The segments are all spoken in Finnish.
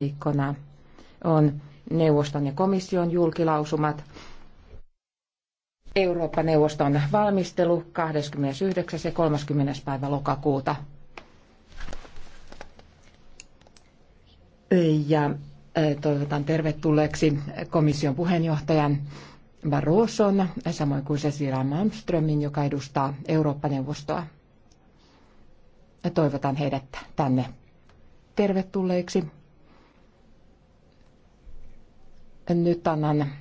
viikkona on neuvoston ja komission julkilausumat, Eurooppa-neuvoston valmistelu 29. ja 30. päivä lokakuuta. Ja toivotan tervetulleeksi komission puheenjohtajan Barroson, samoin kuin Cecilia Malmströmin, joka edustaa Eurooppa-neuvostoa. Toivotan heidät tänne tervetulleeksi. Nyt annan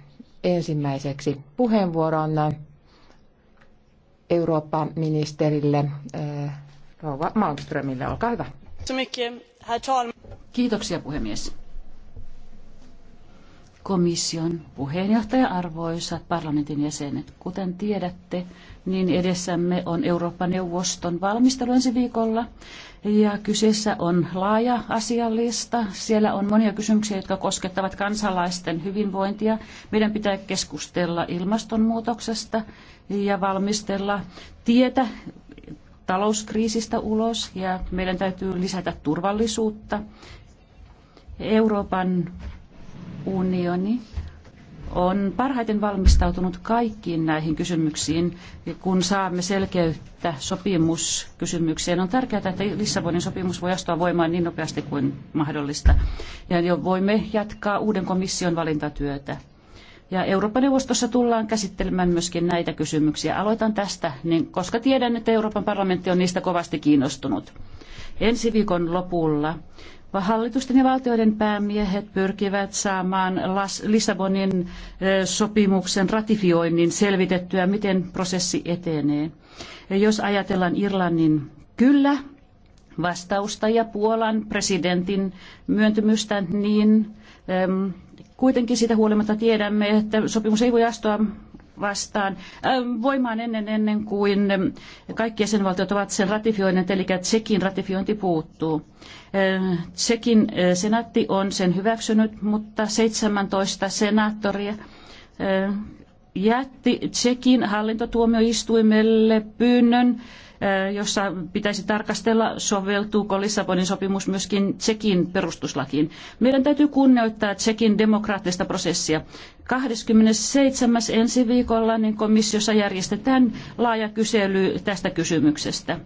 ensimmäiseksi puheenvuoron Eurooppa-ministerille eh, Rova Malmströmille. Olkaa hyvä. Kiitoksia puhemies. Komission puheenjohtaja, arvoisat parlamentin jäsenet, kuten tiedätte, niin edessämme on Euroopan neuvoston valmistelu ensi viikolla. Ja kyseessä on laaja asiallista. Siellä on monia kysymyksiä, jotka koskettavat kansalaisten hyvinvointia. Meidän pitää keskustella ilmastonmuutoksesta ja valmistella tietä talouskriisistä ulos ja meidän täytyy lisätä turvallisuutta. Euroopan unioni on parhaiten valmistautunut kaikkiin näihin kysymyksiin, kun saamme selkeyttä sopimuskysymykseen. On tärkeää, että Lissabonin sopimus voi astua voimaan niin nopeasti kuin mahdollista. Ja jo voimme jatkaa uuden komission valintatyötä. Ja Euroopan neuvostossa tullaan käsittelemään myöskin näitä kysymyksiä. Aloitan tästä, niin koska tiedän, että Euroopan parlamentti on niistä kovasti kiinnostunut. Ensi viikon lopulla Hallitusten ja valtioiden päämiehet pyrkivät saamaan Lissabonin sopimuksen ratifioinnin selvitettyä, miten prosessi etenee. Jos ajatellaan Irlannin kyllä vastausta ja Puolan presidentin myöntymystä, niin kuitenkin siitä huolimatta tiedämme, että sopimus ei voi astua vastaan ähm, voimaan ennen, ennen kuin kaikki jäsenvaltiot ovat sen ratifioineet, eli Tsekin ratifiointi puuttuu. Ähm, Tsekin äh, senaatti on sen hyväksynyt, mutta 17 senaattoria äh, jätti Tsekin hallintotuomioistuimelle pyynnön jossa pitäisi tarkastella, soveltuuko Lissabonin sopimus myöskin Tsekin perustuslakiin. Meidän täytyy kunnioittaa Tsekin demokraattista prosessia. 27. ensi viikolla niin komissiossa järjestetään laaja kysely tästä kysymyksestä.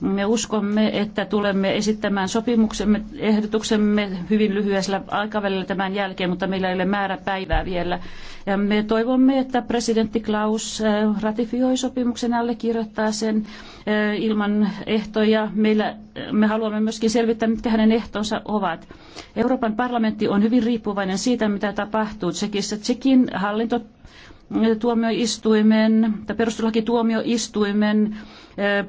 Me uskomme, että tulemme esittämään sopimuksemme, ehdotuksemme hyvin lyhyellä aikavälillä tämän jälkeen, mutta meillä ei ole määrä päivää vielä. Ja me toivomme, että presidentti Klaus äh, ratifioi sopimuksen, allekirjoittaa sen äh, ilman ehtoja. Meillä, äh, me haluamme myöskin selvittää, mitkä hänen ehtonsa ovat. Euroopan parlamentti on hyvin riippuvainen siitä, mitä tapahtuu Tsekissä. Tsekin hallinto tuomioistuimen tai perustuslakituomioistuimen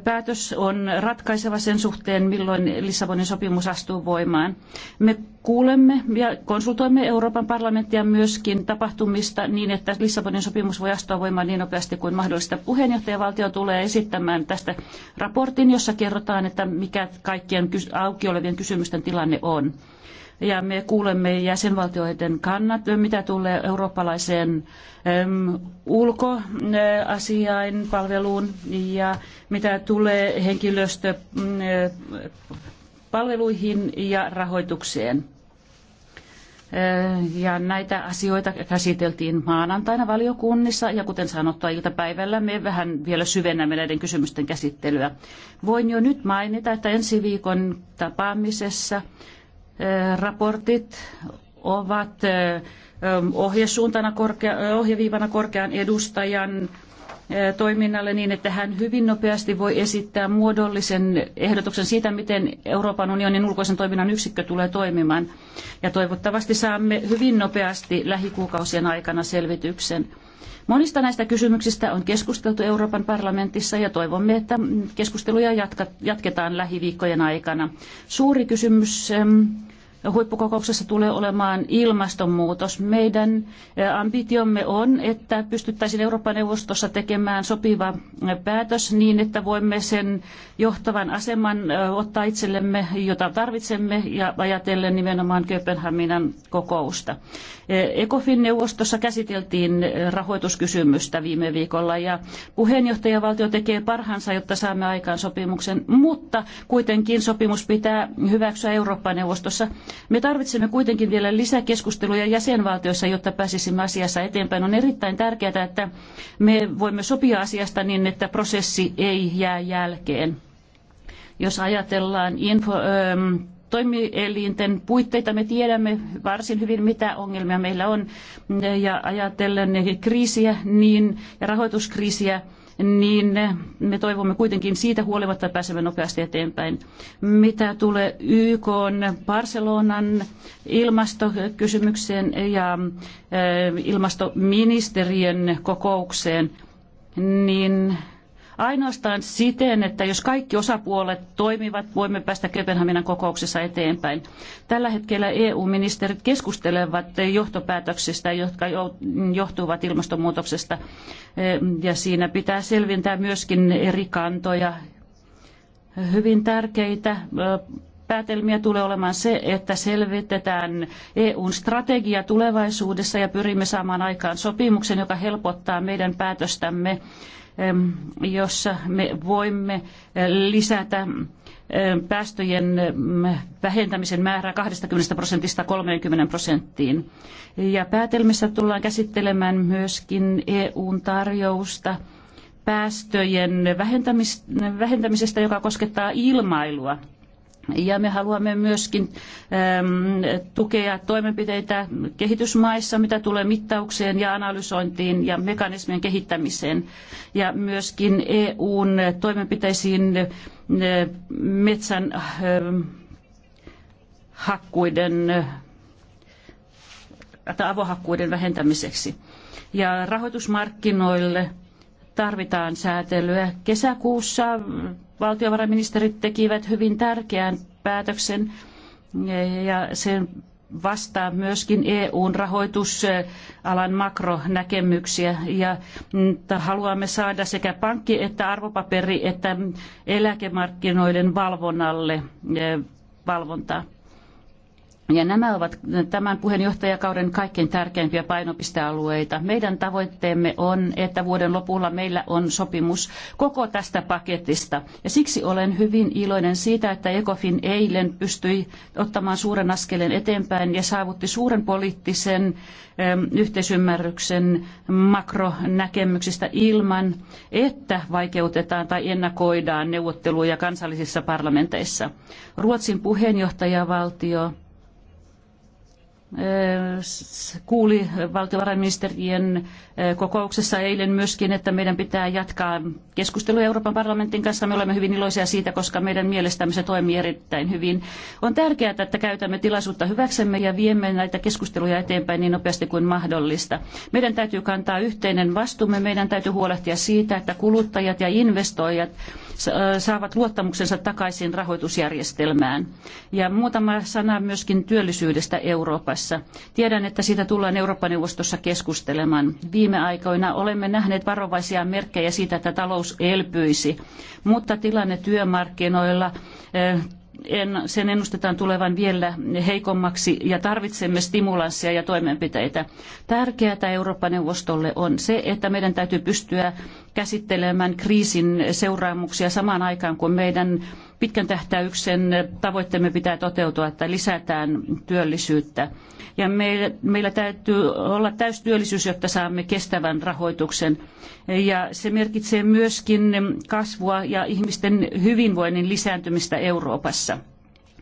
Päätös on ratkaiseva sen suhteen, milloin Lissabonin sopimus astuu voimaan. Me kuulemme ja konsultoimme Euroopan parlamenttia myöskin tapahtumista niin, että Lissabonin sopimus voi astua voimaan niin nopeasti kuin mahdollista. Puheenjohtajavaltio tulee esittämään tästä raportin, jossa kerrotaan, että mikä kaikkien auki olevien kysymysten tilanne on ja me kuulemme jäsenvaltioiden kannat, mitä tulee eurooppalaiseen ulkoasiain palveluun ja mitä tulee henkilöstöpalveluihin ja rahoitukseen. Ja näitä asioita käsiteltiin maanantaina valiokunnissa ja kuten sanottua iltapäivällä me vähän vielä syvennämme näiden kysymysten käsittelyä. Voin jo nyt mainita, että ensi viikon tapaamisessa raportit ovat ohjesuuntana korkea, ohjeviivana korkean edustajan toiminnalle niin, että hän hyvin nopeasti voi esittää muodollisen ehdotuksen siitä, miten Euroopan unionin ulkoisen toiminnan yksikkö tulee toimimaan. Ja toivottavasti saamme hyvin nopeasti lähikuukausien aikana selvityksen. Monista näistä kysymyksistä on keskusteltu Euroopan parlamentissa ja toivomme, että keskusteluja jatketaan lähiviikkojen aikana. Suuri kysymys huippukokouksessa tulee olemaan ilmastonmuutos. Meidän ambitiomme on, että pystyttäisiin Euroopan neuvostossa tekemään sopiva päätös niin, että voimme sen johtavan aseman ottaa itsellemme, jota tarvitsemme, ja ajatellen nimenomaan Kööpenhaminan kokousta. ECOFIN-neuvostossa käsiteltiin rahoituskysymystä viime viikolla, ja puheenjohtajavaltio tekee parhaansa, jotta saamme aikaan sopimuksen, mutta kuitenkin sopimus pitää hyväksyä Eurooppa-neuvostossa me tarvitsemme kuitenkin vielä lisäkeskusteluja jäsenvaltioissa, jotta pääsisimme asiassa eteenpäin. On erittäin tärkeää, että me voimme sopia asiasta niin, että prosessi ei jää jälkeen. Jos ajatellaan info, ähm, toimielinten puitteita me tiedämme varsin hyvin, mitä ongelmia meillä on. Ja ajatellen kriisiä niin, ja rahoituskriisiä, niin me toivomme kuitenkin siitä huolimatta pääsemme nopeasti eteenpäin. Mitä tulee YK Barcelonan ilmastokysymykseen ja ilmastoministeriön kokoukseen, niin Ainoastaan siten, että jos kaikki osapuolet toimivat, voimme päästä Kööpenhaminan kokouksessa eteenpäin. Tällä hetkellä EU-ministerit keskustelevat johtopäätöksistä, jotka johtuvat ilmastonmuutoksesta. Ehm, ja siinä pitää selventää myöskin eri kantoja. Hyvin tärkeitä päätelmiä tulee olemaan se, että selvitetään EUn strategia tulevaisuudessa ja pyrimme saamaan aikaan sopimuksen, joka helpottaa meidän päätöstämme jossa me voimme eh, lisätä päästöjen vähentämisen määrää 20 prosentista 30 prosenttiin. Ja päätelmissä tullaan käsittelemään myöskin EUn tarjousta päästöjen vähentämisestä, joka koskettaa ilmailua. Ja me haluamme myöskin ähm, tukea toimenpiteitä kehitysmaissa, mitä tulee mittaukseen ja analysointiin ja mekanismien kehittämiseen. Ja myöskin EUn toimenpiteisiin äh, metsän äh, hakkuiden äh, tai avohakkuiden vähentämiseksi. Ja rahoitusmarkkinoille tarvitaan säätelyä. Kesäkuussa valtiovarainministerit tekivät hyvin tärkeän päätöksen eh, ja sen vastaa myöskin EUn rahoitusalan makronäkemyksiä ja mm, haluamme saada sekä pankki että arvopaperi että eläkemarkkinoiden valvonnalle eh, valvontaa. Ja nämä ovat tämän puheenjohtajakauden kaikkein tärkeimpiä painopistealueita. Meidän tavoitteemme on, että vuoden lopulla meillä on sopimus koko tästä paketista. Ja siksi olen hyvin iloinen siitä, että ECOFIN eilen pystyi ottamaan suuren askeleen eteenpäin ja saavutti suuren poliittisen yhteisymmärryksen makronäkemyksistä ilman, että vaikeutetaan tai ennakoidaan neuvotteluja kansallisissa parlamenteissa. Ruotsin puheenjohtajavaltio kuuli valtiovarainministerien kokouksessa eilen myöskin, että meidän pitää jatkaa keskustelua Euroopan parlamentin kanssa. Me olemme hyvin iloisia siitä, koska meidän mielestämme se toimii erittäin hyvin. On tärkeää, että käytämme tilaisuutta hyväksemme ja viemme näitä keskusteluja eteenpäin niin nopeasti kuin mahdollista. Meidän täytyy kantaa yhteinen vastuumme, meidän täytyy huolehtia siitä, että kuluttajat ja investoijat saavat luottamuksensa takaisin rahoitusjärjestelmään. Ja muutama sana myöskin työllisyydestä Euroopassa tässä. Tiedän, että siitä tullaan Eurooppa-neuvostossa keskustelemaan. Viime aikoina olemme nähneet varovaisia merkkejä siitä, että talous elpyisi, mutta tilanne työmarkkinoilla eh, sen ennustetaan tulevan vielä heikommaksi ja tarvitsemme stimulanssia ja toimenpiteitä. Tärkeää Eurooppa-neuvostolle on se, että meidän täytyy pystyä käsittelemään kriisin seuraamuksia samaan aikaan, kun meidän pitkän tähtäyksen tavoitteemme pitää toteutua, että lisätään työllisyyttä. Ja meillä, meillä täytyy olla täystyöllisyys, jotta saamme kestävän rahoituksen. Ja se merkitsee myöskin kasvua ja ihmisten hyvinvoinnin lisääntymistä Euroopassa.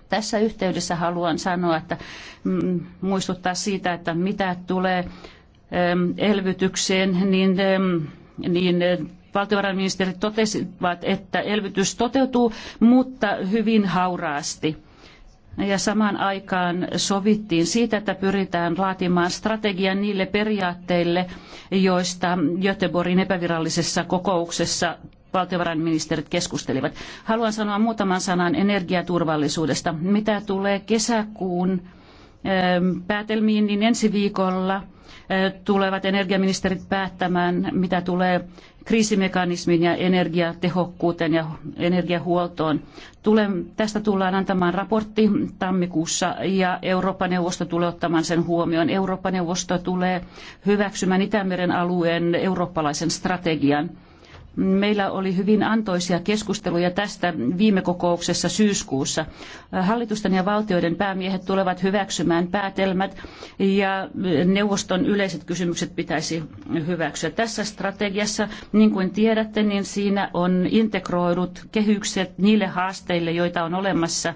Tässä yhteydessä haluan sanoa, että mm, muistuttaa siitä, että mitä tulee elvytykseen, niin niin eh, valtiovarainministerit totesivat, että elvytys toteutuu, mutta hyvin hauraasti. Ja samaan aikaan sovittiin siitä, että pyritään laatimaan strategia niille periaatteille, joista Göteborgin epävirallisessa kokouksessa valtiovarainministerit keskustelivat. Haluan sanoa muutaman sanan energiaturvallisuudesta. Mitä tulee kesäkuun eh, päätelmiin, niin ensi viikolla – tulevat energiaministerit päättämään, mitä tulee kriisimekanismiin ja energiatehokkuuteen ja energiahuoltoon. tästä tullaan antamaan raportti tammikuussa ja Eurooppa-neuvosto tulee ottamaan sen huomioon. Eurooppa-neuvosto tulee hyväksymään Itämeren alueen eurooppalaisen strategian Meillä oli hyvin antoisia keskusteluja tästä viime kokouksessa syyskuussa. Hallitusten ja valtioiden päämiehet tulevat hyväksymään päätelmät ja neuvoston yleiset kysymykset pitäisi hyväksyä. Tässä strategiassa, niin kuin tiedätte, niin siinä on integroidut kehykset niille haasteille, joita on olemassa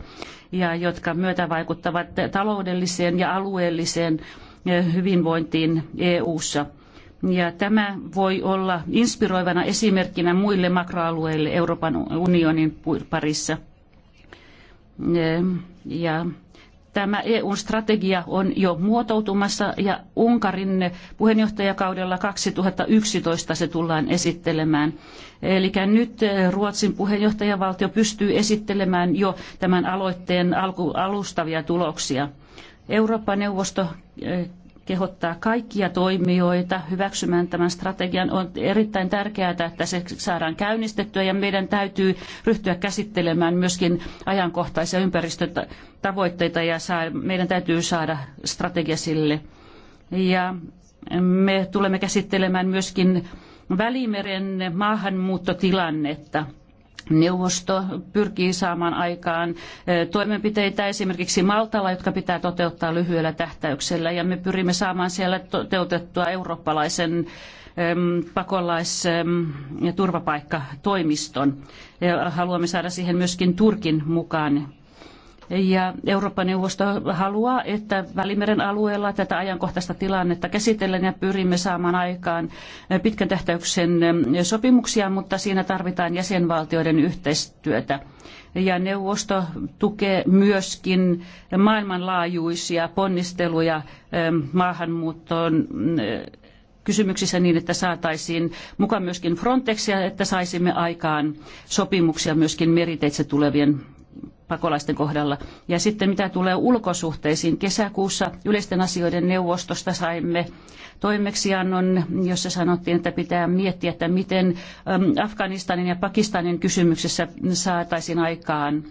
ja jotka myötävaikuttavat taloudelliseen ja alueelliseen eh, hyvinvointiin EU:ssa. Ja tämä voi olla inspiroivana esimerkkinä muille makroalueille Euroopan unionin parissa. Eh, ja tämä EU-strategia on jo muotoutumassa ja Unkarin puheenjohtajakaudella 2011 se tullaan esittelemään. Eli nyt eh, Ruotsin puheenjohtajavaltio pystyy esittelemään jo tämän aloitteen alustavia tuloksia. Eurooppa-neuvosto eh, kehottaa kaikkia toimijoita hyväksymään tämän strategian. On erittäin tärkeää, että se saadaan käynnistettyä ja meidän täytyy ryhtyä käsittelemään myöskin ajankohtaisia ympäristötavoitteita ja meidän täytyy saada strategia sille. Ja me tulemme käsittelemään myöskin Välimeren maahanmuuttotilannetta – Neuvosto pyrkii saamaan aikaan toimenpiteitä esimerkiksi Maltalla, jotka pitää toteuttaa lyhyellä tähtäyksellä. Ja me pyrimme saamaan siellä toteutettua eurooppalaisen pakolais- ja turvapaikkatoimiston. Haluamme saada siihen myöskin Turkin mukaan ja Euroopan neuvosto haluaa, että Välimeren alueella tätä ajankohtaista tilannetta käsitellen ja pyrimme saamaan aikaan pitkän tähtäyksen sopimuksia, mutta siinä tarvitaan jäsenvaltioiden yhteistyötä ja neuvosto tukee myöskin maailmanlaajuisia ponnisteluja ähm, maahanmuuttoon äh, kysymyksissä niin, että saataisiin mukaan myöskin Frontexia, että saisimme aikaan sopimuksia myöskin meriteitse tulevien pakolaisten kohdalla. Ja sitten mitä tulee ulkosuhteisiin, kesäkuussa yleisten asioiden neuvostosta saimme toimeksiannon, jossa sanottiin, että pitää miettiä, että miten Afganistanin ja Pakistanin kysymyksessä saataisiin aikaan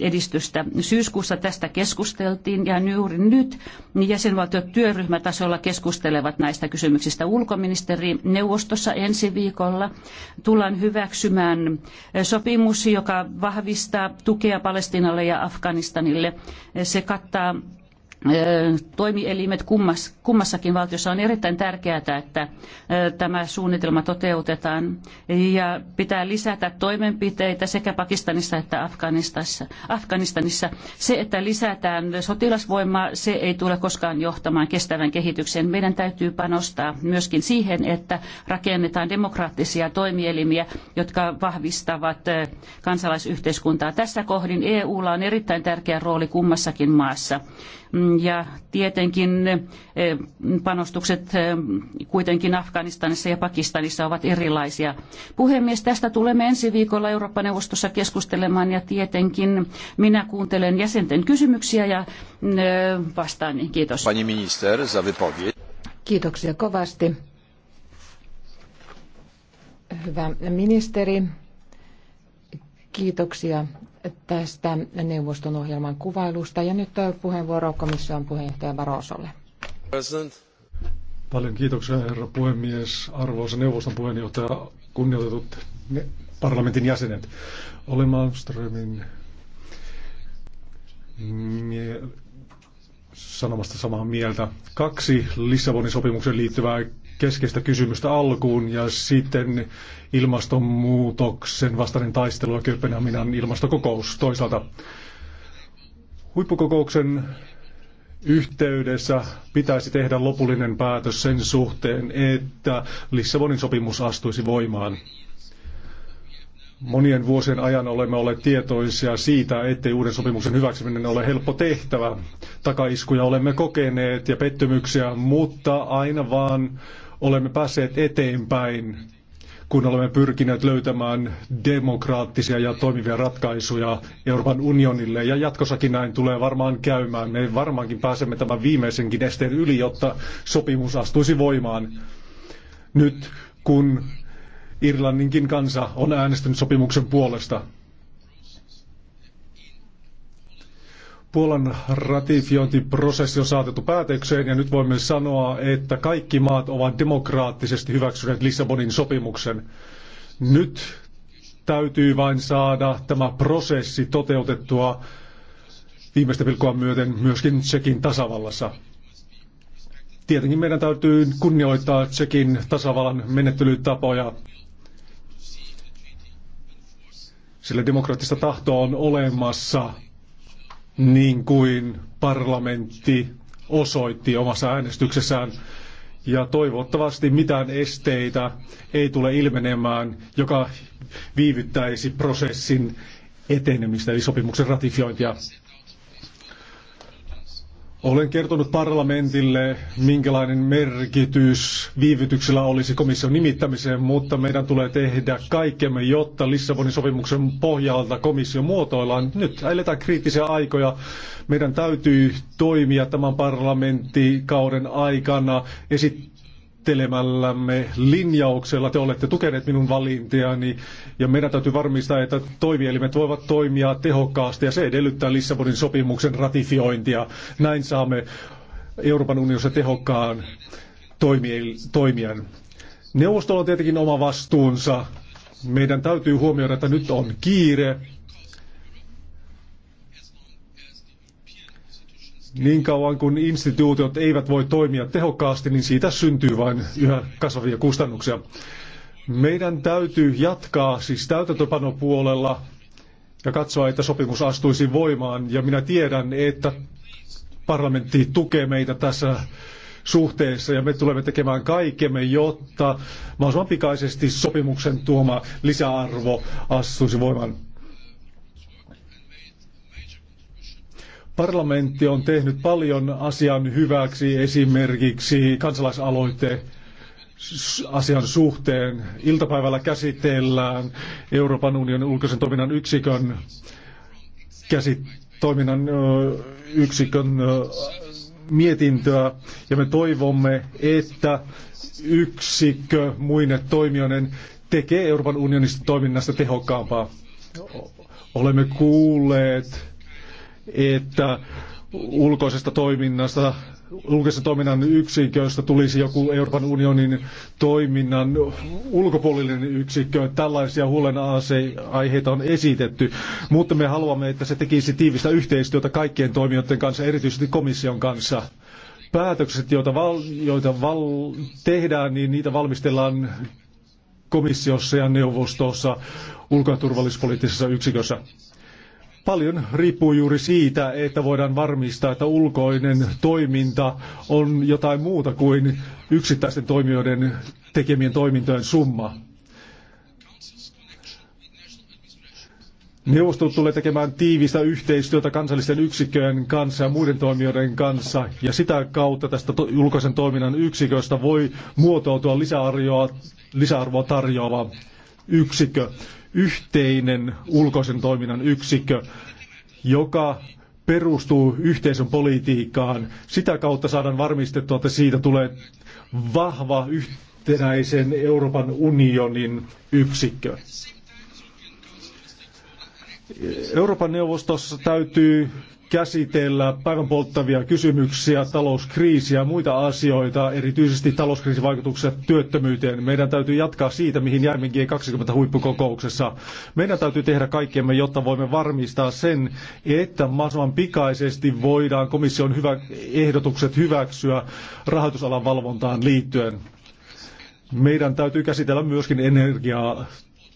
edistystä. Syyskuussa tästä keskusteltiin ja juuri nyt jäsenvaltiot työryhmätasolla keskustelevat näistä kysymyksistä. Ulkoministeri neuvostossa ensi viikolla tullaan hyväksymään sopimus, joka vahvistaa tukea Palestinalle ja Afganistanille. Se kattaa toimielimet kummassakin valtiossa on erittäin tärkeää, että tämä suunnitelma toteutetaan ja pitää lisätä toimenpiteitä sekä Pakistanissa että Afganistanissa. Afganistanissa. Se, että lisätään sotilasvoimaa, se ei tule koskaan johtamaan kestävän kehitykseen. Meidän täytyy panostaa myöskin siihen, että rakennetaan demokraattisia toimielimiä, jotka vahvistavat kansalaisyhteiskuntaa. Tässä kohdin EUlla on erittäin tärkeä rooli kummassakin maassa ja tietenkin eh, panostukset eh, kuitenkin Afganistanissa ja Pakistanissa ovat erilaisia. Puhemies, tästä tulemme ensi viikolla Eurooppa-neuvostossa keskustelemaan ja tietenkin minä kuuntelen jäsenten kysymyksiä ja eh, vastaan Kiitos. Pani minister, Kiitoksia kovasti. Hyvä ministeri, kiitoksia tästä neuvoston ohjelman kuvailusta. Ja nyt puheenvuoro komission puheenjohtaja Barrosolle. Paljon kiitoksia, herra puhemies, arvoisa neuvoston puheenjohtaja, kunnioitetut parlamentin jäsenet. Olen Malmströmin sanomasta samaa mieltä. Kaksi Lissabonin sopimukseen liittyvää keskeistä kysymystä alkuun ja sitten ilmastonmuutoksen vastainen taistelu ja Kööpenhaminan ilmastokokous toisaalta. Huippukokouksen yhteydessä pitäisi tehdä lopullinen päätös sen suhteen, että Lissabonin sopimus astuisi voimaan. Monien vuosien ajan olemme olleet tietoisia siitä, ettei uuden sopimuksen hyväksyminen ole helppo tehtävä. Takaiskuja olemme kokeneet ja pettymyksiä, mutta aina vaan olemme päässeet eteenpäin, kun olemme pyrkineet löytämään demokraattisia ja toimivia ratkaisuja Euroopan unionille. Ja jatkossakin näin tulee varmaan käymään. Me varmaankin pääsemme tämän viimeisenkin esteen yli, jotta sopimus astuisi voimaan. Nyt kun Irlanninkin kansa on äänestänyt sopimuksen puolesta. Puolan ratifiointiprosessi on saatettu päätökseen ja nyt voimme sanoa, että kaikki maat ovat demokraattisesti hyväksyneet Lissabonin sopimuksen. Nyt täytyy vain saada tämä prosessi toteutettua viimeistä pilkkoa myöten myöskin Tsekin tasavallassa. Tietenkin meidän täytyy kunnioittaa Tsekin tasavallan menettelytapoja, sillä demokraattista tahtoa on olemassa – niin kuin parlamentti osoitti omassa äänestyksessään. Ja toivottavasti mitään esteitä ei tule ilmenemään, joka viivyttäisi prosessin etenemistä eli sopimuksen ratifiointia. Olen kertonut parlamentille, minkälainen merkitys viivytyksellä olisi komission nimittämiseen, mutta meidän tulee tehdä kaikkemme, jotta Lissabonin sopimuksen pohjalta komissio muotoillaan. Nyt eletään kriittisiä aikoja. Meidän täytyy toimia tämän parlamenttikauden aikana, esittää esittelemällämme linjauksella te olette tukeneet minun valintiani ja meidän täytyy varmistaa, että toimielimet voivat toimia tehokkaasti ja se edellyttää Lissabonin sopimuksen ratifiointia. Näin saamme Euroopan unionissa tehokkaan toimijan. Neuvostolla on tietenkin oma vastuunsa. Meidän täytyy huomioida, että nyt on kiire Niin kauan kun instituutiot eivät voi toimia tehokkaasti, niin siitä syntyy vain yhä kasvavia kustannuksia. Meidän täytyy jatkaa siis täytäntöpanopuolella ja katsoa, että sopimus astuisi voimaan. Ja minä tiedän, että parlamentti tukee meitä tässä suhteessa ja me tulemme tekemään kaikkemme, jotta mahdollisimman pikaisesti sopimuksen tuoma lisäarvo astuisi voimaan. Parlamentti on tehnyt paljon asian hyväksi, esimerkiksi kansalaisaloite asian suhteen. Iltapäivällä käsitellään Euroopan unionin ulkoisen toiminnan yksikön käsit, toiminnan yksikön mietintöä ja me toivomme, että yksikkö muine toimijoiden tekee Euroopan unionista toiminnasta tehokkaampaa. Olemme kuulleet että ulkoisesta toiminnasta, ulkoisen toiminnan yksiköstä tulisi joku Euroopan unionin toiminnan ulkopuolinen yksikkö. Tällaisia huolenaiheita on esitetty, mutta me haluamme, että se tekisi tiivistä yhteistyötä kaikkien toimijoiden kanssa, erityisesti komission kanssa. Päätökset, joita, val, joita val, tehdään, niin niitä valmistellaan komissiossa ja neuvostossa ulko- ja turvallisuuspoliittisessa yksikössä. Paljon riippuu juuri siitä, että voidaan varmistaa, että ulkoinen toiminta on jotain muuta kuin yksittäisten toimijoiden tekemien toimintojen summa. Neuvosto tulee tekemään tiivistä yhteistyötä kansallisten yksikköjen kanssa ja muiden toimijoiden kanssa, ja sitä kautta tästä to- ulkoisen toiminnan yksiköstä voi muotoutua lisäarvoa, lisäarvoa tarjoava yksikkö yhteinen ulkoisen toiminnan yksikkö, joka perustuu yhteisön politiikkaan. Sitä kautta saadaan varmistettua, että siitä tulee vahva yhtenäisen Euroopan unionin yksikkö. Euroopan neuvostossa täytyy käsitellä päivän polttavia kysymyksiä, talouskriisiä ja muita asioita, erityisesti talouskriisin vaikutukset työttömyyteen. Meidän täytyy jatkaa siitä, mihin jäimme G20-huippukokouksessa. Meidän täytyy tehdä kaikkemme, jotta voimme varmistaa sen, että mahdollisimman pikaisesti voidaan komission hyvä, ehdotukset hyväksyä rahoitusalan valvontaan liittyen. Meidän täytyy käsitellä myöskin energiaa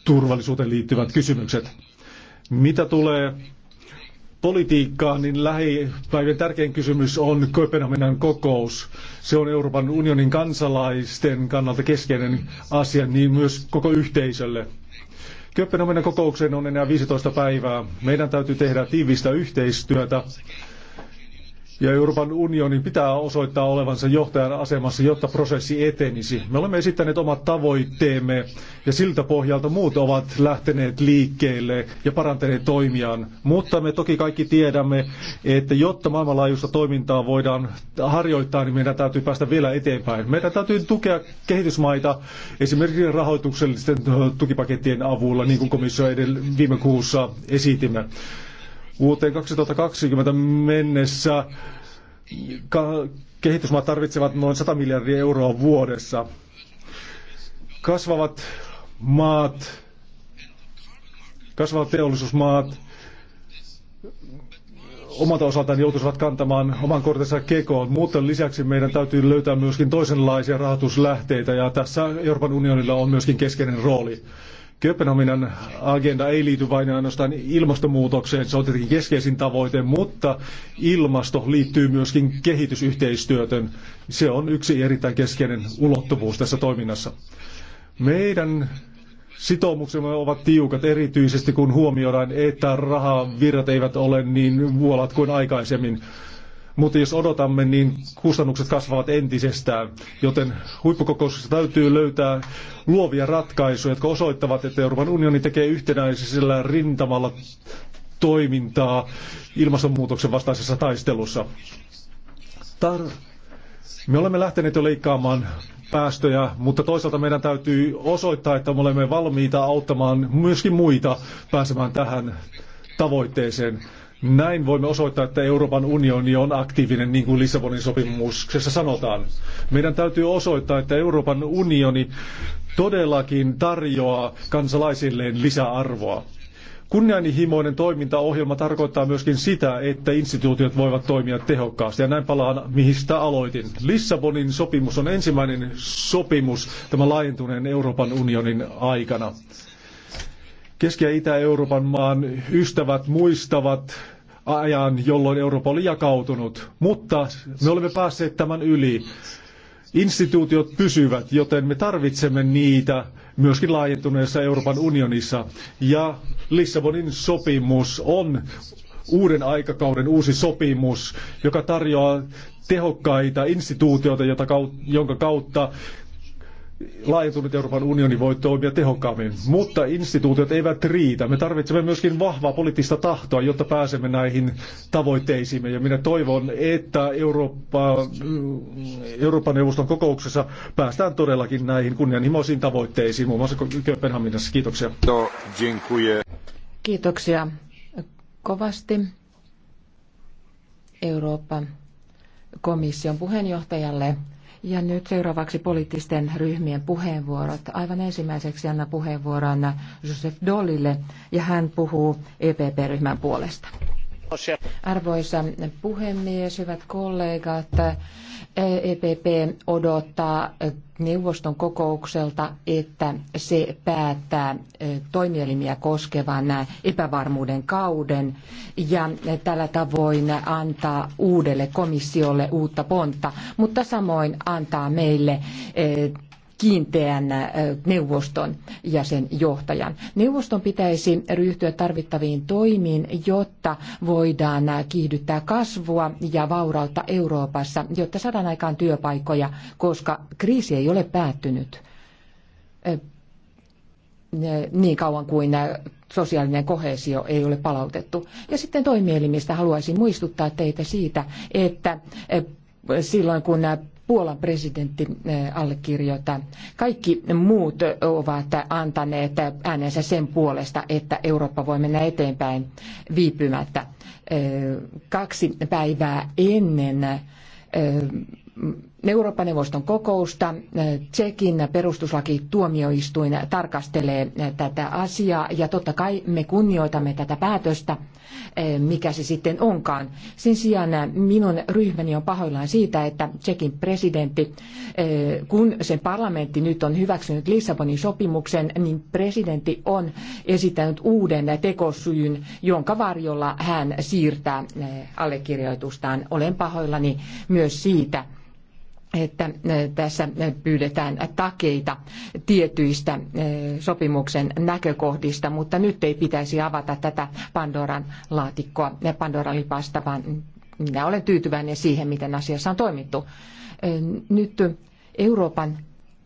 turvallisuuteen liittyvät kysymykset. Mitä tulee politiikkaan, niin lähipäivien tärkein kysymys on Kööpenhaminan kokous. Se on Euroopan unionin kansalaisten kannalta keskeinen asia, niin myös koko yhteisölle. Kööpenhaminan kokoukseen on enää 15 päivää. Meidän täytyy tehdä tiivistä yhteistyötä ja Euroopan unionin pitää osoittaa olevansa johtajan asemassa, jotta prosessi etenisi. Me olemme esittäneet omat tavoitteemme ja siltä pohjalta muut ovat lähteneet liikkeelle ja parantaneet toimiaan. Mutta me toki kaikki tiedämme, että jotta maailmanlaajuista toimintaa voidaan harjoittaa, niin meidän täytyy päästä vielä eteenpäin. Meidän täytyy tukea kehitysmaita esimerkiksi rahoituksellisten tukipakettien avulla, niin kuin komissio edellä, viime kuussa esitimme. Vuoteen 2020 mennessä kehitysmaat tarvitsevat noin 100 miljardia euroa vuodessa. Kasvavat maat, kasvavat teollisuusmaat omalta osaltaan joutuisivat kantamaan oman kortensa kekoon. Muuten lisäksi meidän täytyy löytää myöskin toisenlaisia rahoituslähteitä ja tässä Euroopan unionilla on myöskin keskeinen rooli. Kööpenhaminan agenda ei liity vain ainoastaan ilmastonmuutokseen, se on tietenkin keskeisin tavoite, mutta ilmasto liittyy myöskin kehitysyhteistyötön. Se on yksi erittäin keskeinen ulottuvuus tässä toiminnassa. Meidän sitoumuksemme ovat tiukat, erityisesti kun huomioidaan, että rahavirrat eivät ole niin vuolat kuin aikaisemmin. Mutta jos odotamme, niin kustannukset kasvavat entisestään, joten huippukokouksessa täytyy löytää luovia ratkaisuja, jotka osoittavat, että Euroopan unioni tekee yhtenäisellä rintamalla toimintaa ilmastonmuutoksen vastaisessa taistelussa. Tar- me olemme lähteneet jo leikkaamaan päästöjä, mutta toisaalta meidän täytyy osoittaa, että me olemme valmiita auttamaan myöskin muita pääsemään tähän tavoitteeseen. Näin voimme osoittaa, että Euroopan unioni on aktiivinen, niin kuin Lissabonin sopimuksessa sanotaan. Meidän täytyy osoittaa, että Euroopan unioni todellakin tarjoaa kansalaisilleen lisäarvoa. Kunnianhimoinen toimintaohjelma tarkoittaa myöskin sitä, että instituutiot voivat toimia tehokkaasti. Ja näin palaan, mistä aloitin. Lissabonin sopimus on ensimmäinen sopimus tämän laajentuneen Euroopan unionin aikana. Keski- ja Itä-Euroopan maan ystävät muistavat ajan, jolloin Eurooppa oli jakautunut, mutta me olemme päässeet tämän yli. Instituutiot pysyvät, joten me tarvitsemme niitä myöskin laajentuneessa Euroopan unionissa. Ja Lissabonin sopimus on uuden aikakauden uusi sopimus, joka tarjoaa tehokkaita instituutioita, jota, jonka kautta laajentunut Euroopan unioni voi toimia tehokkaammin, mutta instituutiot eivät riitä. Me tarvitsemme myöskin vahvaa poliittista tahtoa, jotta pääsemme näihin tavoitteisiimme. Ja minä toivon, että Eurooppa, Euroopan neuvoston kokouksessa päästään todellakin näihin kunnianhimoisiin tavoitteisiin, muun muassa Kööpenhaminassa. Kiitoksia. No, Kiitoksia kovasti Euroopan komission puheenjohtajalle. Ja nyt seuraavaksi poliittisten ryhmien puheenvuorot. Aivan ensimmäiseksi anna puheenvuoron Joseph Dollille ja hän puhuu EPP-ryhmän puolesta. Arvoisa puhemies, hyvät kollegat, EPP e odottaa neuvoston kokoukselta, että se päättää toimielimiä koskevan epävarmuuden kauden ja tällä tavoin antaa uudelle komissiolle uutta pontta, mutta samoin antaa meille kiinteän neuvoston ja sen johtajan. Neuvoston pitäisi ryhtyä tarvittaviin toimiin, jotta voidaan kiihdyttää kasvua ja vaurautta Euroopassa, jotta saadaan aikaan työpaikkoja, koska kriisi ei ole päättynyt niin kauan kuin sosiaalinen kohesio ei ole palautettu. Ja sitten toimielimistä haluaisin muistuttaa teitä siitä, että silloin kun Puolan presidentti eh, allekirjoita. Kaikki muut ovat antaneet äänensä sen puolesta, että Eurooppa voi mennä eteenpäin viipymättä. Eh, kaksi päivää ennen eh, Eurooppa-neuvoston kokousta. Tsekin perustuslakituomioistuin tarkastelee tätä asiaa ja totta kai me kunnioitamme tätä päätöstä, mikä se sitten onkaan. Sen sijaan minun ryhmäni on pahoillaan siitä, että Tsekin presidentti, kun sen parlamentti nyt on hyväksynyt Lissabonin sopimuksen, niin presidentti on esittänyt uuden tekosyyn, jonka varjolla hän siirtää allekirjoitustaan. Olen pahoillani myös siitä, että tässä pyydetään takeita tietyistä sopimuksen näkökohdista, mutta nyt ei pitäisi avata tätä Pandoran laatikkoa, Pandoran lipasta, vaan minä olen tyytyväinen siihen, miten asiassa on toimittu. Nyt Euroopan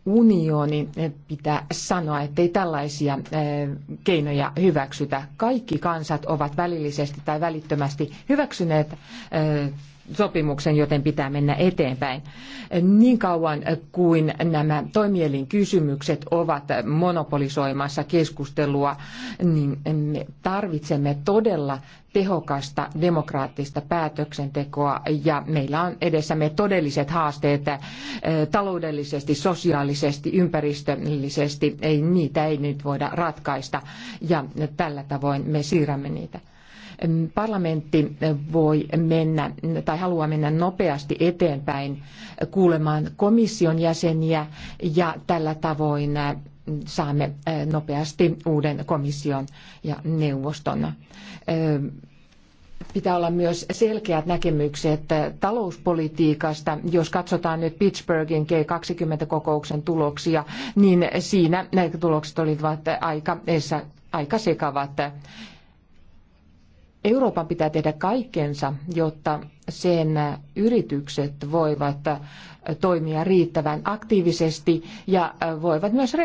unioni pitää sanoa, ettei tällaisia keinoja hyväksytä. Kaikki kansat ovat välillisesti tai välittömästi hyväksyneet sopimuksen, joten pitää mennä eteenpäin. Niin kauan kuin nämä toimielin kysymykset ovat monopolisoimassa keskustelua, niin me tarvitsemme todella tehokasta demokraattista päätöksentekoa ja meillä on edessämme todelliset haasteet eh, taloudellisesti, sosiaalisesti, ympäristöllisesti. Ei, niitä ei nyt voida ratkaista ja tällä tavoin me siirrämme niitä Parlamentti voi mennä tai haluaa mennä nopeasti eteenpäin kuulemaan komission jäseniä ja tällä tavoin äh, saamme äh, nopeasti uuden komission ja neuvoston. Äh, pitää olla myös selkeät näkemykset talouspolitiikasta. Jos katsotaan nyt Pittsburghin G20-kokouksen tuloksia, niin siinä nämä tulokset olivat aika, aika sekavat Euroopan pitää tehdä kaikkensa, jotta sen yritykset voivat äh, toimia riittävän aktiivisesti ja äh, voivat myös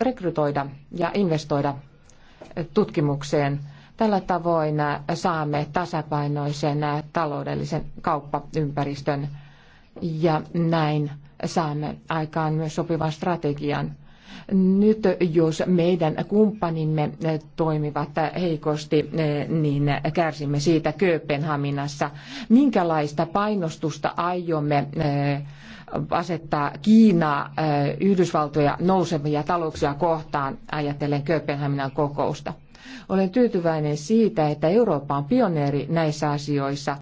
rekrytoida ja investoida äh, tutkimukseen. Tällä tavoin saamme tasapainoisen taloudellisen kauppaympäristön ja näin saamme aikaan myös sopivan strategian nyt jos meidän kumppanimme eh, toimivat eh, heikosti, eh, niin kärsimme siitä Kööpenhaminassa. Minkälaista painostusta aiomme asettaa Kiinaa Yhdysvaltoja nousevia talouksia kohtaan ajatellen Kööpenhaminan kokousta? Olen tyytyväinen siitä, että Eurooppa on pioneeri näissä asioissa,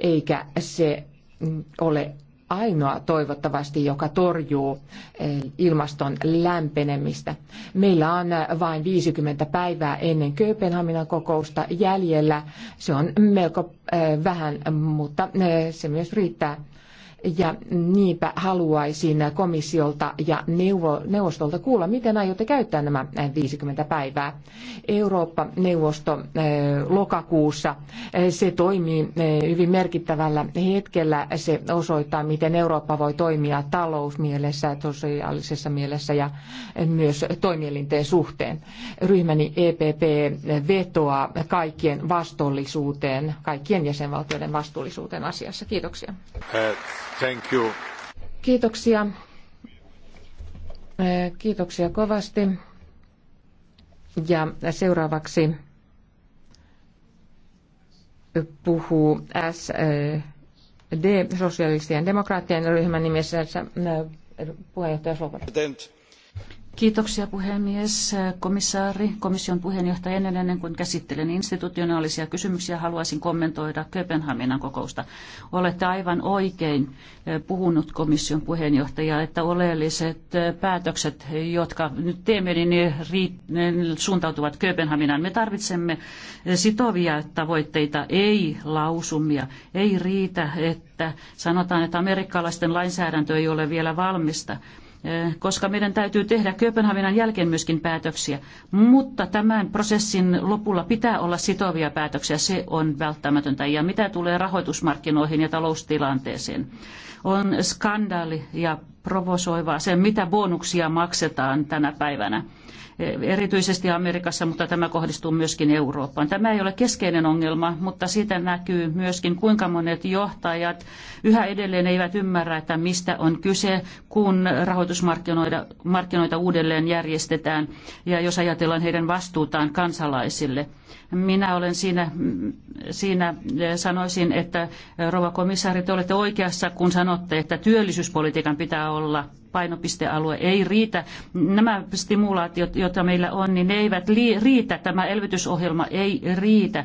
eikä se mm, ole ainoa toivottavasti, joka torjuu eh, ilmaston lämpenemistä. Meillä on eh, vain 50 päivää ennen Kööpenhaminan kokousta jäljellä. Se on melko eh, vähän, mutta se myös riittää ja niinpä haluaisin komissiolta ja neuvostolta kuulla, miten aiotte käyttää nämä 50 päivää. Eurooppa-neuvosto eh, lokakuussa, eh, se toimii eh, hyvin merkittävällä hetkellä. Se osoittaa, miten Eurooppa voi toimia talousmielessä, sosiaalisessa mielessä ja myös toimielinten suhteen. Ryhmäni EPP vetoaa kaikkien vastuullisuuteen, kaikkien jäsenvaltioiden vastuullisuuteen asiassa. Kiitoksia. Äh, Thank you. Kiitoksia. Äh, kiitoksia kovasti. Ja seuraavaksi puhuu SD, sosialistien demokraattien ryhmän nimessä äh, puheenjohtaja Sloboda. Kiitoksia puhemies, komissaari, komission puheenjohtaja. Ennen, ennen kuin käsittelen institutionaalisia kysymyksiä, haluaisin kommentoida Kööpenhaminan kokousta. Olette aivan oikein eh, puhunut komission puheenjohtaja, että oleelliset eh, päätökset, jotka nyt teemme, niin ne, suuntautuvat Kööpenhaminaan. Me tarvitsemme eh, sitovia tavoitteita, ei lausumia. Ei riitä, että sanotaan, että amerikkalaisten lainsäädäntö ei ole vielä valmista koska meidän täytyy tehdä Kööpenhaminan jälkeen myöskin päätöksiä. Mutta tämän prosessin lopulla pitää olla sitovia päätöksiä, se on välttämätöntä. Ja mitä tulee rahoitusmarkkinoihin ja taloustilanteeseen? On skandaali ja provosoivaa se, mitä bonuksia maksetaan tänä päivänä. Erityisesti Amerikassa, mutta tämä kohdistuu myöskin Eurooppaan. Tämä ei ole keskeinen ongelma, mutta siitä näkyy myöskin, kuinka monet johtajat yhä edelleen eivät ymmärrä, että mistä on kyse, kun rahoitusmarkkinoita markkinoita uudelleen järjestetään ja jos ajatellaan heidän vastuutaan kansalaisille. Minä olen siinä, siinä äh, sanoisin, että äh, rouva komissaari, te olette oikeassa, kun sanotte, että työllisyyspolitiikan pitää olla painopistealue ei riitä. Nämä stimulaatiot, joita meillä on, niin ne eivät riitä. Tämä elvytysohjelma ei riitä,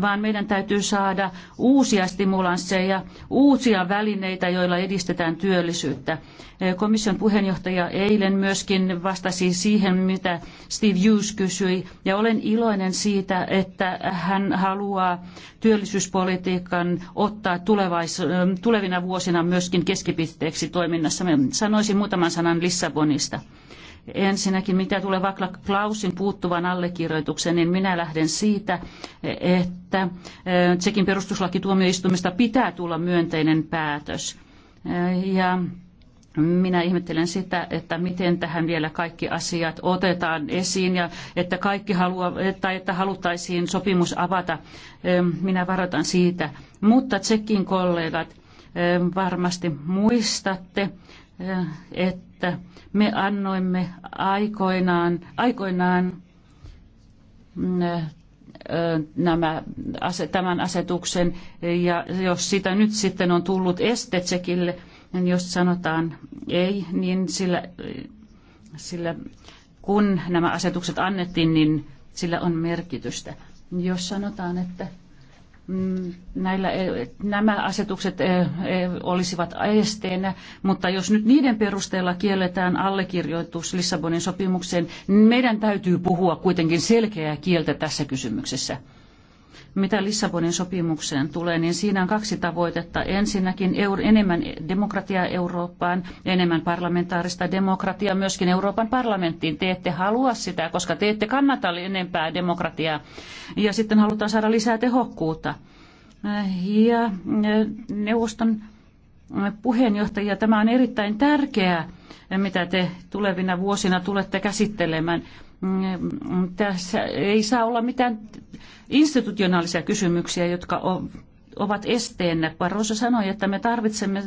vaan meidän täytyy saada uusia stimulansseja, uusia välineitä, joilla edistetään työllisyyttä. Komission puheenjohtaja eilen myöskin vastasi siihen, mitä Steve Hughes kysyi, ja olen iloinen siitä, että hän haluaa työllisyyspolitiikan ottaa tulevais, tulevina vuosina myöskin keskipisteeksi toiminnassamme. Sanoisin muutaman sanan Lissabonista. Ensinnäkin, mitä tulee Vakla Klausin puuttuvan allekirjoitukseen, niin minä lähden siitä, että Tsekin perustuslakituomioistuimesta pitää tulla myönteinen päätös. Ja minä ihmettelen sitä, että miten tähän vielä kaikki asiat otetaan esiin ja että kaikki halua tai että haluttaisiin sopimus avata. Minä varoitan siitä. Mutta tsekin kollegat, varmasti muistatte, että me annoimme aikoinaan, aikoinaan mm, eh, nämä, tämän asetuksen ja jos sitä nyt sitten on tullut este estetsekille, jos sanotaan ei, niin sillä, sillä kun nämä asetukset annettiin, niin sillä on merkitystä. Jos sanotaan, että mm, näillä, e, nämä asetukset e, e, olisivat esteenä, mutta jos nyt niiden perusteella kielletään allekirjoitus Lissabonin sopimukseen, niin meidän täytyy puhua kuitenkin selkeää kieltä tässä kysymyksessä. Mitä Lissabonin sopimukseen tulee, niin siinä on kaksi tavoitetta. Ensinnäkin enemmän demokratiaa Eurooppaan, enemmän parlamentaarista demokratiaa myöskin Euroopan parlamenttiin. Te ette halua sitä, koska te ette kannata enempää demokratiaa. Ja sitten halutaan saada lisää tehokkuutta. Ja neuvoston puheenjohtajia. Tämä on erittäin tärkeää, mitä te tulevina vuosina tulette käsittelemään tässä ei saa olla mitään institutionaalisia kysymyksiä, jotka ovat esteenä. Barroso sanoi, että me tarvitsemme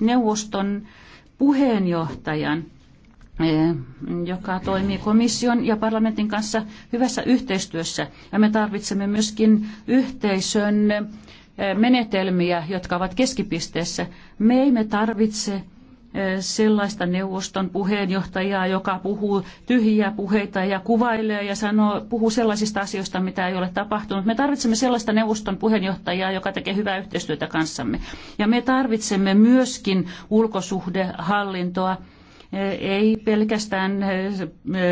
neuvoston puheenjohtajan, e, joka toimii komission ja parlamentin kanssa hyvässä yhteistyössä. Ja me tarvitsemme myöskin yhteisön e, menetelmiä, jotka ovat keskipisteessä. Me emme tarvitse sellaista neuvoston puheenjohtajaa, joka puhuu tyhjiä puheita ja kuvailee ja sanoo, puhuu sellaisista asioista, mitä ei ole tapahtunut. Me tarvitsemme sellaista neuvoston puheenjohtajaa, joka tekee hyvää yhteistyötä kanssamme. Ja me tarvitsemme myöskin ulkosuhdehallintoa, ei pelkästään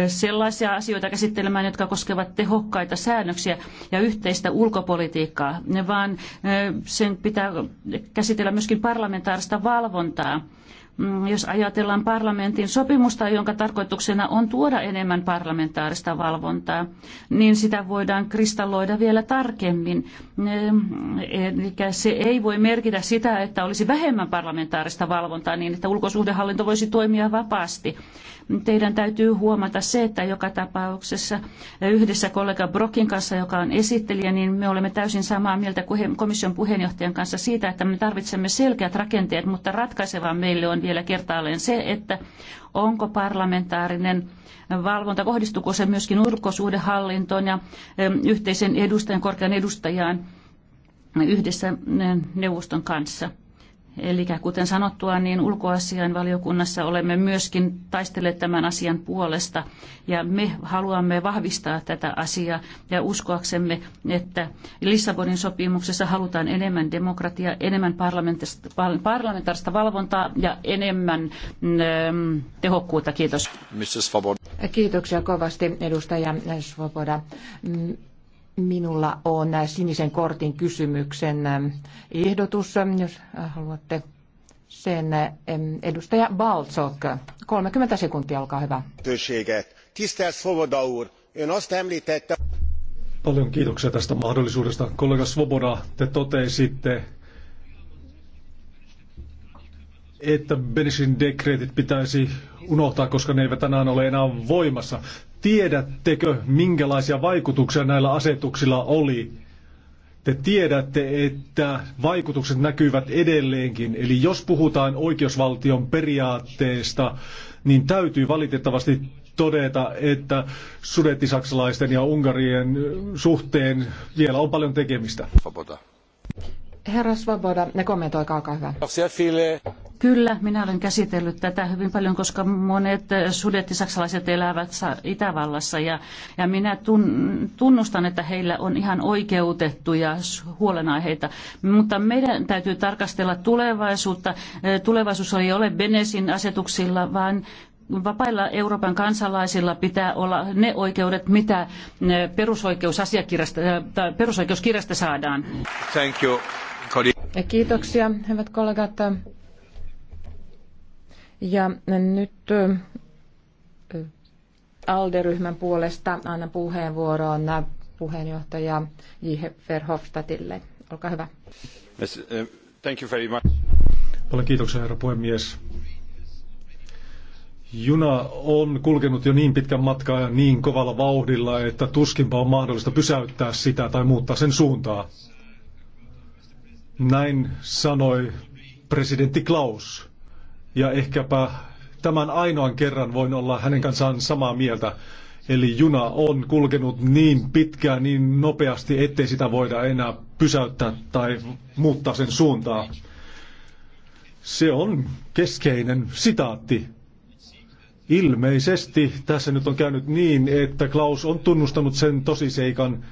sellaisia asioita käsittelemään, jotka koskevat tehokkaita säännöksiä ja yhteistä ulkopolitiikkaa, vaan sen pitää käsitellä myöskin parlamentaarista valvontaa Mm, jos ajatellaan parlamentin sopimusta, jonka tarkoituksena on tuoda enemmän parlamentaarista valvontaa, niin sitä voidaan kristalloida vielä tarkemmin. Mm, eli se ei voi merkitä sitä, että olisi vähemmän parlamentaarista valvontaa niin, että ulkosuhdehallinto voisi toimia vapaasti. Teidän täytyy huomata se, että joka tapauksessa yhdessä kollega Brokin kanssa, joka on esittelijä, niin me olemme täysin samaa mieltä komission puheenjohtajan kanssa siitä, että me tarvitsemme selkeät rakenteet, mutta ratkaisevaa meille on vielä kertaalleen se, että onko parlamentaarinen valvonta, kohdistuuko se myöskin ulkosuhdehallintoon ja yhteisen edustajan, korkean edustajaan yhdessä neuvoston kanssa. Eli kuten sanottua, niin ulkoasian valiokunnassa olemme myöskin taistelleet tämän asian puolesta ja me haluamme vahvistaa tätä asiaa ja uskoaksemme, että Lissabonin sopimuksessa halutaan enemmän demokratiaa, enemmän parlamentaarista valvontaa ja enemmän mm, tehokkuutta. Kiitos. Kiitoksia kovasti edustaja Svoboda. Mm, Minulla on sinisen kortin kysymyksen ehdotus, jos haluatte sen. Edustaja Balzok, 30 sekuntia, olkaa hyvä. Tisztelt Svoboda úr, ön azt említette... Paljon kiitoksia tästä mahdollisuudesta. Kollega Svoboda, te totesitte, että Benishin dekreetit pitäisi unohtaa, koska ne eivät tänään ole enää voimassa. Tiedättekö, minkälaisia vaikutuksia näillä asetuksilla oli? Te tiedätte, että vaikutukset näkyvät edelleenkin. Eli jos puhutaan oikeusvaltion periaatteesta, niin täytyy valitettavasti todeta, että sudettisaksalaisten ja unkarien suhteen vielä on paljon tekemistä. Vapota. Herra Svoboda, ne kommentoikaa, olkaa hyvä. Kyllä, minä olen käsitellyt tätä hyvin paljon, koska monet eh, sudettisaksalaiset elävät Itävallassa ja, ja minä tun, tunnustan, että heillä on ihan oikeutettuja huolenaiheita. Mutta meidän täytyy tarkastella tulevaisuutta. Eh, tulevaisuus ei ole Benesin asetuksilla, vaan vapailla Euroopan kansalaisilla pitää olla ne oikeudet, mitä eh, perusoikeusasiakirjasta, perusoikeuskirjasta saadaan. Thank you. Kiitoksia, hyvät kollegat. Ja nyt äh, ALDE-ryhmän puolesta annan puheenvuoroon puheenjohtaja J. Verhofstadtille. Olkaa hyvä. Uh, thank you very much. Paljon kiitoksia, herra puhemies. Juna on kulkenut jo niin pitkän matkaa ja niin kovalla vauhdilla, että tuskinpa on mahdollista pysäyttää sitä tai muuttaa sen suuntaa. Näin sanoi presidentti Klaus. Ja ehkäpä tämän ainoan kerran voin olla hänen kanssaan samaa mieltä. Eli juna on kulkenut niin pitkään, niin nopeasti, ettei sitä voida enää pysäyttää tai muuttaa sen suuntaa. Se on keskeinen sitaatti. Ilmeisesti tässä nyt on käynyt niin, että Klaus on tunnustanut sen tosiseikan,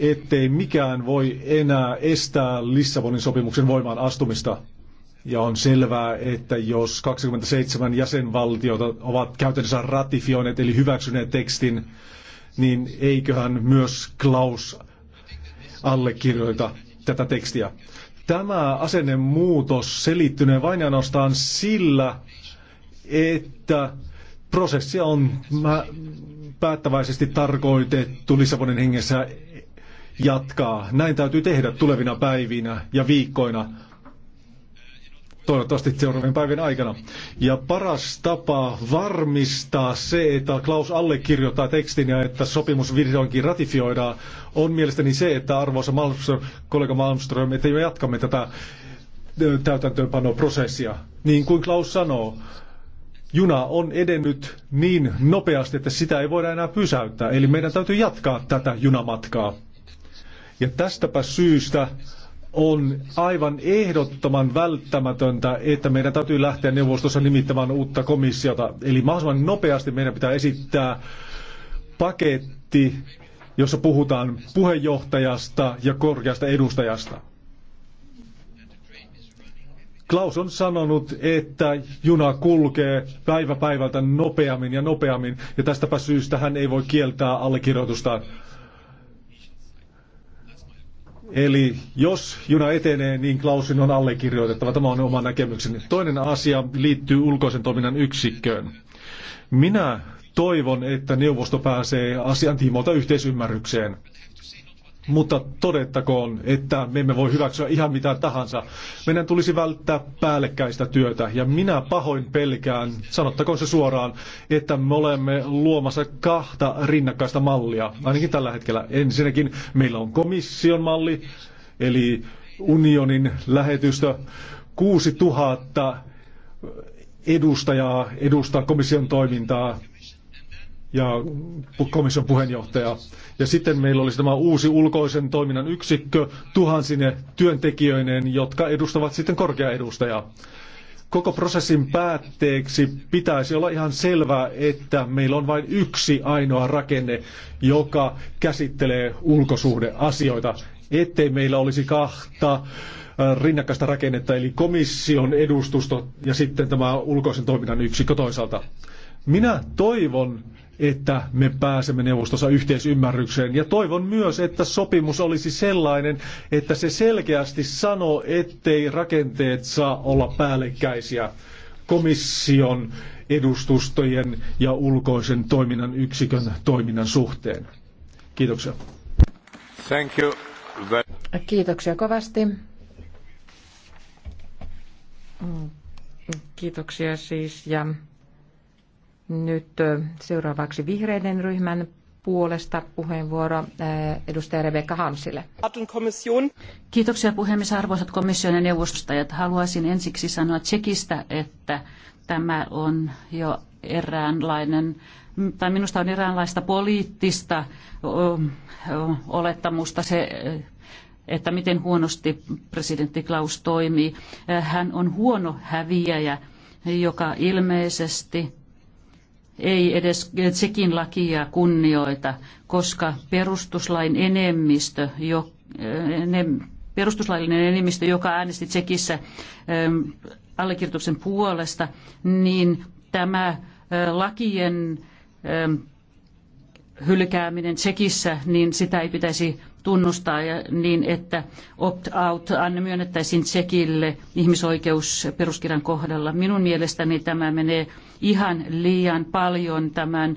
ettei mikään voi enää estää Lissabonin sopimuksen voimaan astumista. Ja on selvää, että jos 27 jäsenvaltiota ovat käytännössä ratifioineet eli hyväksyneet tekstin, niin eiköhän myös Klaus allekirjoita tätä tekstiä. Tämä asennemuutos selittynee vain ainoastaan sillä, että prosessia on päättäväisesti tarkoitettu Lissabonin hengessä jatkaa. Näin täytyy tehdä tulevina päivinä ja viikkoina, toivottavasti seuraavien päivien aikana. Ja paras tapa varmistaa se, että Klaus allekirjoittaa tekstin ja että sopimus vihdoinkin ratifioidaan, on mielestäni se, että arvoisa Malmström, kollega Malmström, että me jatkamme tätä täytäntöönpanoprosessia. Niin kuin Klaus sanoo, juna on edennyt niin nopeasti, että sitä ei voida enää pysäyttää. Eli meidän täytyy jatkaa tätä junamatkaa. Ja tästäpä syystä on aivan ehdottoman välttämätöntä, että meidän täytyy lähteä neuvostossa nimittämään uutta komissiota. Eli mahdollisimman nopeasti meidän pitää esittää paketti, jossa puhutaan puheenjohtajasta ja korkeasta edustajasta. Klaus on sanonut, että juna kulkee päivä päivältä nopeammin ja nopeammin, ja tästäpä syystä hän ei voi kieltää allekirjoitustaan. Eli jos juna etenee, niin Klausin on allekirjoitettava. Tämä on oma näkemykseni. Toinen asia liittyy ulkoisen toiminnan yksikköön. Minä toivon, että neuvosto pääsee asian tiimoilta yhteisymmärrykseen. Mutta todettakoon, että me emme voi hyväksyä ihan mitä tahansa. Meidän tulisi välttää päällekkäistä työtä. Ja minä pahoin pelkään, sanottakoon se suoraan, että me olemme luomassa kahta rinnakkaista mallia. Ainakin tällä hetkellä. Ensinnäkin meillä on komission malli, eli unionin lähetystö. 6000 edustajaa edustaa komission toimintaa ja komission puheenjohtaja. Ja sitten meillä olisi tämä uusi ulkoisen toiminnan yksikkö tuhansine työntekijöineen, jotka edustavat sitten korkea edustajaa. Koko prosessin päätteeksi pitäisi olla ihan selvää, että meillä on vain yksi ainoa rakenne, joka käsittelee ulkosuhdeasioita, ettei meillä olisi kahta äh, rinnakkaista rakennetta, eli komission edustusto ja sitten tämä ulkoisen toiminnan yksikkö toisaalta. Minä toivon, että me pääsemme neuvostossa yhteisymmärrykseen. Ja toivon myös, että sopimus olisi sellainen, että se selkeästi sanoo, ettei rakenteet saa olla päällekkäisiä komission edustustojen ja ulkoisen toiminnan yksikön toiminnan suhteen. Kiitoksia. Thank you. Kiitoksia kovasti. Kiitoksia siis ja nyt seuraavaksi vihreiden ryhmän puolesta puheenvuoro edustaja Rebekka Hansille. Kiitoksia puhemies arvoisat komission ja neuvostajat. Haluaisin ensiksi sanoa Tsekistä, että tämä on jo eräänlainen, tai minusta on eräänlaista poliittista olettamusta se että miten huonosti presidentti Klaus toimii. Hän on huono häviäjä, joka ilmeisesti ei edes Tsekin lakia kunnioita, koska perustuslain enemmistö, jo, eh, ne, perustuslaillinen enemmistö, joka äänesti Tsekissä eh, allekirjoituksen puolesta, niin tämä eh, lakien hylkääminen Tsekissä, niin sitä ei pitäisi tunnustaa ja niin, että opt-out anne myönnettäisiin Tsekille ihmisoikeusperuskirjan kohdalla. Minun mielestäni tämä menee ihan liian paljon tämän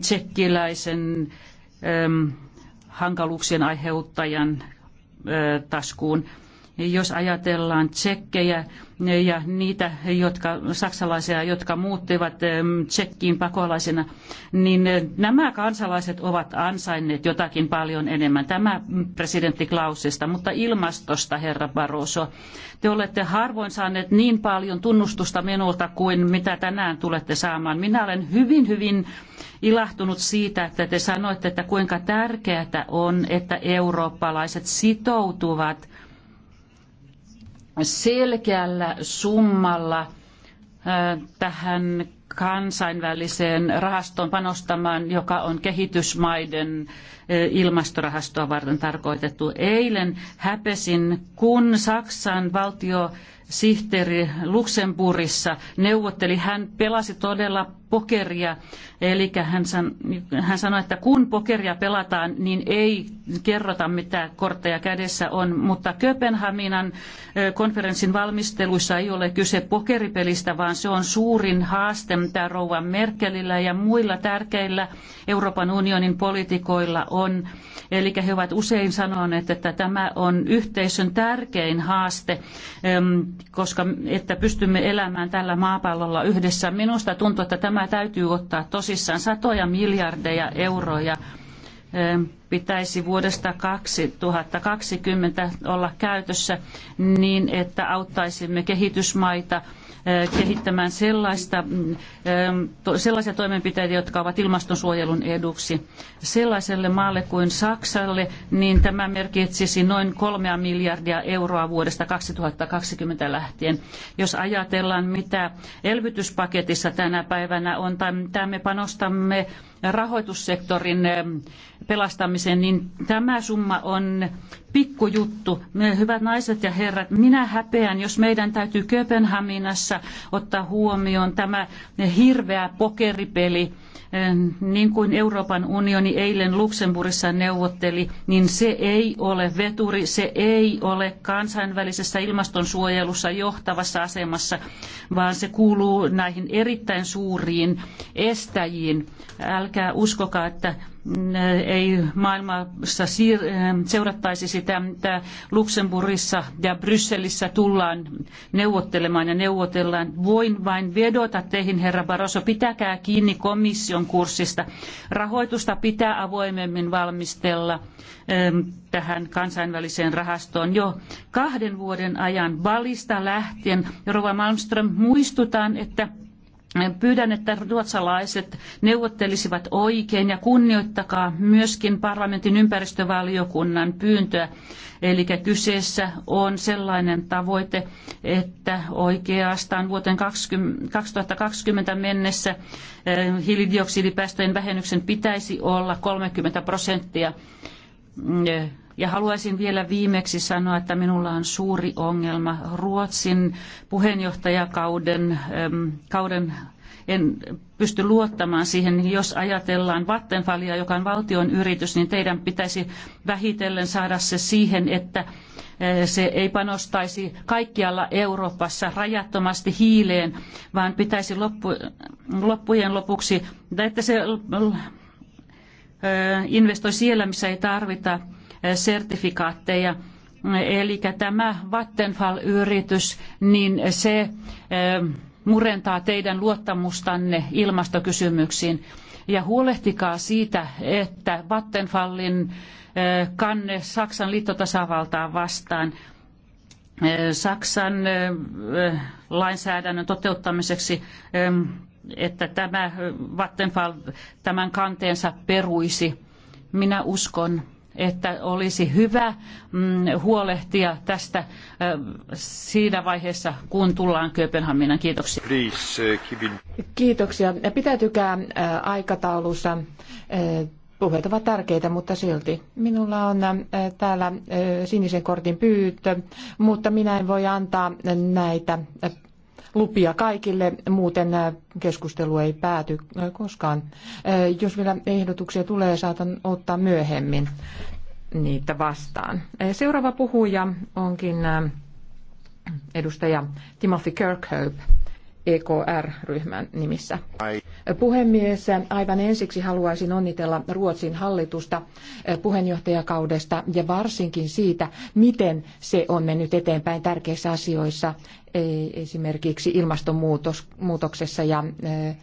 tsekkiläisen ähm, hankaluuksien aiheuttajan äh, taskuun. Jos ajatellaan tsekkejä ja niitä jotka, saksalaisia, jotka muuttivat tsekkiin pakolaisina, niin nämä kansalaiset ovat ansainneet jotakin paljon enemmän. Tämä presidentti Klausista, mutta ilmastosta, herra Barroso. Te olette harvoin saaneet niin paljon tunnustusta minulta kuin mitä tänään tulette saamaan. Minä olen hyvin, hyvin ilahtunut siitä, että te sanoitte, että kuinka tärkeää on, että eurooppalaiset sitoutuvat selkeällä summalla äh, tähän kansainväliseen rahastoon panostamaan, joka on kehitysmaiden äh, ilmastorahastoa varten tarkoitettu. Eilen häpesin, kun Saksan valtio sihteeri Luxemburgissa neuvotteli, hän pelasi todella pokeria, eli hän, san, hän sanoi, että kun pokeria pelataan, niin ei kerrota mitä kortteja kädessä on, mutta Kööpenhaminan konferenssin valmisteluissa ei ole kyse pokeripelistä, vaan se on suurin haaste, mitä rouva Merkelillä ja muilla tärkeillä Euroopan unionin poliitikoilla on. Eli he ovat usein sanoneet, että tämä on yhteisön tärkein haaste koska että pystymme elämään tällä maapallolla yhdessä. Minusta tuntuu, että tämä täytyy ottaa tosissaan. Satoja miljardeja euroja eh, pitäisi vuodesta 2020 olla käytössä niin, että auttaisimme kehitysmaita – Eh, kehittämään sellaista, mm, eh, sellaisia toimenpiteitä, jotka ovat ilmastonsuojelun eduksi. Sellaiselle maalle kuin Saksalle, niin tämä merkitsisi noin kolmea miljardia euroa vuodesta 2020 lähtien. Jos ajatellaan, mitä elvytyspaketissa tänä päivänä on, tai mitä me panostamme rahoitussektorin eh, pelastamiseen, niin tämä summa on pikkujuttu. Hyvät naiset ja herrat, minä häpeän, jos meidän täytyy Kööpenhaminassa ottaa huomioon tämä hirveä pokeripeli, eh, niin kuin Euroopan unioni eilen Luxemburgissa neuvotteli, niin se ei ole veturi, se ei ole kansainvälisessä ilmastonsuojelussa johtavassa asemassa, vaan se kuuluu näihin erittäin suuriin estäjiin. Älkää uskokaa, että ei maailmassa ähm, seurattaisi sitä, mitä Luxemburgissa ja Brysselissä tullaan neuvottelemaan ja neuvotellaan. Voin vain vedota teihin, herra Barroso, pitäkää kiinni komission kurssista. Rahoitusta pitää avoimemmin valmistella ähm, tähän kansainväliseen rahastoon jo kahden vuoden ajan valista lähtien. Rova Malmström, muistutan, että Pyydän, että ruotsalaiset neuvottelisivat oikein ja kunnioittakaa myöskin parlamentin ympäristövaliokunnan pyyntöä. Eli kyseessä on sellainen tavoite, että oikeastaan vuoteen 2020 mennessä eh, hiilidioksidipäästöjen vähennyksen pitäisi olla 30 prosenttia eh, ja haluaisin vielä viimeksi sanoa, että minulla on suuri ongelma Ruotsin puheenjohtajakauden ähm, kauden en pysty luottamaan siihen, niin jos ajatellaan Vattenfallia, joka on valtion yritys, niin teidän pitäisi vähitellen saada se siihen, että äh, se ei panostaisi kaikkialla Euroopassa rajattomasti hiileen, vaan pitäisi loppujen lopuksi, että se äh, investoi siellä, missä ei tarvita sertifikaatteja. Eli tämä Vattenfall-yritys, niin se eh, murentaa teidän luottamustanne ilmastokysymyksiin. Ja huolehtikaa siitä, että Vattenfallin eh, kanne Saksan liittotasavaltaa vastaan eh, Saksan lainsäädännön toteuttamiseksi, että tämä Vattenfall tämän kanteensa peruisi. Minä uskon, että olisi hyvä mm, huolehtia tästä siinä vaiheessa, kun tullaan Kööpenhaminaan. Kiitoksia. Uh, Kiitoksia. Pitäytykää aikataulussa. Puheet ovat tärkeitä, mutta silti. Minulla on täällä sinisen kortin pyyntö, mutta minä en voi antaa näitä lupia kaikille, muuten äh, keskustelu ei pääty äh, koskaan. Äh, jos vielä ehdotuksia tulee, saatan ottaa myöhemmin niitä vastaan. Seuraava puhuja onkin edustaja Timothy Kirkhope. EKR-ryhmän nimissä. Puhemies, aivan ensiksi haluaisin onnitella Ruotsin hallitusta eh, puheenjohtajakaudesta ja varsinkin siitä, miten se on mennyt eteenpäin tärkeissä asioissa, e, esimerkiksi ilmastonmuutoksessa ja eh,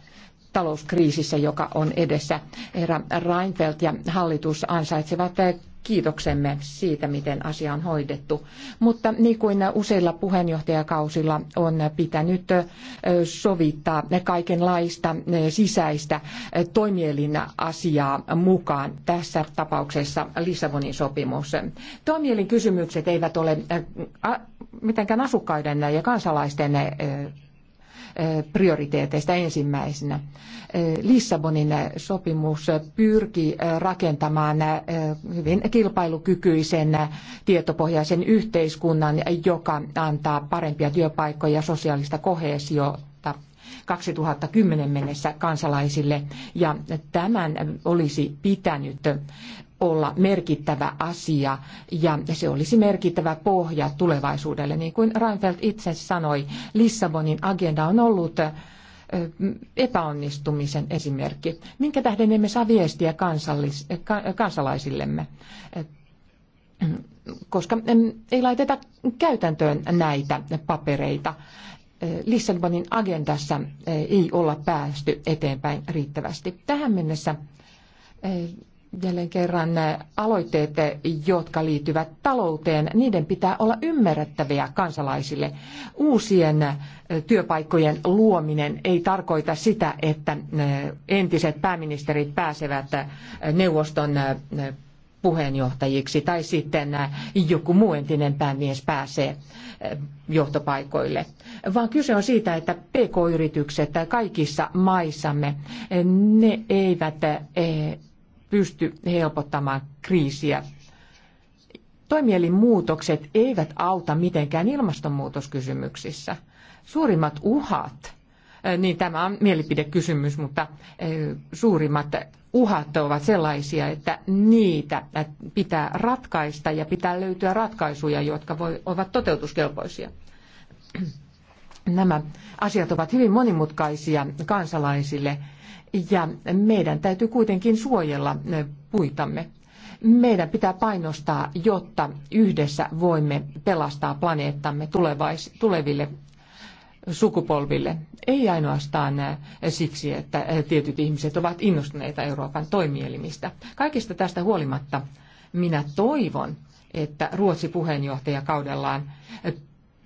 talouskriisissä, joka on edessä. Herra Reinfeldt ja hallitus ansaitsevat eh, kiitoksemme siitä, miten asia on hoidettu. Mutta niin kuin useilla puheenjohtajakausilla on pitänyt sovittaa kaikenlaista sisäistä toimielin asiaa mukaan, tässä tapauksessa Lissabonin sopimus. Toimielin kysymykset eivät ole mitenkään asukkaiden ja kansalaisten prioriteeteista ensimmäisenä. Lissabonin sopimus pyrki rakentamaan hyvin kilpailukykyisen tietopohjaisen yhteiskunnan, joka antaa parempia työpaikkoja ja sosiaalista kohesiota 2010 mennessä kansalaisille. Ja tämän olisi pitänyt olla merkittävä asia ja se olisi merkittävä pohja tulevaisuudelle. Niin kuin Reinfeldt itse sanoi, Lissabonin agenda on ollut epäonnistumisen esimerkki. Minkä tähden emme saa viestiä kansallis, kansalaisillemme? Koska ei laiteta käytäntöön näitä papereita. Lissabonin agendassa ei olla päästy eteenpäin riittävästi. Tähän mennessä jälleen kerran eh, aloitteet, eh, jotka liittyvät talouteen, niiden pitää olla ymmärrettäviä kansalaisille. Uusien eh, työpaikkojen luominen ei tarkoita sitä, että entiset pääministerit pääsevät neuvoston puheenjohtajiksi tai sitten joku muu entinen päämies pääsee johtopaikoille, vaan kyse on siitä, että PK-yritykset kaikissa maissamme, ne eivät pysty helpottamaan kriisiä. Toimielin muutokset eivät auta mitenkään ilmastonmuutoskysymyksissä. Suurimmat uhat, eh, niin tämä on mielipidekysymys, mutta eh, suurimmat uhat ovat sellaisia, että niitä eh, pitää ratkaista ja pitää löytyä ratkaisuja, jotka voi, ovat toteutuskelpoisia. Nämä asiat ovat hyvin monimutkaisia kansalaisille ja meidän täytyy kuitenkin suojella puitamme. Meidän pitää painostaa, jotta yhdessä voimme pelastaa planeettamme tuleville sukupolville. Ei ainoastaan siksi, että tietyt ihmiset ovat innostuneita Euroopan toimielimistä. Kaikista tästä huolimatta minä toivon, että Ruotsi puheenjohtajakaudellaan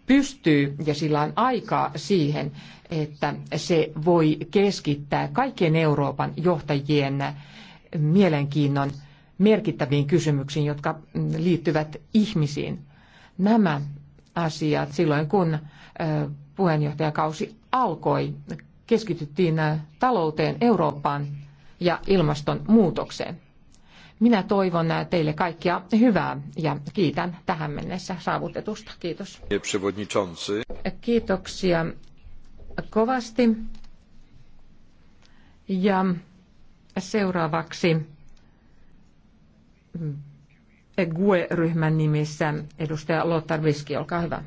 pystyy ja sillä on aikaa siihen, että se voi keskittää kaikkien Euroopan johtajien mielenkiinnon merkittäviin kysymyksiin, jotka liittyvät ihmisiin. Nämä asiat silloin, kun puheenjohtajakausi alkoi, keskityttiin talouteen, Eurooppaan ja ilmastonmuutokseen. Minä toivon teille kaikkia hyvää ja kiitän tähän mennessä saavutetusta. Kiitos. Kiitoksia kovasti. Ja seuraavaksi GUE-ryhmän nimissä edustaja Lothar Viski, olkaa hyvä.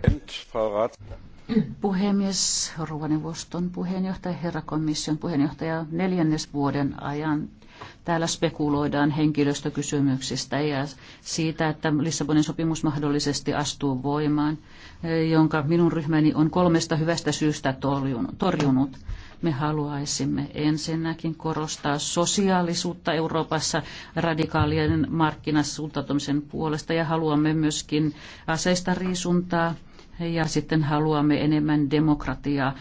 Puhemies, Ruoneuvoston puheenjohtaja, herra komission puheenjohtaja neljännesvuoden ajan Täällä spekuloidaan henkilöstökysymyksistä ja siitä, että Lissabonin sopimus mahdollisesti astuu voimaan, e, jonka minun ryhmäni on kolmesta hyvästä syystä torjunut me haluaisimme ensinnäkin korostaa sosiaalisuutta Euroopassa radikaalien markkinasuuntautumisen puolesta ja haluamme myöskin aseista riisuntaa ja sitten haluamme enemmän demokratiaa e,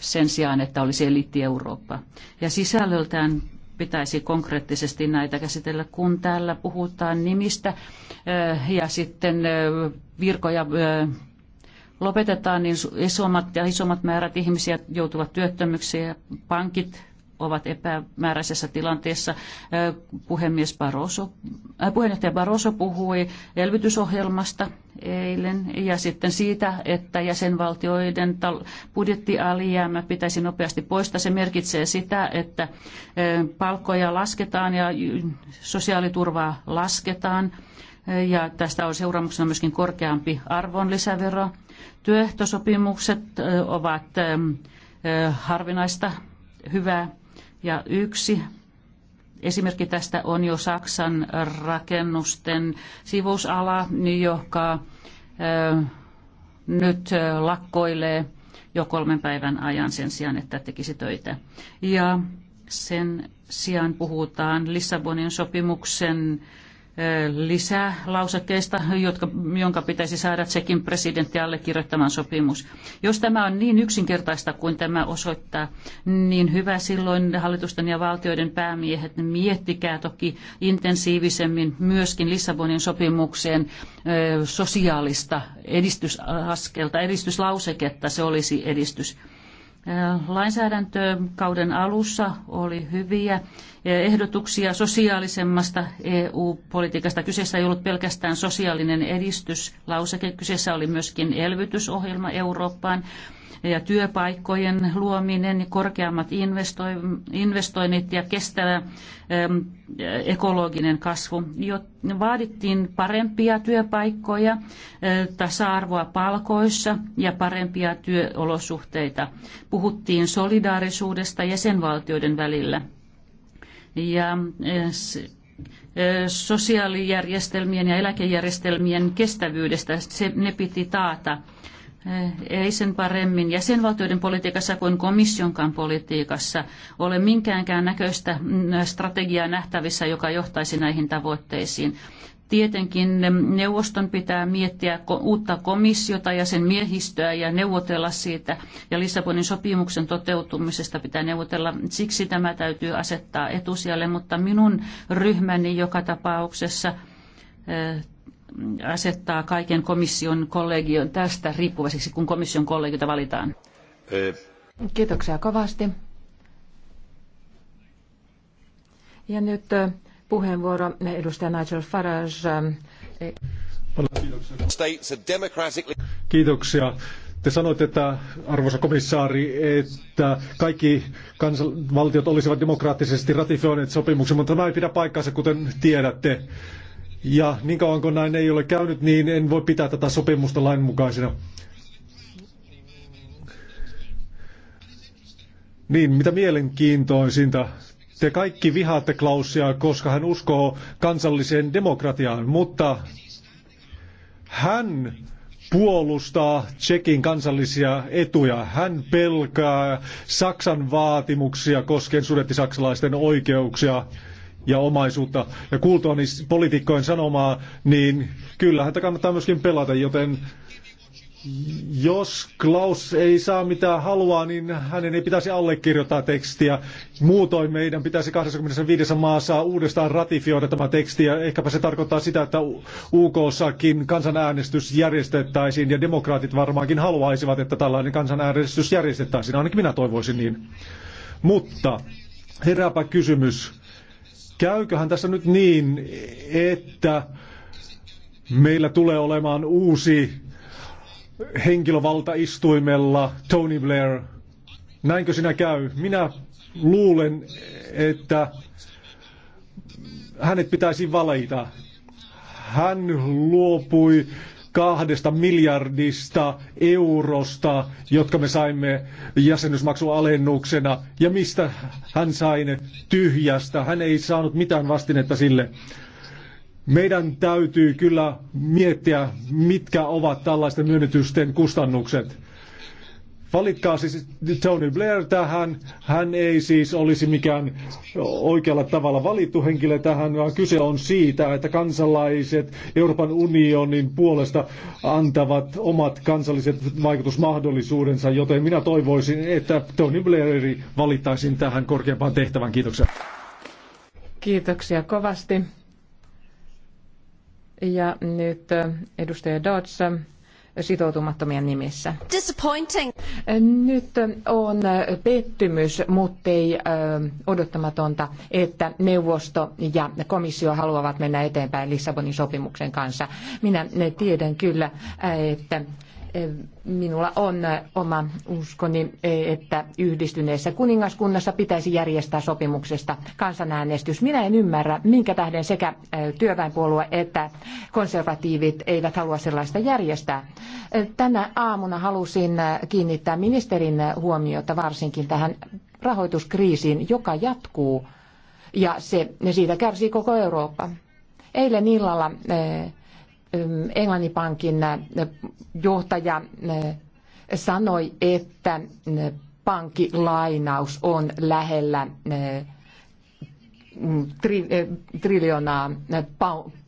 sen sijaan, että olisi eliitti Eurooppa. Ja sisällöltään pitäisi konkreettisesti näitä käsitellä, kun täällä puhutaan nimistä eh, ja sitten eh, virkoja eh, lopetetaan, niin isommat ja isommat määrät ihmisiä joutuvat työttömyyksiin ja pankit ovat epämääräisessä tilanteessa. Puhemies Barroso, äh, puheenjohtaja Barroso puhui elvytysohjelmasta eilen ja sitten siitä, että jäsenvaltioiden budjettialijäämä pitäisi nopeasti poistaa. Se merkitsee sitä, että palkkoja lasketaan ja sosiaaliturvaa lasketaan ja tästä on seuraamuksena myöskin korkeampi arvonlisävero. Työehtosopimukset ovat harvinaista hyvää ja yksi esimerkki tästä on jo Saksan rakennusten sivusala, joka nyt lakkoilee jo kolmen päivän ajan sen sijaan, että tekisi töitä. Ja sen sijaan puhutaan Lissabonin sopimuksen lisää lausekkeista, jotka, jonka pitäisi saada Tsekin presidentti allekirjoittamaan sopimus. Jos tämä on niin yksinkertaista kuin tämä osoittaa, niin hyvä silloin hallitusten ja valtioiden päämiehet miettikää toki intensiivisemmin myöskin Lissabonin sopimukseen sosiaalista edistysaskelta, edistyslauseketta, se olisi edistys lainsäädäntökauden alussa oli hyviä ehdotuksia sosiaalisemmasta EU-politiikasta. Kyseessä ei ollut pelkästään sosiaalinen edistyslauseke, kyseessä oli myöskin elvytysohjelma Eurooppaan ja työpaikkojen luominen, korkeammat investoinnit ja kestävä ähm, ekologinen kasvu. vaadittiin parempia työpaikkoja, äh, tasa-arvoa palkoissa ja parempia työolosuhteita. Puhuttiin solidaarisuudesta jäsenvaltioiden välillä. Ja äh, äh, sosiaalijärjestelmien ja eläkejärjestelmien kestävyydestä. Se, ne piti taata ei sen paremmin jäsenvaltioiden politiikassa kuin komissionkaan politiikassa ole minkäänkään näköistä strategiaa nähtävissä, joka johtaisi näihin tavoitteisiin. Tietenkin neuvoston pitää miettiä uutta komissiota ja sen miehistöä ja neuvotella siitä. Ja Lissabonin sopimuksen toteutumisesta pitää neuvotella. Siksi tämä täytyy asettaa etusijalle, mutta minun ryhmäni joka tapauksessa eh, asettaa kaiken komission kollegion tästä riippuvaiseksi, kun komission kollegiota valitaan? Kiitoksia kovasti. Ja nyt äh, puheenvuoro äh, edustaja Nigel Farage. Äh, Kiitoksia. Te sanoitte, että, arvoisa komissaari, että kaikki kansal- valtiot olisivat demokraattisesti ratifioineet sopimuksen, mutta tämä ei pidä paikkaansa, kuten tiedätte. Ja niin kauan kuin näin ei ole käynyt, niin en voi pitää tätä sopimusta lainmukaisena. Niin, mitä mielenkiintoisinta. Te kaikki vihaatte Klausia, koska hän uskoo kansalliseen demokratiaan, mutta hän puolustaa Tsekin kansallisia etuja. Hän pelkää Saksan vaatimuksia koskien sudetti saksalaisten oikeuksia ja omaisuutta. Ja kuultuani poliitikkojen sanomaa, niin kyllähän tätä kannattaa myöskin pelata, joten jos Klaus ei saa mitä haluaa, niin hänen ei pitäisi allekirjoittaa tekstiä. Muutoin meidän pitäisi 25 maassa uudestaan ratifioida tämä teksti ja ehkäpä se tarkoittaa sitä, että UKssakin kansanäänestys järjestettäisiin ja demokraatit varmaankin haluaisivat, että tällainen kansanäänestys järjestettäisiin. Ainakin minä toivoisin niin. Mutta herääpä kysymys Käyköhän tässä nyt niin, että meillä tulee olemaan uusi henkilövaltaistuimella Tony Blair. Näinkö sinä käy? Minä luulen, että hänet pitäisi valita. Hän luopui kahdesta miljardista eurosta, jotka me saimme jäsenyysmaksualennuksena. Ja mistä hän sai ne tyhjästä? Hän ei saanut mitään vastinetta sille. Meidän täytyy kyllä miettiä, mitkä ovat tällaisten myönnytysten kustannukset. Valitkaa siis Tony Blair tähän. Hän ei siis olisi mikään oikealla tavalla valittu henkilö tähän, vaan kyse on siitä, että kansalaiset Euroopan unionin puolesta antavat omat kansalliset vaikutusmahdollisuudensa, joten minä toivoisin, että Tony Blairi valittaisiin tähän korkeampaan tehtävään. Kiitoksia. Kiitoksia kovasti. Ja nyt eh, edustaja Dodds sitoutumattomien nimissä. Disappointing. Nyt on pettymys, muttei odottamatonta, että neuvosto ja komissio haluavat mennä eteenpäin Lissabonin sopimuksen kanssa. Minä tiedän kyllä, että minulla on oma uskoni, että yhdistyneessä kuningaskunnassa pitäisi järjestää sopimuksesta kansanäänestys. Minä en ymmärrä, minkä tähden sekä työväenpuolue että konservatiivit eivät halua sellaista järjestää. Tänä aamuna halusin kiinnittää ministerin huomiota varsinkin tähän rahoituskriisiin, joka jatkuu ja se, siitä kärsii koko Eurooppa. Eilen illalla Englannin pankin äh, johtaja äh, sanoi, että äh, pankkilainaus on lähellä tri, triljoonaa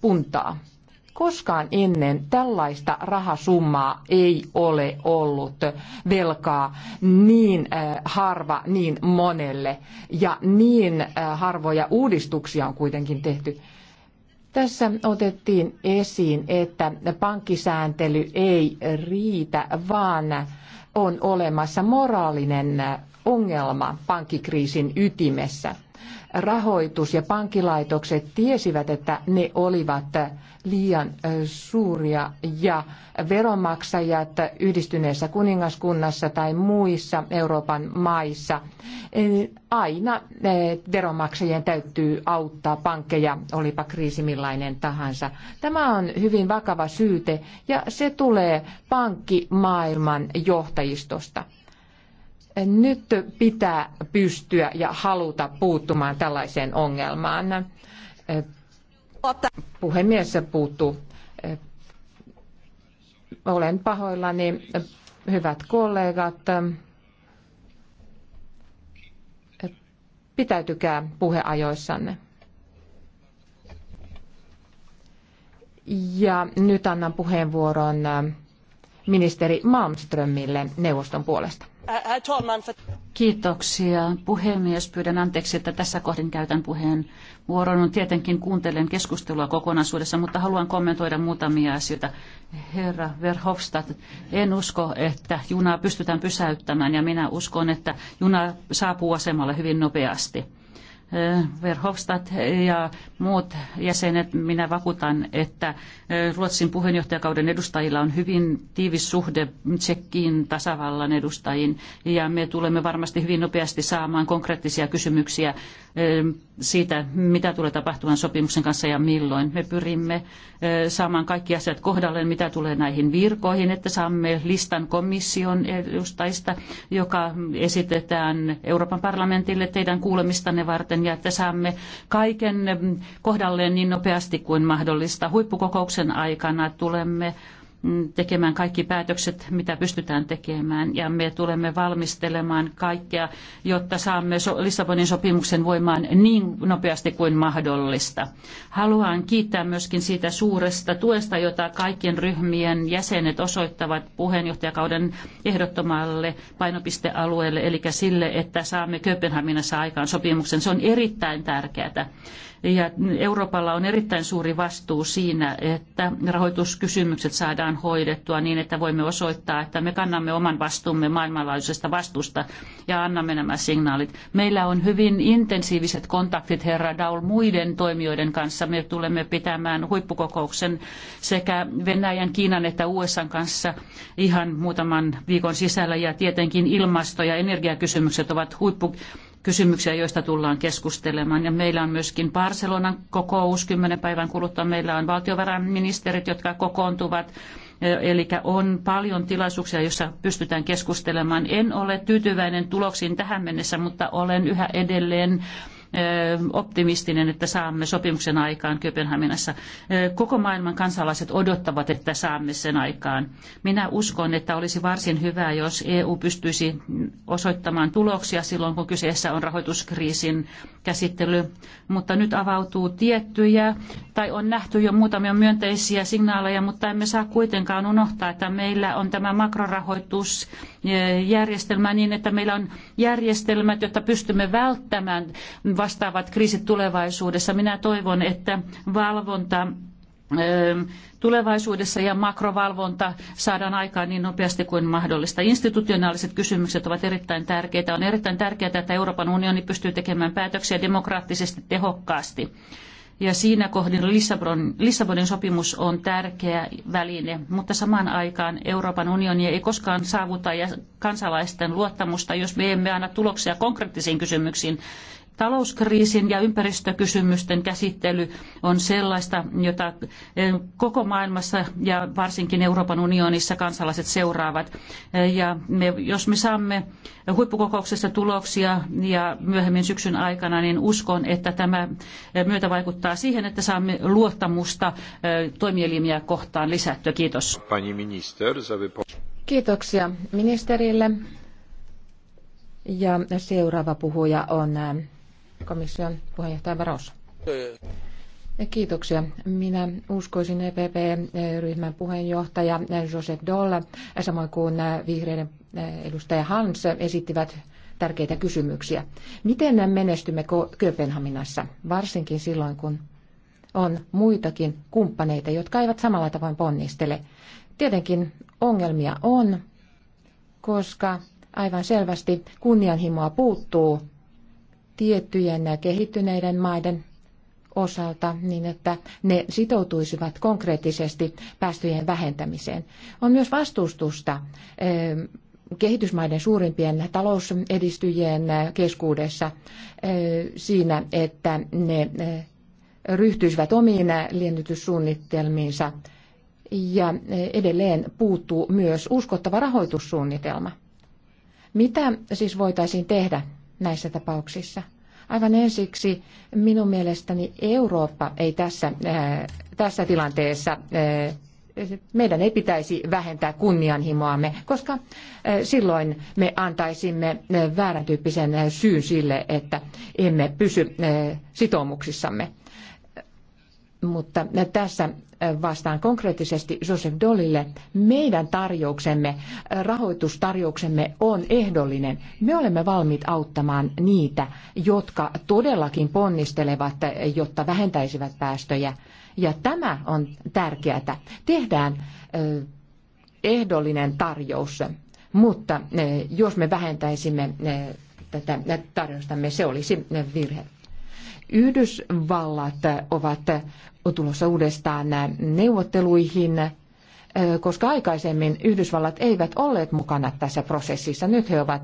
puntaa. Koskaan ennen tällaista rahasummaa ei ole ollut velkaa niin harva niin monelle ja niin harvoja uudistuksia on kuitenkin tehty tässä otettiin esiin, että pankkisääntely ei riitä, vaan on olemassa moraalinen ongelma pankkikriisin ytimessä rahoitus- ja pankkilaitokset tiesivät, että ne olivat liian suuria ja veronmaksajat yhdistyneessä kuningaskunnassa tai muissa Euroopan maissa aina veronmaksajien täytyy auttaa pankkeja, olipa kriisi millainen tahansa. Tämä on hyvin vakava syyte ja se tulee pankkimaailman johtajistosta. Nyt pitää pystyä ja haluta puuttumaan tällaiseen ongelmaan. Puhemies puuttuu. Olen pahoillani, hyvät kollegat. Pitäytykää puheajoissanne. Ja nyt annan puheenvuoron ministeri Malmströmille neuvoston puolesta. Kiitoksia puhemies. Pyydän anteeksi, että tässä kohdin käytän puheen vuoron. Tietenkin kuuntelen keskustelua kokonaisuudessa, mutta haluan kommentoida muutamia asioita. Herra Verhofstadt, en usko, että junaa pystytään pysäyttämään ja minä uskon, että juna saapuu asemalle hyvin nopeasti. Verhofstadt ja muut jäsenet, minä vakuutan, että Ruotsin puheenjohtajakauden edustajilla on hyvin tiivis suhde Tsekkiin tasavallan edustajiin ja me tulemme varmasti hyvin nopeasti saamaan konkreettisia kysymyksiä siitä, mitä tulee tapahtumaan sopimuksen kanssa ja milloin. Me pyrimme saamaan kaikki asiat kohdalleen, mitä tulee näihin virkoihin, että saamme listan komission edustajista, joka esitetään Euroopan parlamentille teidän kuulemistanne varten ja että saamme kaiken kohdalleen niin nopeasti kuin mahdollista. Huippukokouksen aikana tulemme Mm, tekemään kaikki päätökset, mitä pystytään tekemään. Ja me tulemme valmistelemaan kaikkea, jotta saamme Lissabonin sopimuksen voimaan niin nopeasti kuin mahdollista. Haluan kiittää myöskin siitä suuresta tuesta, jota kaikkien ryhmien jäsenet osoittavat puheenjohtajakauden ehdottomalle painopistealueelle, eli sille, että saamme Kööpenhaminassa aikaan sopimuksen. Se on erittäin tärkeää. Ja Euroopalla on erittäin suuri vastuu siinä, että rahoituskysymykset saadaan hoidettua niin, että voimme osoittaa, että me kannamme oman vastuumme maailmanlaajuisesta vastuusta ja annamme nämä signaalit. Meillä on hyvin intensiiviset kontaktit herra Daul muiden toimijoiden kanssa. Me tulemme pitämään huippukokouksen sekä Venäjän, Kiinan että USAn kanssa ihan muutaman viikon sisällä ja tietenkin ilmasto- ja energiakysymykset ovat huippukokouksen kysymyksiä, joista tullaan keskustelemaan. Ja meillä on myöskin Barcelonan kokous kymmenen päivän kuluttua. Meillä on valtiovarainministerit, jotka kokoontuvat Eli on paljon tilaisuuksia, joissa pystytään keskustelemaan. En ole tyytyväinen tuloksiin tähän mennessä, mutta olen yhä edelleen optimistinen, että saamme sopimuksen aikaan Kööpenhaminassa. Koko maailman kansalaiset odottavat, että saamme sen aikaan. Minä uskon, että olisi varsin hyvä, jos EU pystyisi osoittamaan tuloksia silloin, kun kyseessä on rahoituskriisin käsittely, mutta nyt avautuu tiettyjä, tai on nähty jo muutamia myönteisiä signaaleja, mutta emme saa kuitenkaan unohtaa, että meillä on tämä makrorahoitusjärjestelmä niin, että meillä on järjestelmät, jotta pystymme välttämään vastaavat kriisit tulevaisuudessa. Minä toivon, että valvonta tulevaisuudessa ja makrovalvonta saadaan aikaan niin nopeasti kuin mahdollista. Institutionaaliset kysymykset ovat erittäin tärkeitä. On erittäin tärkeää, että Euroopan unioni pystyy tekemään päätöksiä demokraattisesti tehokkaasti. Ja siinä kohdin Lissabon, Lissabonin sopimus on tärkeä väline, mutta samaan aikaan Euroopan unioni ei koskaan saavuta kansalaisten luottamusta, jos me emme anna tuloksia konkreettisiin kysymyksiin, Talouskriisin ja ympäristökysymysten käsittely on sellaista, jota eh, koko maailmassa ja varsinkin Euroopan unionissa kansalaiset seuraavat. Eh, ja me, jos me saamme huippukokouksessa tuloksia ja myöhemmin syksyn aikana, niin uskon, että tämä eh, myötä vaikuttaa siihen, että saamme luottamusta toimielimiä kohtaan lisättyä. Kiitos. Kiitoksia ministerille. Ja seuraava puhuja on komission puheenjohtaja Barroso. Kiitoksia. Minä uskoisin EPP-ryhmän puheenjohtaja Joseph Doll, samoin kuin vihreiden edustaja Hans esittivät tärkeitä kysymyksiä. Miten menestymme Kööpenhaminassa, varsinkin silloin kun on muitakin kumppaneita, jotka eivät samalla tavoin ponnistele? Tietenkin ongelmia on, koska aivan selvästi kunnianhimoa puuttuu tiettyjen kehittyneiden maiden osalta niin, että ne sitoutuisivat konkreettisesti päästöjen vähentämiseen. On myös vastustusta ehm, kehitysmaiden suurimpien talousedistyjien keskuudessa ehm, siinä, että ne ehm, ryhtyisivät omiin liennytyssuunnitelmiinsa ja edelleen puuttuu myös uskottava rahoitussuunnitelma. Mitä siis voitaisiin tehdä näissä tapauksissa. Aivan ensiksi minun mielestäni Eurooppa ei tässä, ää, äh, tässä tilanteessa ää, äh, meidän ei pitäisi vähentää kunnianhimoamme, koska äh, silloin me antaisimme väärän tyyppisen syyn sille, että emme pysy sitoumuksissamme. Mutta tässä äh, vastaan konkreettisesti Joseph Dolille. Meidän tarjouksemme, äh, rahoitustarjouksemme on ehdollinen. Me olemme valmiit auttamaan niitä, jotka todellakin ponnistelevat, äh, jotta vähentäisivät päästöjä. Ja tämä on tärkeää. Tehdään ehdollinen tarjous, mutta jos me vähentäisimme tätä tarjostamme, se olisi virhe. Yhdysvallat ovat tulossa uudestaan neuvotteluihin, koska aikaisemmin Yhdysvallat eivät olleet mukana tässä prosessissa. Nyt he ovat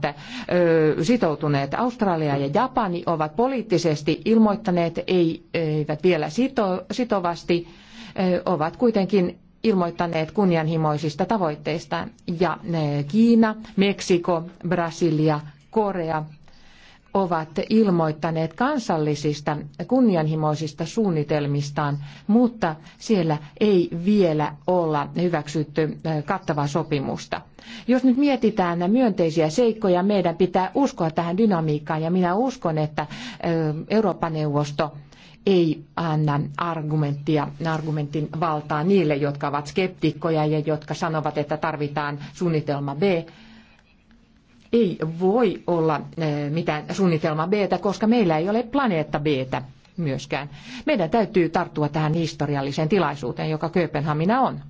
sitoutuneet. Australia ja Japani ovat poliittisesti ilmoittaneet, eivät vielä sito, sitovasti, ovat kuitenkin ilmoittaneet kunnianhimoisista tavoitteistaan. Ja Kiina, Meksiko, Brasilia, Korea ovat ilmoittaneet kansallisista kunnianhimoisista suunnitelmistaan, mutta siellä ei vielä olla hyväksytty kattavaa sopimusta. Jos nyt mietitään myönteisiä seikkoja, meidän pitää uskoa tähän dynamiikkaan ja minä uskon, että Eurooppa-neuvosto ei anna argumenttia, argumentin valtaa niille, jotka ovat skeptikkoja ja jotka sanovat, että tarvitaan suunnitelma B ei voi olla eh, mitään suunnitelmaa B, koska meillä ei ole planeetta B myöskään. Meidän täytyy tarttua tähän historialliseen tilaisuuteen, joka Kööpenhamina on.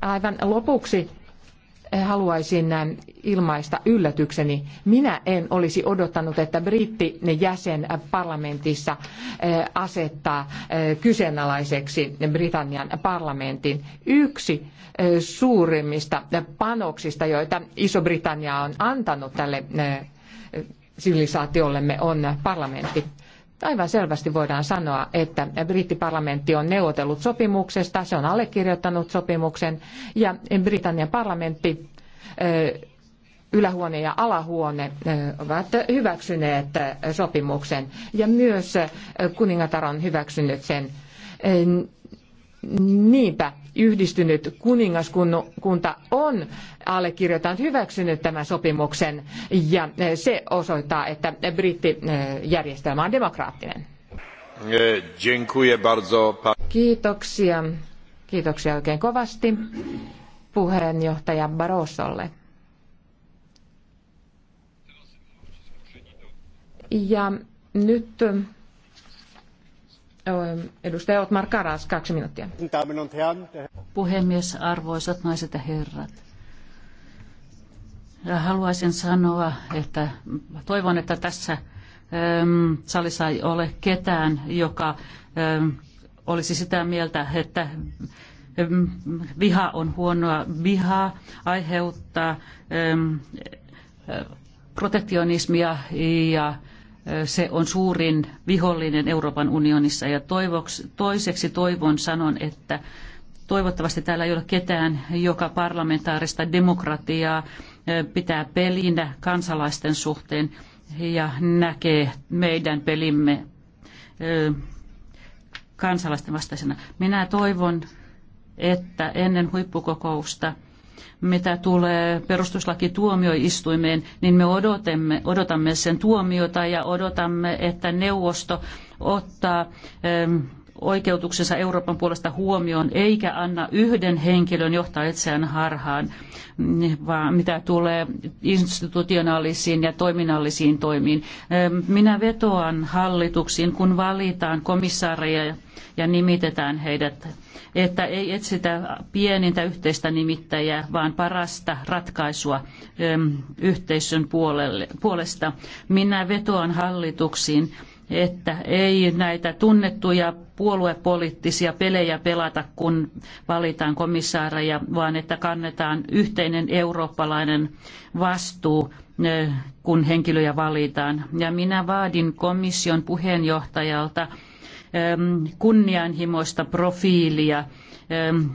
Aivan lopuksi haluaisin ilmaista yllätykseni. Minä en olisi odottanut, että britti jäsen parlamentissa eh, asettaa eh, kyseenalaiseksi Britannian parlamentin yksi eh, suurimmista panoksista, joita Iso-Britannia on antanut tälle sivilisaatiollemme on parlamentti. Aivan selvästi voidaan sanoa, että brittiparlamentti on neuvotellut sopimuksesta, se on allekirjoittanut sopimuksen ja Britannian parlamentti ylähuone ja alahuone ovat hyväksyneet sopimuksen ja myös kuningatar on hyväksynyt sen. Niinpä yhdistynyt kuningaskunta on allekirjoittanut hyväksynyt tämän sopimuksen ja eh, se osoittaa, että brittijärjestelmä eh, on demokraattinen. Eh, Kiitoksia. Kiitoksia oikein kovasti puheenjohtaja Barrosolle. Ja nyt Edustaja Otmar Karas, kaksi minuuttia. Puhemies, arvoisat naiset ja herrat. Haluaisin sanoa, että toivon, että tässä ähm, salissa ei ole ketään, joka ähm, olisi sitä mieltä, että ähm, viha on huonoa. Viha aiheuttaa äh, protektionismia ja se on suurin vihollinen Euroopan unionissa. Ja toivoks toiseksi toivon sanon, että toivottavasti täällä ei ole ketään, joka parlamentaarista demokratiaa pitää pelinä kansalaisten suhteen ja näkee meidän pelimme kansalaisten vastaisena. Minä toivon, että ennen huippukokousta – mitä tulee perustuslakituomioistuimeen, niin me odotamme, odotamme sen tuomiota ja odotamme, että neuvosto ottaa oikeutuksensa Euroopan puolesta huomioon, eikä anna yhden henkilön johtaa itseään harhaan, niin vaan mitä tulee institutionaalisiin ja toiminnallisiin toimiin. Ähm, minä vetoan hallituksiin, kun valitaan komissaareja ja nimitetään heidät, että ei etsitä pienintä yhteistä nimittäjää, vaan parasta ratkaisua ähm, yhteisön puolelle, puolesta. Minä vetoan hallituksiin, että ei näitä tunnettuja puoluepoliittisia pelejä pelata, kun valitaan komissaareja, vaan että kannetaan yhteinen eurooppalainen vastuu, eh, kun henkilöjä valitaan. Ja minä vaadin komission puheenjohtajalta eh, kunnianhimoista profiilia eh,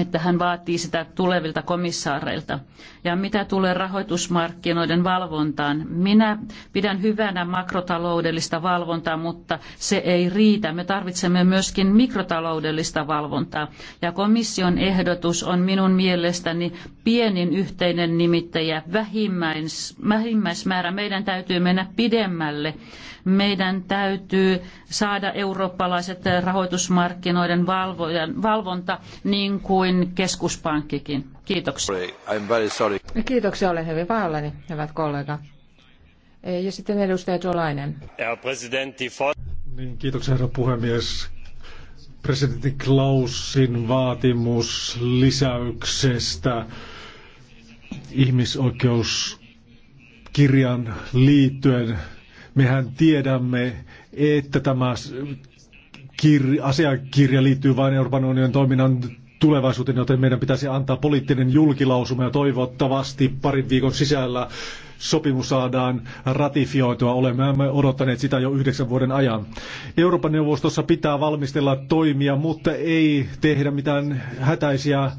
että hän vaatii sitä tulevilta komissaareilta. Ja mitä tulee rahoitusmarkkinoiden valvontaan, minä pidän hyvänä makrotaloudellista valvontaa, mutta se ei riitä. Me tarvitsemme myöskin mikrotaloudellista valvontaa. Ja komission ehdotus on minun mielestäni pienin yhteinen nimittäjä, vähimmäismäärä. Meidän täytyy mennä pidemmälle meidän täytyy saada eurooppalaiset rahoitusmarkkinoiden valvonta niin kuin keskuspankkikin. Kiitoksia. Kiitoksia, olen hyvin pahoillani, hyvät kollega. Ja sitten edustaja Jolainen. Niin, kiitoksia herra puhemies presidentti Klausin vaatimus lisäyksestä ihmisoikeuskirjan liittyen Mehän tiedämme, että tämä asiakirja liittyy vain Euroopan unionin toiminnan tulevaisuuteen, joten meidän pitäisi antaa poliittinen julkilausuma ja toivottavasti parin viikon sisällä sopimus saadaan ratifioitua. Olemme odottaneet sitä jo yhdeksän vuoden ajan. Euroopan neuvostossa pitää valmistella toimia, mutta ei tehdä mitään hätäisiä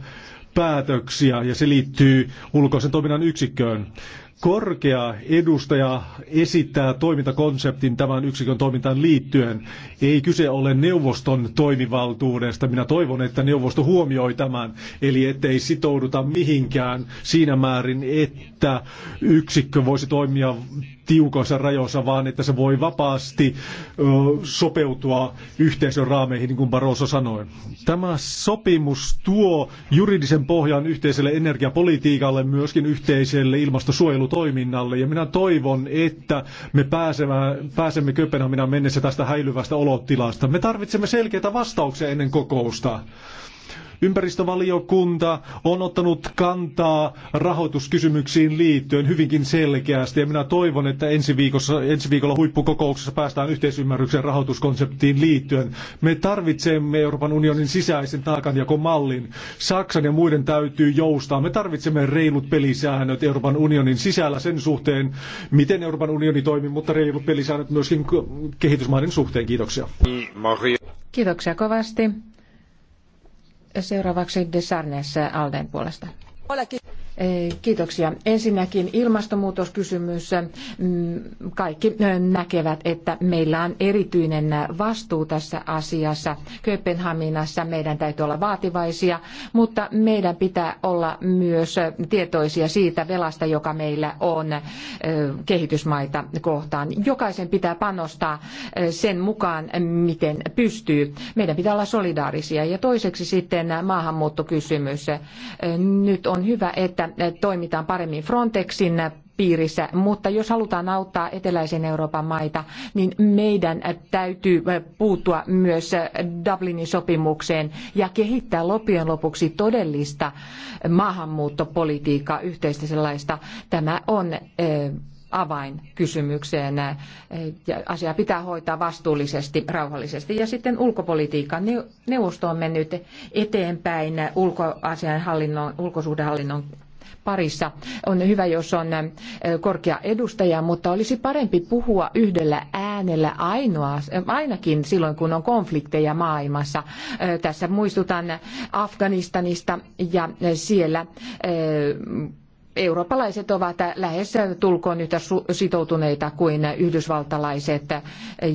päätöksiä ja se liittyy ulkoisen toiminnan yksikköön korkea edustaja esittää toimintakonseptin tämän yksikön toimintaan liittyen. Ei kyse ole neuvoston toimivaltuudesta. Minä toivon, että neuvosto huomioi tämän, eli ettei sitouduta mihinkään siinä määrin, että yksikkö voisi toimia tiukoissa rajoissa, vaan että se voi vapaasti sopeutua yhteisön raameihin, niin kuin Barroso sanoi. Tämä sopimus tuo juridisen pohjan yhteiselle energiapolitiikalle, myöskin yhteiselle ilmastosuojelutoiminnalle, ja minä toivon, että me pääsemme, pääsemme Köpenhaminan mennessä tästä häilyvästä olotilasta. Me tarvitsemme selkeitä vastauksia ennen kokousta. Ympäristövaliokunta on ottanut kantaa rahoituskysymyksiin liittyen hyvinkin selkeästi ja minä toivon, että ensi, viikossa, ensi viikolla huippukokouksessa päästään yhteisymmärryksen rahoituskonseptiin liittyen. Me tarvitsemme Euroopan unionin sisäisen taakanjakomallin. Saksan ja muiden täytyy joustaa. Me tarvitsemme reilut pelisäännöt Euroopan unionin sisällä sen suhteen, miten Euroopan unioni toimii, mutta reilut pelisäännöt myöskin kehitysmaiden suhteen. Kiitoksia. Kiitoksia kovasti. Seuraavaksi Desarnes Alden puolesta. Eh, kiitoksia. Ensinnäkin ilmastonmuutoskysymys. Mm, kaikki eh, näkevät, että meillä on erityinen vastuu tässä asiassa. Kööpenhaminassa meidän täytyy olla vaativaisia, mutta meidän pitää olla myös tietoisia siitä velasta, joka meillä on eh, kehitysmaita kohtaan. Jokaisen pitää panostaa sen mukaan, miten pystyy. Meidän pitää olla solidaarisia. Ja toiseksi sitten maahanmuuttokysymys. Nyt on hyvä, että että toimitaan paremmin Frontexin piirissä, mutta jos halutaan auttaa eteläisen Euroopan maita, niin meidän täytyy puuttua myös Dublinin sopimukseen ja kehittää loppujen lopuksi todellista maahanmuuttopolitiikkaa, yhteistä sellaista. Tämä on eh, avainkysymykseen. Eh, ja asia pitää hoitaa vastuullisesti, rauhallisesti. Ja sitten ulkopolitiikka. Neuvosto on mennyt eteenpäin ulkoasian ulkosuhdehallinnon parissa. On hyvä, jos on korkea edustaja, mutta olisi parempi puhua yhdellä äänellä ainoa, ainakin silloin, kun on konflikteja maailmassa. Tässä muistutan Afganistanista ja siellä eurooppalaiset ovat lähes tulkoon yhtä sitoutuneita kuin yhdysvaltalaiset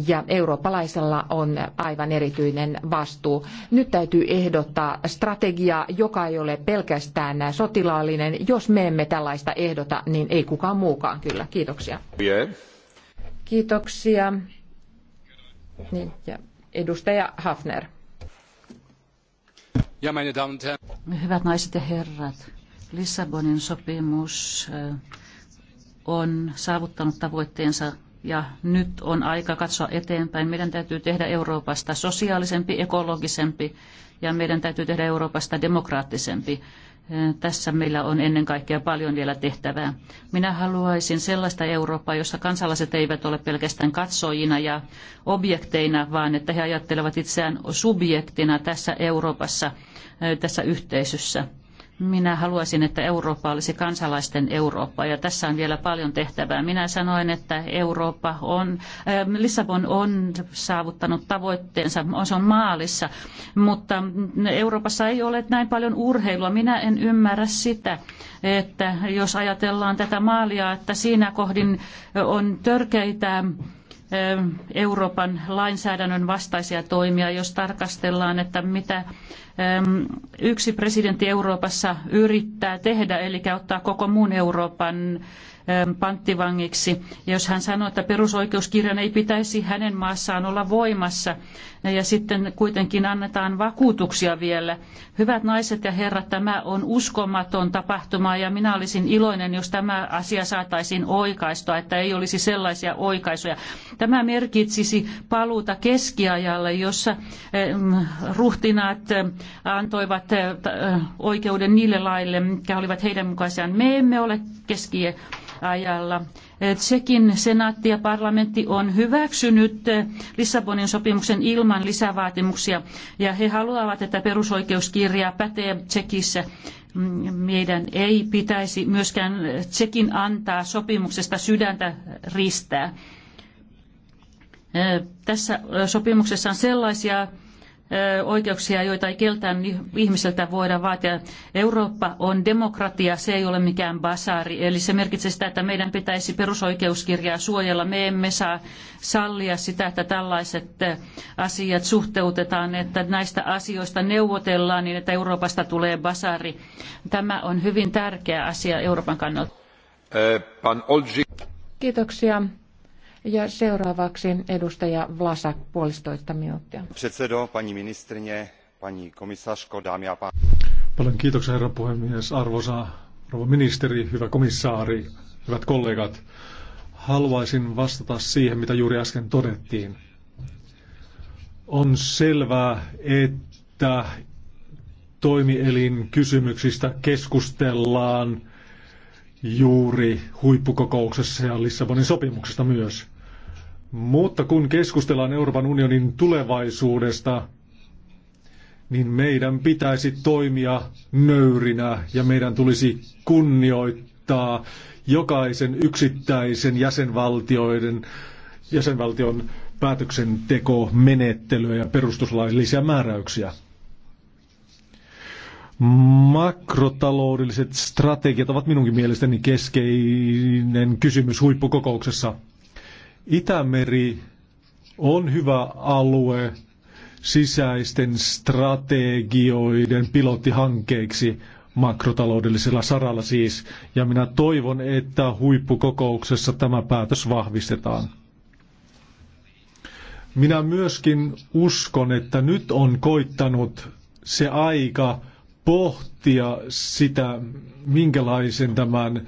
ja eurooppalaisella on aivan erityinen vastuu. Nyt täytyy ehdottaa strategiaa, joka ei ole pelkästään sotilaallinen. Jos me emme tällaista ehdota, niin ei kukaan muukaan kyllä. Kiitoksia. Kiitoksia. Niin, ja edustaja Hafner. Hyvät naiset ja herrat, Lissabonin sopimus on saavuttanut tavoitteensa ja nyt on aika katsoa eteenpäin. Meidän täytyy tehdä Euroopasta sosiaalisempi, ekologisempi ja meidän täytyy tehdä Euroopasta demokraattisempi. Tässä meillä on ennen kaikkea paljon vielä tehtävää. Minä haluaisin sellaista Eurooppaa, jossa kansalaiset eivät ole pelkästään katsojina ja objekteina, vaan että he ajattelevat itseään subjektina tässä Euroopassa, tässä yhteisössä. Minä haluaisin, että Eurooppa olisi kansalaisten Eurooppa ja tässä on vielä paljon tehtävää. Minä sanoin, että Eurooppa on, äh, Lissabon on saavuttanut tavoitteensa, se on maalissa, mutta Euroopassa ei ole näin paljon urheilua. Minä en ymmärrä sitä, että jos ajatellaan tätä maalia, että siinä kohdin on törkeitä Euroopan lainsäädännön vastaisia toimia, jos tarkastellaan, että mitä yksi presidentti Euroopassa yrittää tehdä, eli ottaa koko muun Euroopan panttivangiksi. Ja jos hän sanoo, että perusoikeuskirjan ei pitäisi hänen maassaan olla voimassa, ja sitten kuitenkin annetaan vakuutuksia vielä. Hyvät naiset ja herrat, tämä on uskomaton tapahtuma ja minä olisin iloinen, jos tämä asia saataisiin oikaistua, että ei olisi sellaisia oikaisuja. Tämä merkitsisi paluuta keskiajalle, jossa ruhtinaat antoivat eh, eh, oikeuden niille laille, mitkä olivat heidän mukaisiaan. Me emme ole keskiajalla. Tsekin senaatti ja parlamentti on hyväksynyt Lissabonin sopimuksen ilman lisävaatimuksia ja he haluavat, että perusoikeuskirja pätee Tsekissä. Meidän ei pitäisi myöskään Tsekin antaa sopimuksesta sydäntä ristää. Tässä sopimuksessa on sellaisia oikeuksia, joita ei keltään ihmiseltä voida vaatia. Eurooppa on demokratia, se ei ole mikään basaari. Eli se merkitsee sitä, että meidän pitäisi perusoikeuskirjaa suojella. Me emme saa sallia sitä, että tällaiset asiat suhteutetaan, että näistä asioista neuvotellaan niin, että Euroopasta tulee basaari. Tämä on hyvin tärkeä asia Euroopan kannalta. Kiitoksia. Ja seuraavaksi edustaja Vlasak puolistoista minuuttia. Předsedo, pani ministrinje, pani komissaško, dámy a pán. Paljon kiitoksia herra puhemies, arvoisa rouva ministeri, hyvä komissaari, hyvät kollegat. Haluaisin vastata siihen, mitä juuri äsken todettiin. On selvää, että toimielin kysymyksistä keskustellaan juuri huippukokouksessa ja Lissabonin sopimuksesta myös. Mutta kun keskustellaan Euroopan unionin tulevaisuudesta, niin meidän pitäisi toimia nöyrinä ja meidän tulisi kunnioittaa jokaisen yksittäisen jäsenvaltioiden, jäsenvaltion päätöksentekomenettelyä ja perustuslaillisia määräyksiä. Makrotaloudelliset strategiat ovat minunkin mielestäni keskeinen kysymys huippukokouksessa – Itämeri on hyvä alue sisäisten strategioiden pilottihankkeiksi makrotaloudellisella saralla siis. Ja minä toivon, että huippukokouksessa tämä päätös vahvistetaan. Minä myöskin uskon, että nyt on koittanut se aika pohtia sitä, minkälaisen tämän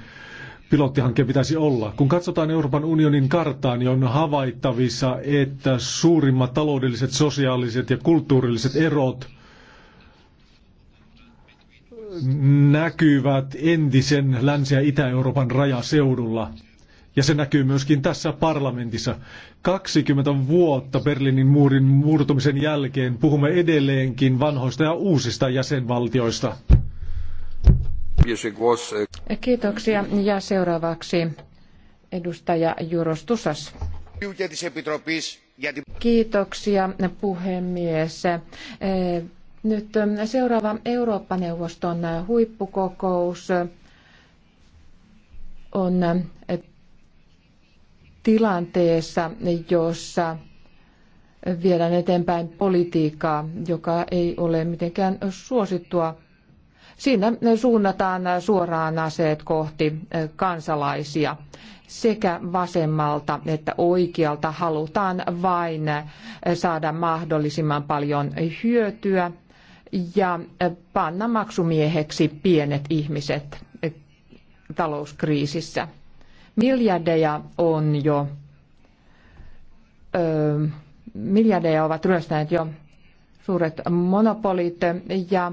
pilottihanke pitäisi olla. Kun katsotaan Euroopan unionin karttaa, niin on havaittavissa, että suurimmat taloudelliset, sosiaaliset ja kulttuurilliset erot näkyvät entisen Länsi- ja Itä-Euroopan rajaseudulla. Ja se näkyy myöskin tässä parlamentissa. 20 vuotta Berliinin muurin murtumisen jälkeen puhumme edelleenkin vanhoista ja uusista jäsenvaltioista. Eh, Kiitoksia ja seuraavaksi edustaja Juros Tusas. Kiitoksia puhemies. Eh, nyt seuraava Eurooppa-neuvoston huippukokous on tilanteessa, jossa viedään eteenpäin politiikkaa, joka ei ole mitenkään suosittua Siinä suunnataan suoraan aseet kohti eh, kansalaisia. Sekä vasemmalta että oikealta halutaan vain eh, saada mahdollisimman paljon hyötyä ja eh, panna maksumieheksi pienet ihmiset talouskriisissä. Miljardeja on jo, ö, miljardeja ovat ryöstäneet jo suuret monopolit ja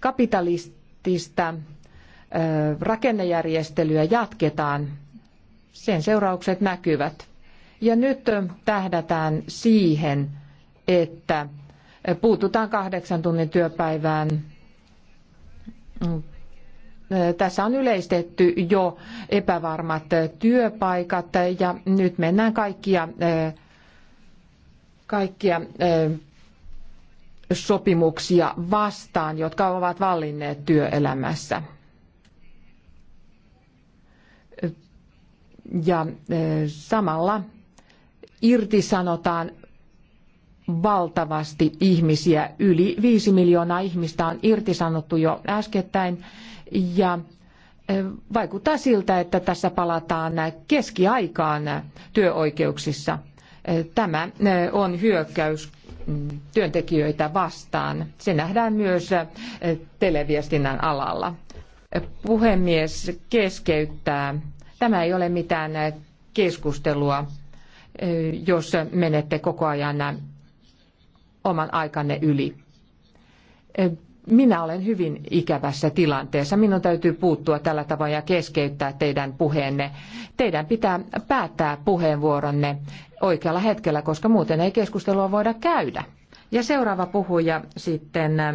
kapitalistista rakennejärjestelyä jatketaan, sen seuraukset näkyvät. Ja nyt tähdätään siihen, että puututaan kahdeksan tunnin työpäivään. Tässä on yleistetty jo epävarmat työpaikat ja nyt mennään kaikkia, kaikkia sopimuksia vastaan, jotka ovat vallinneet työelämässä. Ja e, samalla irtisanotaan valtavasti ihmisiä. Yli viisi miljoonaa ihmistä on irtisanottu jo äskettäin. Ja e, vaikuttaa siltä, että tässä palataan keskiaikaan työoikeuksissa. Tämä on hyökkäys mm, työntekijöitä vastaan. Se nähdään myös televiestinnän alalla. Puhemies keskeyttää. Tämä ei ole mitään keskustelua, jos menette koko ajan oman aikanne yli minä olen hyvin ikävässä tilanteessa. Minun täytyy puuttua tällä tavoin ja keskeyttää teidän puheenne. Teidän pitää päättää puheenvuoronne oikealla hetkellä, koska muuten ei keskustelua voida käydä. Ja seuraava puhuja sitten äh,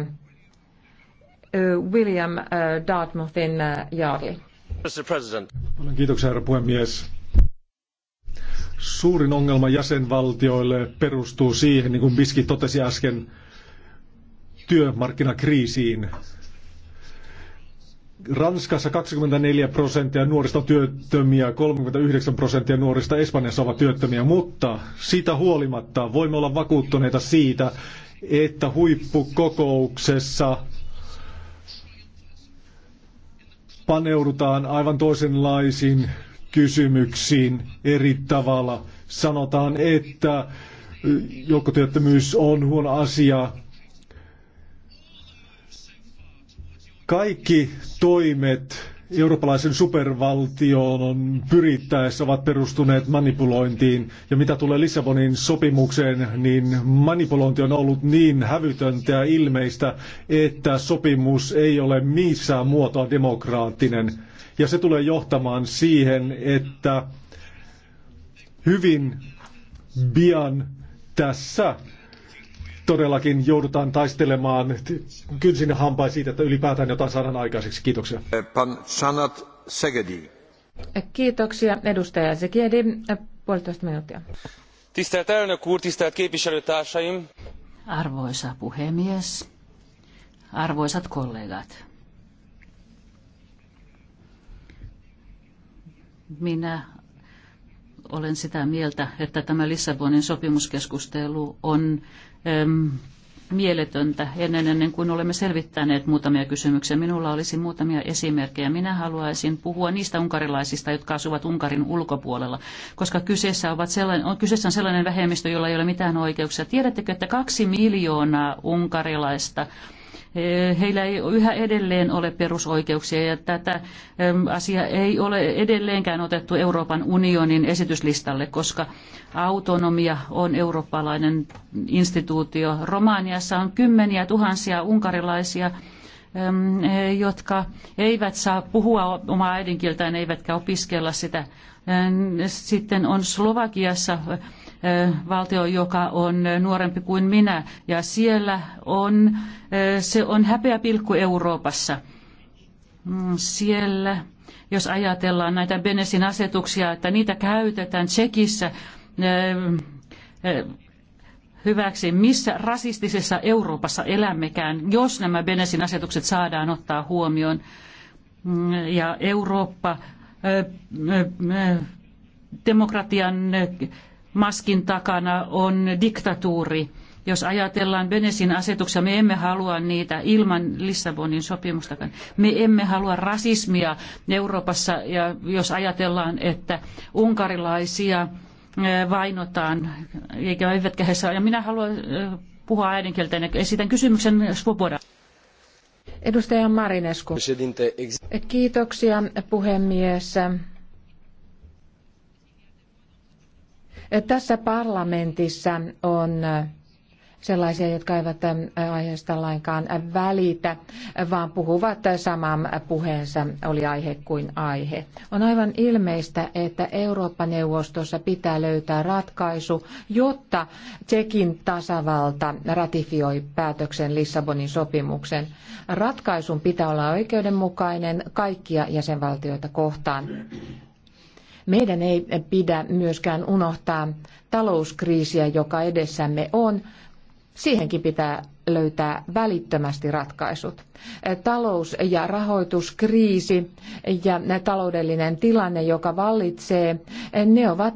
William äh, Dartmouthin äh, Jaarli. kiitoksia, herra puhemies. Suurin ongelma jäsenvaltioille perustuu siihen, niin kuin Biski totesi äsken, työmarkkinakriisiin. Ranskassa 24 prosenttia nuorista työttömiä, 39 prosenttia nuorista Espanjassa ovat työttömiä, mutta siitä huolimatta voimme olla vakuuttuneita siitä, että huippukokouksessa paneudutaan aivan toisenlaisiin kysymyksiin eri tavalla. Sanotaan, että joukkotyöttömyys on huono asia, Kaikki toimet eurooppalaisen supervaltion pyrittäessä ovat perustuneet manipulointiin. Ja mitä tulee Lissabonin sopimukseen, niin manipulointi on ollut niin hävytöntä ja ilmeistä, että sopimus ei ole missään muotoa demokraattinen. Ja se tulee johtamaan siihen, että hyvin bian tässä todellakin joudutaan taistelemaan kynsin ja hampain siitä, että ylipäätään jotain saadaan aikaiseksi. Kiitoksia. Pan Sanat Segedi. Kiitoksia edustaja Segedi. Puolitoista minuuttia. Tisztelt elnök úr, tisztelt Arvoisa puhemies, arvoisat kollegat. Minä olen sitä mieltä, että tämä Lissabonin sopimuskeskustelu on mieletöntä ennen, ennen kuin olemme selvittäneet muutamia kysymyksiä. Minulla olisi muutamia esimerkkejä. Minä haluaisin puhua niistä unkarilaisista, jotka asuvat Unkarin ulkopuolella, koska kyseessä, ovat sellainen, on, kyseessä on sellainen vähemmistö, jolla ei ole mitään oikeuksia. Tiedättekö, että kaksi miljoonaa unkarilaista Eh, heillä ei yhä edelleen ole perusoikeuksia ja tätä asiaa ei ole edelleenkään otettu Euroopan unionin esityslistalle, koska autonomia on eurooppalainen instituutio. Romaniassa on kymmeniä tuhansia unkarilaisia eh, jotka eivät saa puhua omaa äidinkieltään eivätkä opiskella sitä. Sitten on Slovakiassa valtio, joka on nuorempi kuin minä. Ja siellä on, se on häpeä pilkku Euroopassa. Mm, siellä, jos ajatellaan näitä Benesin asetuksia, että niitä käytetään Tsekissä hyväksi, missä rasistisessa Euroopassa elämmekään, jos nämä Benesin asetukset saadaan ottaa huomioon. Mm, ja Eurooppa demokratian maskin takana on diktatuuri. Jos ajatellaan Benesin asetuksia, me emme halua niitä ilman Lissabonin sopimustakaan. Me emme halua rasismia Euroopassa, ja jos ajatellaan, että unkarilaisia eh, vainotaan, eikä eivätkä he saa. Ja minä haluan eh, puhua äidinkieltä, esitän kysymyksen Svoboda. Edustaja Marinesku. Kiitoksia puhemies. Tässä parlamentissa on äh, sellaisia, jotka eivät äh, aiheesta lainkaan äh, välitä, vaan puhuvat saman puheensa, oli aihe kuin aihe. On aivan ilmeistä, että Eurooppa-neuvostossa pitää löytää ratkaisu, jotta Tsekin tasavalta ratifioi päätöksen Lissabonin sopimuksen. Ratkaisun pitää olla oikeudenmukainen kaikkia jäsenvaltioita kohtaan. Meidän ei pidä myöskään unohtaa talouskriisiä, joka edessämme on, Siihenkin pitää löytää välittömästi ratkaisut. Talous- ja rahoituskriisi ja taloudellinen tilanne, joka vallitsee, ne ovat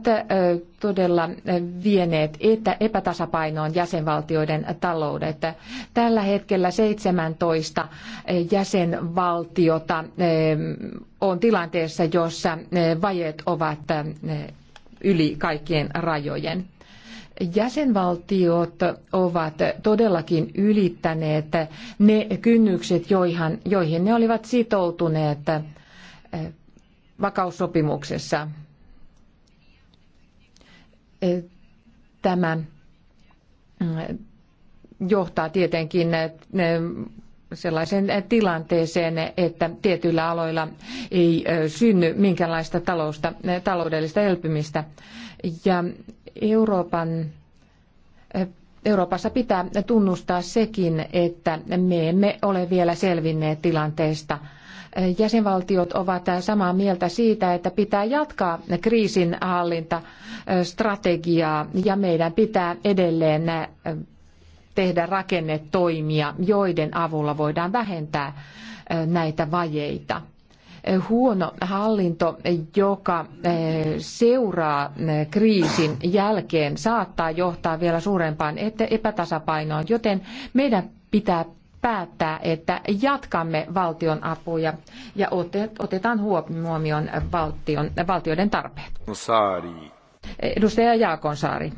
todella vieneet epätasapainoon jäsenvaltioiden taloudet. Tällä hetkellä 17 jäsenvaltiota on tilanteessa, jossa vajeet ovat yli kaikkien rajojen jäsenvaltiot ovat todellakin ylittäneet ne kynnykset, joihin ne olivat sitoutuneet eh, vakaussopimuksessa. Eh, tämä mm, johtaa tietenkin eh, sellaisen tilanteeseen, että tietyillä aloilla ei synny minkäänlaista talousta, taloudellista elpymistä. Ja Euroopan, eh, Euroopassa pitää tunnustaa sekin, että me emme ole vielä selvinneet tilanteesta. Eh, jäsenvaltiot ovat samaa mieltä siitä, että pitää jatkaa kriisinhallintastrategiaa eh, ja meidän pitää edelleen tehdä rakennetoimia, joiden avulla voidaan vähentää näitä vajeita huono hallinto, joka eh, seuraa eh, kriisin jälkeen, saattaa johtaa vielä suurempaan epätasapainoon, joten meidän pitää päättää, että jatkamme valtion apuja ja otetaan huomioon valtion, valtioiden tarpeet. Saari. Edustaja Jaakonsaari.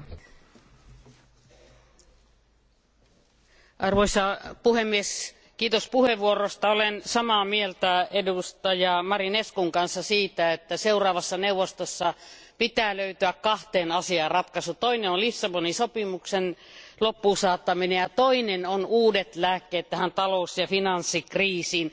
Arvoisa puhemies, kiitos puheenvuorosta. olen samaa mieltä edustaja marinescun kanssa siitä että seuraavassa neuvostossa pitää löytyä kahteen asiaan ratkaisu toinen on lissabonin sopimuksen loppuunsaattaminen saattaminen ja toinen on uudet lääkkeet tähän talous ja finanssikriisiin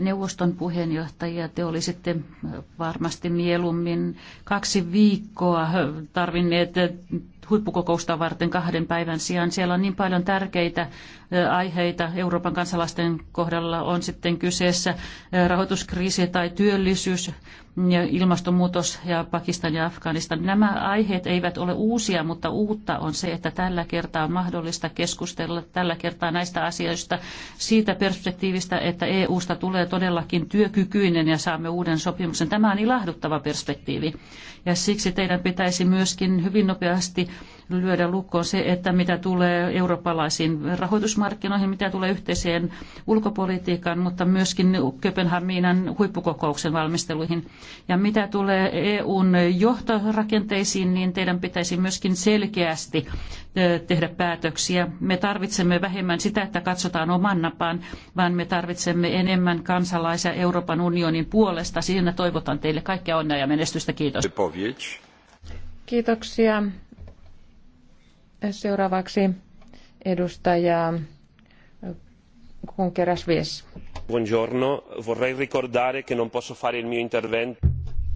neuvoston puheenjohtajia. Te olisitte varmasti mieluummin kaksi viikkoa tarvinneet huippukokousta varten kahden päivän sijaan. Siellä on niin paljon tärkeitä aiheita Euroopan kansalaisten kohdalla, on sitten kyseessä rahoituskriisi tai työllisyys, ja ilmastonmuutos ja Pakistan ja Afganistan. Nämä aiheet eivät ole uusia, mutta uutta on se, että tällä kertaa on mahdollista keskustella tällä kertaa näistä asioista siitä perspektiivistä, että EUsta tulee todellakin työkykyinen ja saamme uuden sopimuksen. Tämä on ilahduttava perspektiivi. Ja siksi teidän pitäisi myöskin hyvin nopeasti lyödä lukkoon se, että mitä tulee eurooppalaisiin rahoitusmarkkinoihin, mitä tulee yhteiseen ulkopolitiikkaan, mutta myöskin Köpenhaminan huippukokouksen valmisteluihin. Ja mitä tulee EUn johtorakenteisiin, niin teidän pitäisi myöskin selkeästi tehdä päätöksiä. Me tarvitsemme vähemmän sitä, että katsotaan oman napaan, vaan me tarvitsemme enemmän kansalaisia Euroopan unionin puolesta. Siinä toivotan teille kaikkea onnea ja menestystä. Kiitos. Kiitoksia. Seuraavaksi edustaja Kunkeras-Vies. Buongiorno, vorrei ricordare che non posso fare il mio intervento.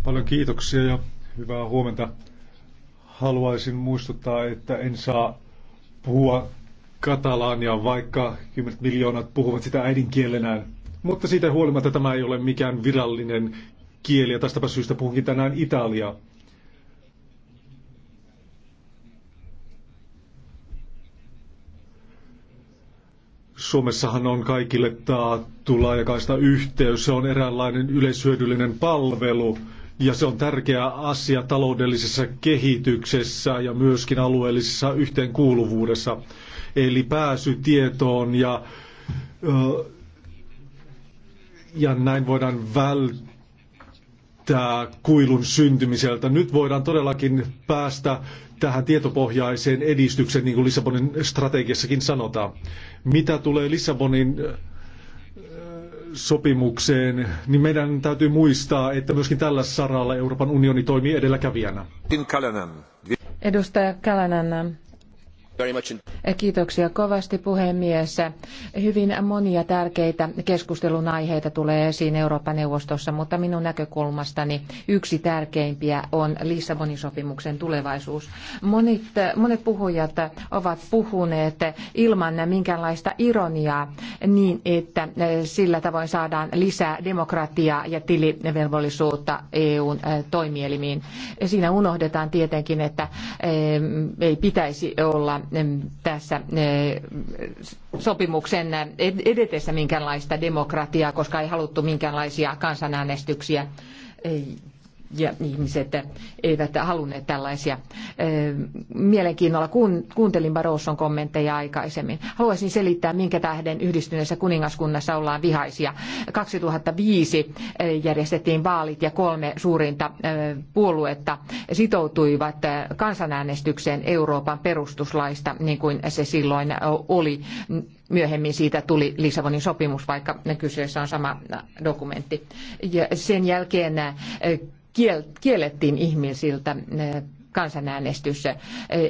Paljon kiitoksia ja hyvää huomenta. Haluaisin muistuttaa, että en saa puhua katalaania, vaikka kymmenet miljoonat puhuvat sitä äidinkielenään. Mutta siitä huolimatta tämä ei ole mikään virallinen kieli ja tästäpä syystä puhunkin tänään italiaa. Suomessahan on kaikille taattu laajakaista yhteys. Se on eräänlainen yleishyödyllinen palvelu ja se on tärkeä asia taloudellisessa kehityksessä ja myöskin alueellisessa yhteenkuuluvuudessa. Eli pääsy tietoon ja, ja näin voidaan välttää kuilun syntymiseltä. Nyt voidaan todellakin päästä tähän tietopohjaiseen edistykseen, niin kuin Lissabonin strategiassakin sanotaan. Mitä tulee Lissabonin sopimukseen, niin meidän täytyy muistaa, että myöskin tällä saralla Euroopan unioni toimii edelläkävijänä. Edustaja Kalanen, Kiitoksia kovasti puhemies. Hyvin monia tärkeitä keskustelun aiheita tulee esiin Euroopan neuvostossa, mutta minun näkökulmastani yksi tärkeimpiä on Lissabonin sopimuksen tulevaisuus. Monet, monet puhujat ovat puhuneet ilman minkäänlaista ironiaa niin, että sillä tavoin saadaan lisää demokratiaa ja tilivelvollisuutta EUn eh, toimielimiin. Siinä unohdetaan tietenkin, että eh, ei pitäisi olla eh, tässä eh, sopimuksen edetessä minkäänlaista demokratiaa, koska ei haluttu minkäänlaisia kansanäänestyksiä. Ei ja ihmiset eivät halunneet tällaisia. Eh, mielenkiinnolla kuuntelin Barroson kommentteja aikaisemmin. Haluaisin selittää, minkä tähden yhdistyneessä kuningaskunnassa ollaan vihaisia. 2005 eh, järjestettiin vaalit ja kolme suurinta eh, puoluetta sitoutuivat kansanäänestykseen Euroopan perustuslaista, niin kuin se silloin oli. Myöhemmin siitä tuli Lissabonin sopimus, vaikka kyseessä on sama dokumentti. Ja sen jälkeen kiellettiin ihmisiltä kansanäänestys.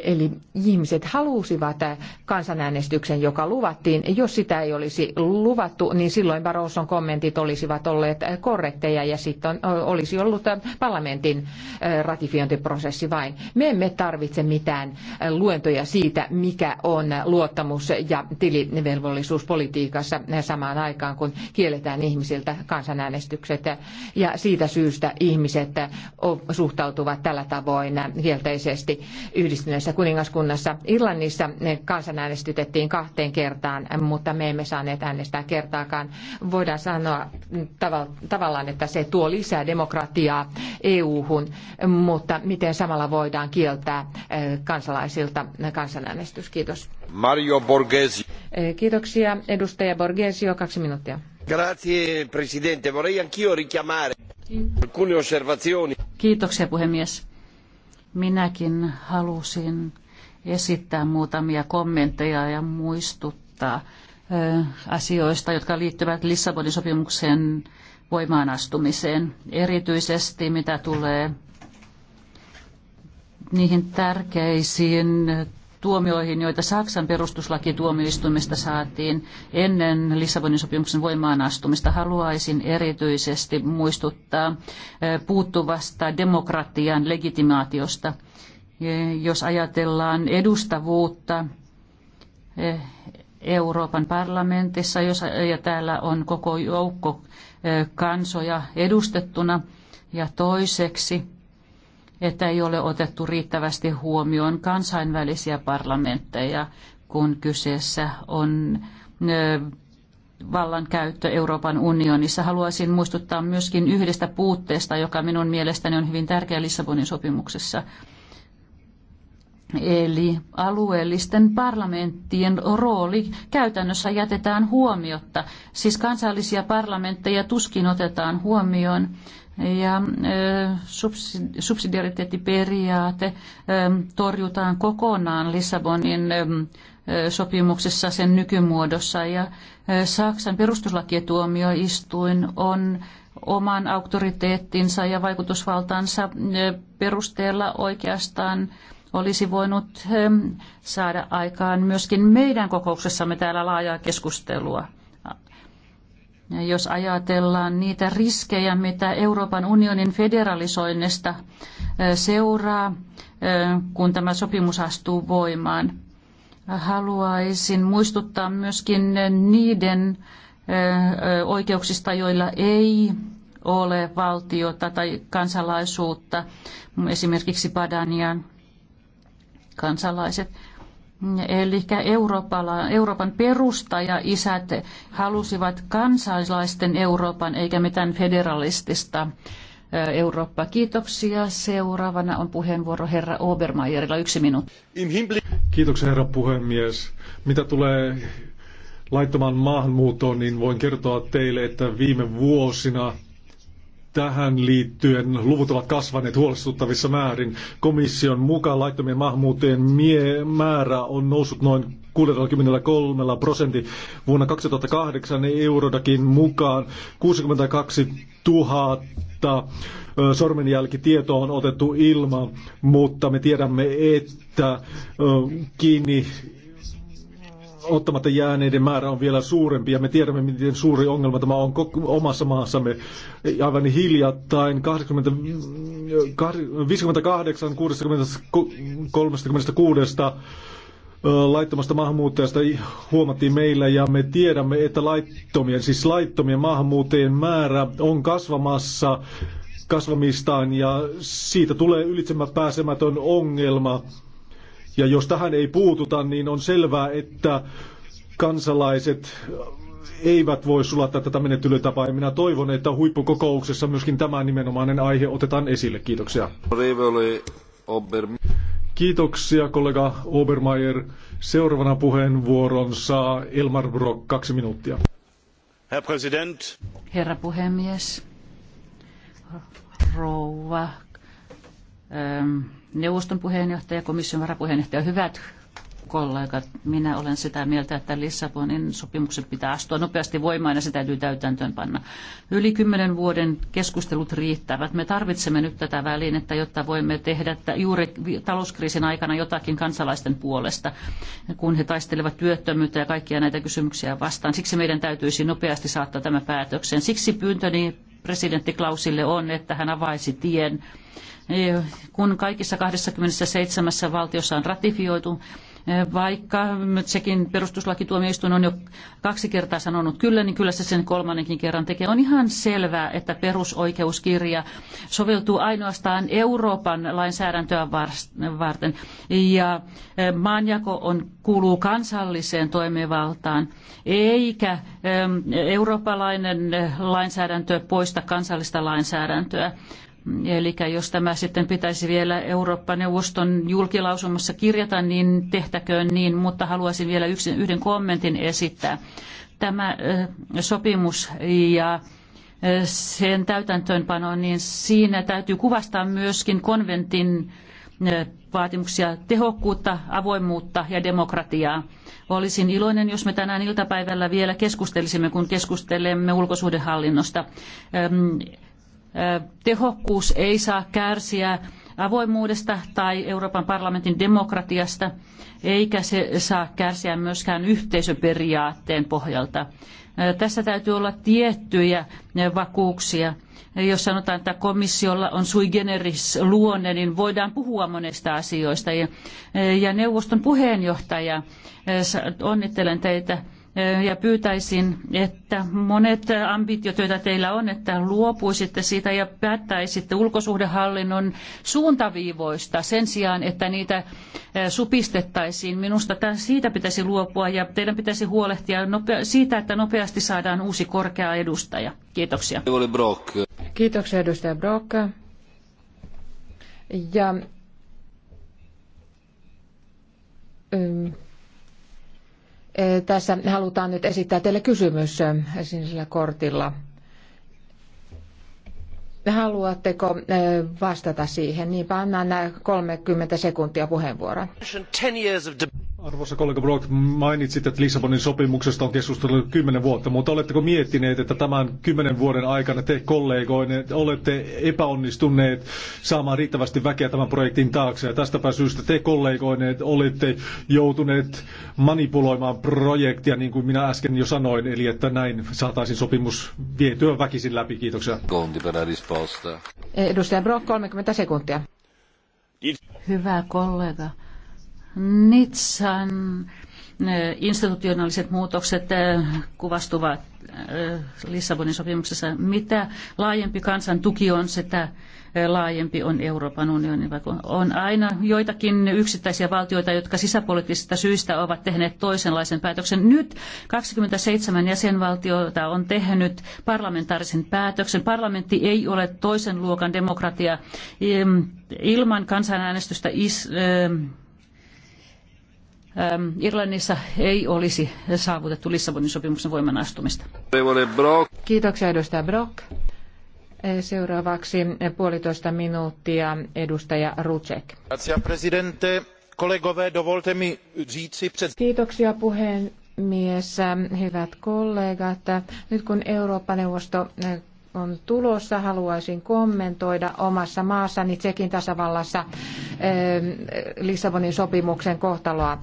Eli ihmiset halusivat kansanäänestyksen, joka luvattiin. Jos sitä ei olisi luvattu, niin silloin Barroson kommentit olisivat olleet korrekteja ja sitten olisi ollut parlamentin ratifiointiprosessi vain. Me emme tarvitse mitään luentoja siitä, mikä on luottamus ja tilivelvollisuus politiikassa samaan aikaan, kun kielletään ihmisiltä kansanäänestykset. Ja siitä syystä ihmiset suhtautuvat tällä tavoin kielteisesti yhdistyneessä kuningaskunnassa. Irlannissa kansanäänestytettiin kahteen kertaan, mutta me emme saaneet äänestää kertaakaan. Voidaan sanoa tavallaan, että se tuo lisää demokratiaa EU-hun, mutta miten samalla voidaan kieltää eh, kansalaisilta kansanäänestys? Kiitos. Mario Borghesi. Eh, kiitoksia. Edustaja Borghesio, kaksi minuuttia. Grazie, Presidente. Vorrei anch'io richiamare alcune osservazioni. Kiitoksia, puhemies. Minäkin halusin esittää muutamia kommentteja ja muistuttaa asioista, jotka liittyvät Lissabonin sopimuksen voimaanastumiseen. Erityisesti mitä tulee niihin tärkeisiin tuomioihin, joita Saksan perustuslakituomioistuimesta saatiin ennen Lissabonin sopimuksen voimaan astumista, haluaisin erityisesti muistuttaa eh, puuttuvasta demokratian legitimaatiosta. Eh, jos ajatellaan edustavuutta eh, Euroopan parlamentissa, jos, ja täällä on koko joukko kansoja edustettuna, ja toiseksi että ei ole otettu riittävästi huomioon kansainvälisiä parlamentteja, kun kyseessä on vallankäyttö Euroopan unionissa. Haluaisin muistuttaa myöskin yhdestä puutteesta, joka minun mielestäni on hyvin tärkeä Lissabonin sopimuksessa. Eli alueellisten parlamenttien rooli käytännössä jätetään huomiotta. Siis kansallisia parlamentteja tuskin otetaan huomioon ja subsidiariteettiperiaate torjutaan kokonaan Lissabonin sopimuksessa sen nykymuodossa ja Saksan perustuslakietuomioistuin on oman auktoriteettinsa ja vaikutusvaltansa perusteella oikeastaan olisi voinut saada aikaan myöskin meidän kokouksessamme täällä laajaa keskustelua jos ajatellaan niitä riskejä, mitä Euroopan unionin federalisoinnista seuraa, kun tämä sopimus astuu voimaan. Haluaisin muistuttaa myöskin niiden oikeuksista, joilla ei ole valtiota tai kansalaisuutta, esimerkiksi Badanian kansalaiset. Eli Euroopan perustaja isät halusivat kansalaisten Euroopan eikä mitään federalistista Eurooppaa. Kiitoksia. Seuraavana on puheenvuoro herra Obermeierilla. Yksi minuutti. Kiitoksia herra puhemies. Mitä tulee laittomaan maahanmuuttoon, niin voin kertoa teille, että viime vuosina Tähän liittyen luvut ovat kasvaneet huolestuttavissa määrin. Komission mukaan laittomien maahanmuuttajien määrä on noussut noin 63 prosentin. Vuonna 2008 Eurodakin mukaan 62 000 sormenjälkitietoa on otettu ilman, mutta me tiedämme, että kiinni ottamatta jääneiden määrä on vielä suurempi ja me tiedämme, miten suuri ongelma tämä on omassa maassamme. Aivan hiljattain 58, 36 laittomasta maahanmuuttajasta huomattiin meillä ja me tiedämme, että laittomien, siis laittomien maahanmuuttajien määrä on kasvamassa kasvamistaan ja siitä tulee ylitsemä pääsemätön ongelma ja jos tähän ei puututa, niin on selvää, että kansalaiset eivät voi sulattaa tätä menettelytapaa. minä toivon, että huippukokouksessa myöskin tämä nimenomainen aihe otetaan esille. Kiitoksia. Kiitoksia kollega Obermeier. Seuraavana saa Elmar Brock, kaksi minuuttia. Herr President. Herra puhemies. Rouva. Ähm neuvoston puheenjohtaja, komission varapuheenjohtaja, hyvät kollegat, minä olen sitä mieltä, että Lissabonin sopimuksen pitää astua nopeasti voimaan ja se täytyy täytäntöönpanna. Yli kymmenen vuoden keskustelut riittävät. Me tarvitsemme nyt tätä välinettä, jotta voimme tehdä juuri talouskriisin aikana jotakin kansalaisten puolesta, kun he taistelevat työttömyyttä ja kaikkia näitä kysymyksiä vastaan. Siksi meidän täytyisi nopeasti saattaa tämä päätökseen. Siksi pyyntöni presidentti Klausille on, että hän avaisi tien kun kaikissa 27 valtiossa on ratifioitu, eh, vaikka sekin perustuslakituomioistuin on jo kaksi kertaa sanonut kyllä, niin kyllä se sen kolmannenkin kerran tekee. On ihan selvää, että perusoikeuskirja soveltuu ainoastaan Euroopan lainsäädäntöä varten. Ja eh, maanjako on, kuuluu kansalliseen toimivaltaan, eikä eh, eurooppalainen lainsäädäntö poista kansallista lainsäädäntöä. Eli jos tämä sitten pitäisi vielä Eurooppa-neuvoston julkilausumassa kirjata, niin tehtäköön niin, mutta haluaisin vielä yhden kommentin esittää. Tämä sopimus ja sen täytäntöönpano, niin siinä täytyy kuvastaa myöskin konventin vaatimuksia tehokkuutta, avoimuutta ja demokratiaa. Olisin iloinen, jos me tänään iltapäivällä vielä keskustelisimme, kun keskustelemme ulkosuhdehallinnosta tehokkuus ei saa kärsiä avoimuudesta tai Euroopan parlamentin demokratiasta, eikä se saa kärsiä myöskään yhteisöperiaatteen pohjalta. Tässä täytyy olla tiettyjä vakuuksia. Jos sanotaan, että komissiolla on sui generis luonne, niin voidaan puhua monesta asioista. Ja, neuvoston puheenjohtaja, onnittelen teitä ja pyytäisin, että monet ambitiot, joita teillä on, että luopuisitte siitä ja päättäisitte ulkosuhdehallinnon suuntaviivoista sen sijaan, että niitä supistettaisiin. Minusta siitä pitäisi luopua ja teidän pitäisi huolehtia siitä, että nopeasti saadaan uusi korkea edustaja. Kiitoksia. Kiitoksia edustaja Brock. Ja, ähm tässä halutaan nyt esittää teille kysymys sinisellä kortilla. Haluatteko vastata siihen? Niinpä annan 30 sekuntia puheenvuoron. Arvoisa kollega Brock, mainitsit, että Lissabonin sopimuksesta on keskusteltu kymmenen vuotta, mutta oletteko miettineet, että tämän kymmenen vuoden aikana te kollegoine olette epäonnistuneet saamaan riittävästi väkeä tämän projektin taakse, ja tästäpä syystä te kollegoine olette joutuneet manipuloimaan projektia, niin kuin minä äsken jo sanoin, eli että näin saataisiin sopimus vietyä väkisin läpi. Kiitoksia. Edustaja Brock, 30 sekuntia. Hyvä kollega. Nitsan eh, institutionaaliset muutokset eh, kuvastuvat eh, Lissabonin sopimuksessa. Mitä laajempi kansan tuki on, sitä laajempi on Euroopan unioni. On aina joitakin yksittäisiä valtioita, jotka sisäpoliittisista syistä ovat tehneet toisenlaisen päätöksen. Nyt 27 jäsenvaltiota on tehnyt parlamentaarisen päätöksen. Parlamentti ei ole toisen luokan demokratia ilman kansanäänestystä. Is- Irlannissa ei olisi saavutettu Lissabonin sopimuksen voiman Kiitoksia edustaja Brock. Seuraavaksi puolitoista minuuttia edustaja Rucek. Kiitoksia puheen mies, hyvät kollegat. Nyt kun Eurooppa-neuvosto on tulossa, haluaisin kommentoida omassa maassani Tsekin tasavallassa ähm, Lissabonin sopimuksen kohtaloa. Äh,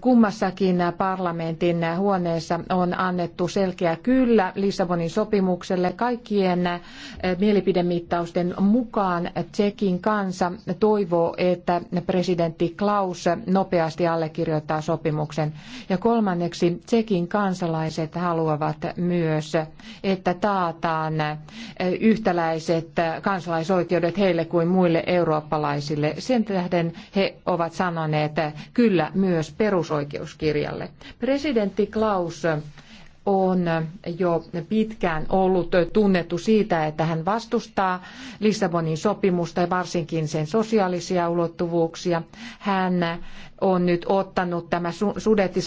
kummassakin parlamentin huoneessa on annettu selkeä kyllä Lissabonin sopimukselle kaikkien äh, mielipidemittausten mukaan Tsekin kansa toivoo, että presidentti Klaus nopeasti allekirjoittaa sopimuksen. Ja kolmanneksi Tsekin kansalaiset haluavat myös, että taataan Eh, yhtäläiset eh, kansalaisoikeudet heille kuin muille eurooppalaisille. Sen tähden he ovat sanoneet eh, kyllä myös perusoikeuskirjalle. Presidentti Klaus on jo pitkään ollut tunnettu siitä, että hän vastustaa Lissabonin sopimusta ja varsinkin sen sosiaalisia ulottuvuuksia. Hän on nyt ottanut tämä sudetti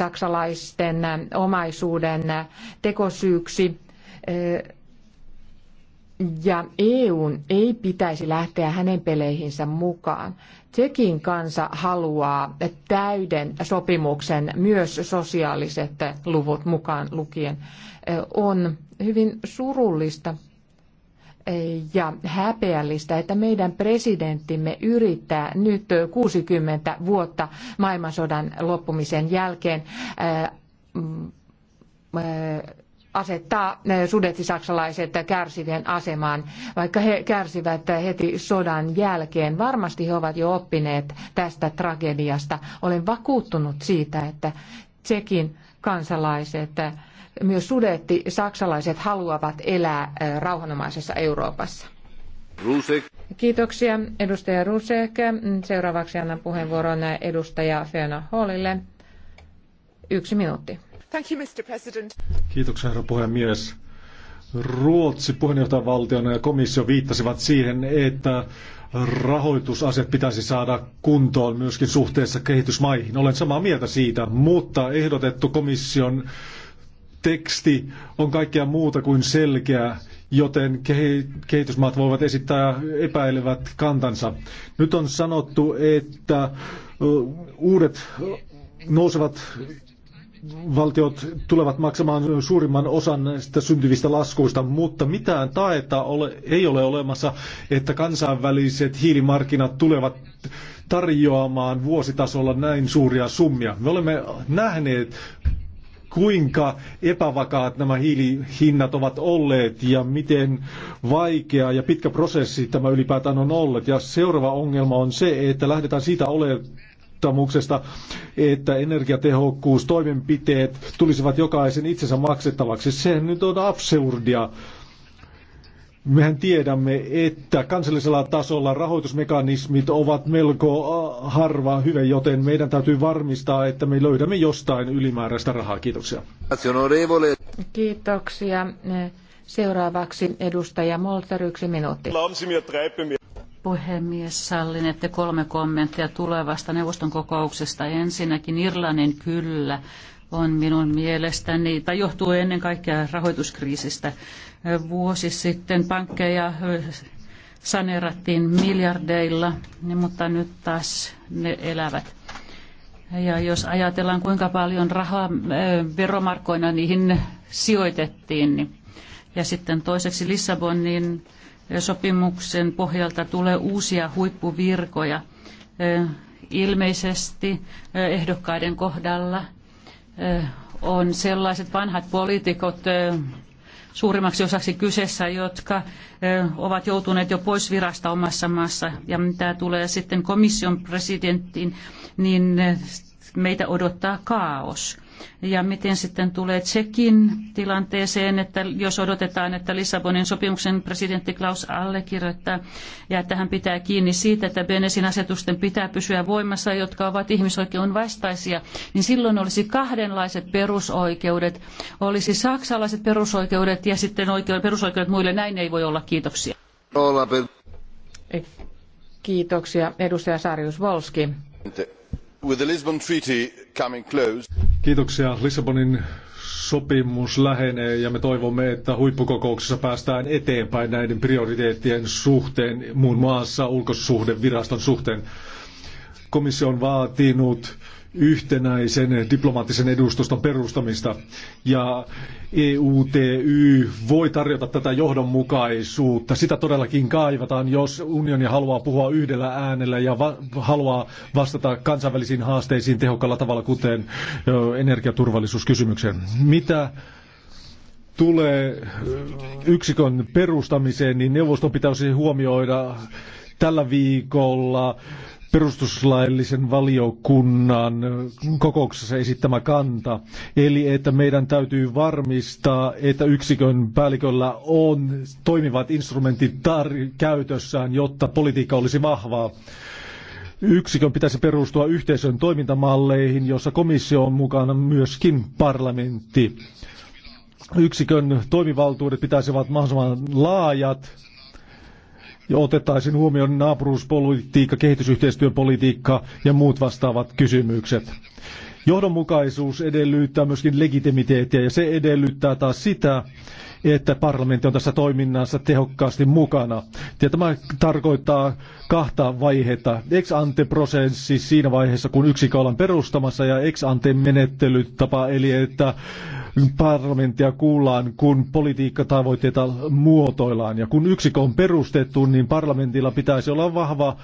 omaisuuden tekosyyksi ja EUn ei pitäisi lähteä hänen peleihinsä mukaan. Tsekin kansa haluaa täyden sopimuksen, myös sosiaaliset luvut mukaan lukien. On hyvin surullista ja häpeällistä, että meidän presidenttimme yrittää nyt 60 vuotta maailmansodan loppumisen jälkeen asettaa eh, Suomessi-saksalaiset kärsivien asemaan, vaikka he kärsivät heti sodan jälkeen. Varmasti he ovat jo oppineet tästä tragediasta. Olen vakuuttunut siitä, että Tsekin kansalaiset, myös sudetti saksalaiset haluavat elää eh, rauhanomaisessa Euroopassa. Rusek. Kiitoksia edustaja Rusek. Seuraavaksi annan puheenvuoron edustaja Fiona Hallille. Yksi minuutti. Kiitoksia, herra puhemies. Ruotsi puheenjohtajavaltiona ja komissio viittasivat siihen, että rahoitusasiat pitäisi saada kuntoon myöskin suhteessa kehitysmaihin. Olen samaa mieltä siitä, mutta ehdotettu komission teksti on kaikkea muuta kuin selkeä, joten kehitysmaat voivat esittää epäilevät kantansa. Nyt on sanottu, että uudet nousevat valtiot tulevat maksamaan suurimman osan näistä syntyvistä laskuista, mutta mitään taeta ole, ei ole olemassa, että kansainväliset hiilimarkkinat tulevat tarjoamaan vuositasolla näin suuria summia. Me olemme nähneet kuinka epävakaat nämä hiilihinnat ovat olleet ja miten vaikea ja pitkä prosessi tämä ylipäätään on ollut. Ja seuraava ongelma on se, että lähdetään siitä luottamuksesta, että energiatehokkuustoimenpiteet tulisivat jokaisen itsensä maksettavaksi. Sehän nyt on absurdia. Mehän tiedämme, että kansallisella tasolla rahoitusmekanismit ovat melko äh, harva hyvä, joten meidän täytyy varmistaa, että me löydämme jostain ylimääräistä rahaa. Kiitoksia. Kiitoksia. Seuraavaksi edustaja Molter, yksi minuutti puhemies sallin, että kolme kommenttia tulevasta neuvoston kokouksesta. Ensinnäkin Irlannin kyllä on minun mielestäni, tai johtuu ennen kaikkea rahoituskriisistä. Vuosi sitten pankkeja saneerattiin miljardeilla, mutta nyt taas ne elävät. Ja jos ajatellaan, kuinka paljon rahaa veromarkkoina niihin sijoitettiin, niin ja sitten toiseksi Lissabonin sopimuksen pohjalta tulee uusia huippuvirkoja ilmeisesti ehdokkaiden kohdalla on sellaiset vanhat poliitikot suurimmaksi osaksi kyseessä, jotka ovat joutuneet jo pois virasta omassa maassa. Ja mitä tulee sitten komission presidenttiin, niin meitä odottaa kaos. Ja miten sitten tulee Tsekin tilanteeseen, että jos odotetaan, että Lissabonin sopimuksen presidentti Klaus allekirjoittaa ja että hän pitää kiinni siitä, että Benesin asetusten pitää pysyä voimassa, jotka ovat ihmisoikeuden vastaisia, niin silloin olisi kahdenlaiset perusoikeudet. Olisi saksalaiset perusoikeudet ja sitten oikeudet, perusoikeudet muille. Näin ei voi olla. Kiitoksia. Kiitoksia. Edustaja Sarjus Volski. With the Lisbon Treaty coming close. Kiitoksia. Lissabonin sopimus lähenee ja me toivomme, että huippukokouksessa päästään eteenpäin näiden prioriteettien suhteen, muun muassa ulkosuhdeviraston suhteen. Komissio on vaatinut yhtenäisen diplomaattisen edustuston perustamista. Ja EUTY voi tarjota tätä johdonmukaisuutta. Sitä todellakin kaivataan, jos unioni haluaa puhua yhdellä äänellä ja va- haluaa vastata kansainvälisiin haasteisiin tehokkaalla tavalla, kuten energiaturvallisuuskysymykseen. Mitä tulee yksikön perustamiseen, niin neuvoston pitäisi huomioida tällä viikolla perustuslaillisen valiokunnan kokouksessa esittämä kanta. Eli että meidän täytyy varmistaa, että yksikön päälliköllä on toimivat instrumentit käytössään, jotta politiikka olisi vahvaa. Yksikön pitäisi perustua yhteisön toimintamalleihin, jossa komissio on mukana myöskin parlamentti. Yksikön toimivaltuudet pitäisi olla mahdollisimman laajat ja otettaisiin huomioon naapuruuspolitiikka, kehitysyhteistyöpolitiikka ja muut vastaavat kysymykset. Johdonmukaisuus edellyttää myöskin legitimiteettiä ja se edellyttää taas sitä, että parlamentti on tässä toiminnassa tehokkaasti mukana. Ja tämä tarkoittaa kahta vaihetta. Ex ante prosessi siinä vaiheessa, kun yksikö ollaan perustamassa ja ex ante menettelytapa, eli että parlamenttia kuullaan, kun politiikkatavoitteita muotoillaan. Ja kun yksikö on perustettu, niin parlamentilla pitäisi olla vahva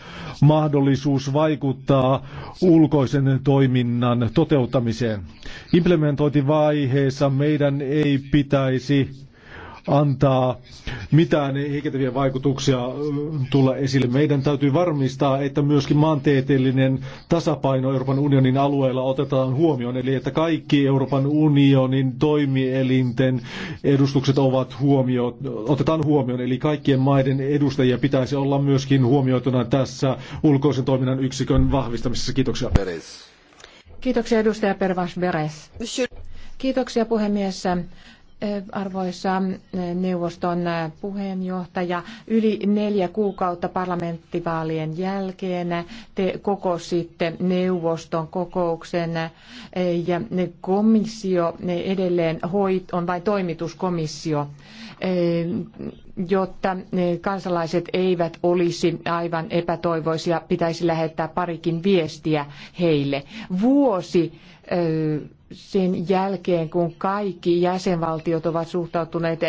mahdollisuus vaikuttaa ulkoisen toiminnan toteuttamiseen. Implementointivaiheessa meidän ei pitäisi antaa mitään heikentäviä vaikutuksia tulla esille. Meidän täytyy varmistaa, että myöskin maantieteellinen tasapaino Euroopan unionin alueella otetaan huomioon, eli että kaikki Euroopan unionin toimielinten edustukset ovat huomio, otetaan huomioon, eli kaikkien maiden edustajia pitäisi olla myöskin huomioituna tässä ulkoisen toiminnan yksikön vahvistamisessa. Kiitoksia. Kiitoksia edustaja Pervas Beres. Kiitoksia puhemies. Arvoisa neuvoston puheenjohtaja, yli neljä kuukautta parlamenttivaalien jälkeen te kokositte neuvoston kokouksen ja komissio edelleen hoit, on vain toimituskomissio, jotta kansalaiset eivät olisi aivan epätoivoisia, pitäisi lähettää parikin viestiä heille. Vuosi sen jälkeen, kun kaikki jäsenvaltiot ovat suhtautuneet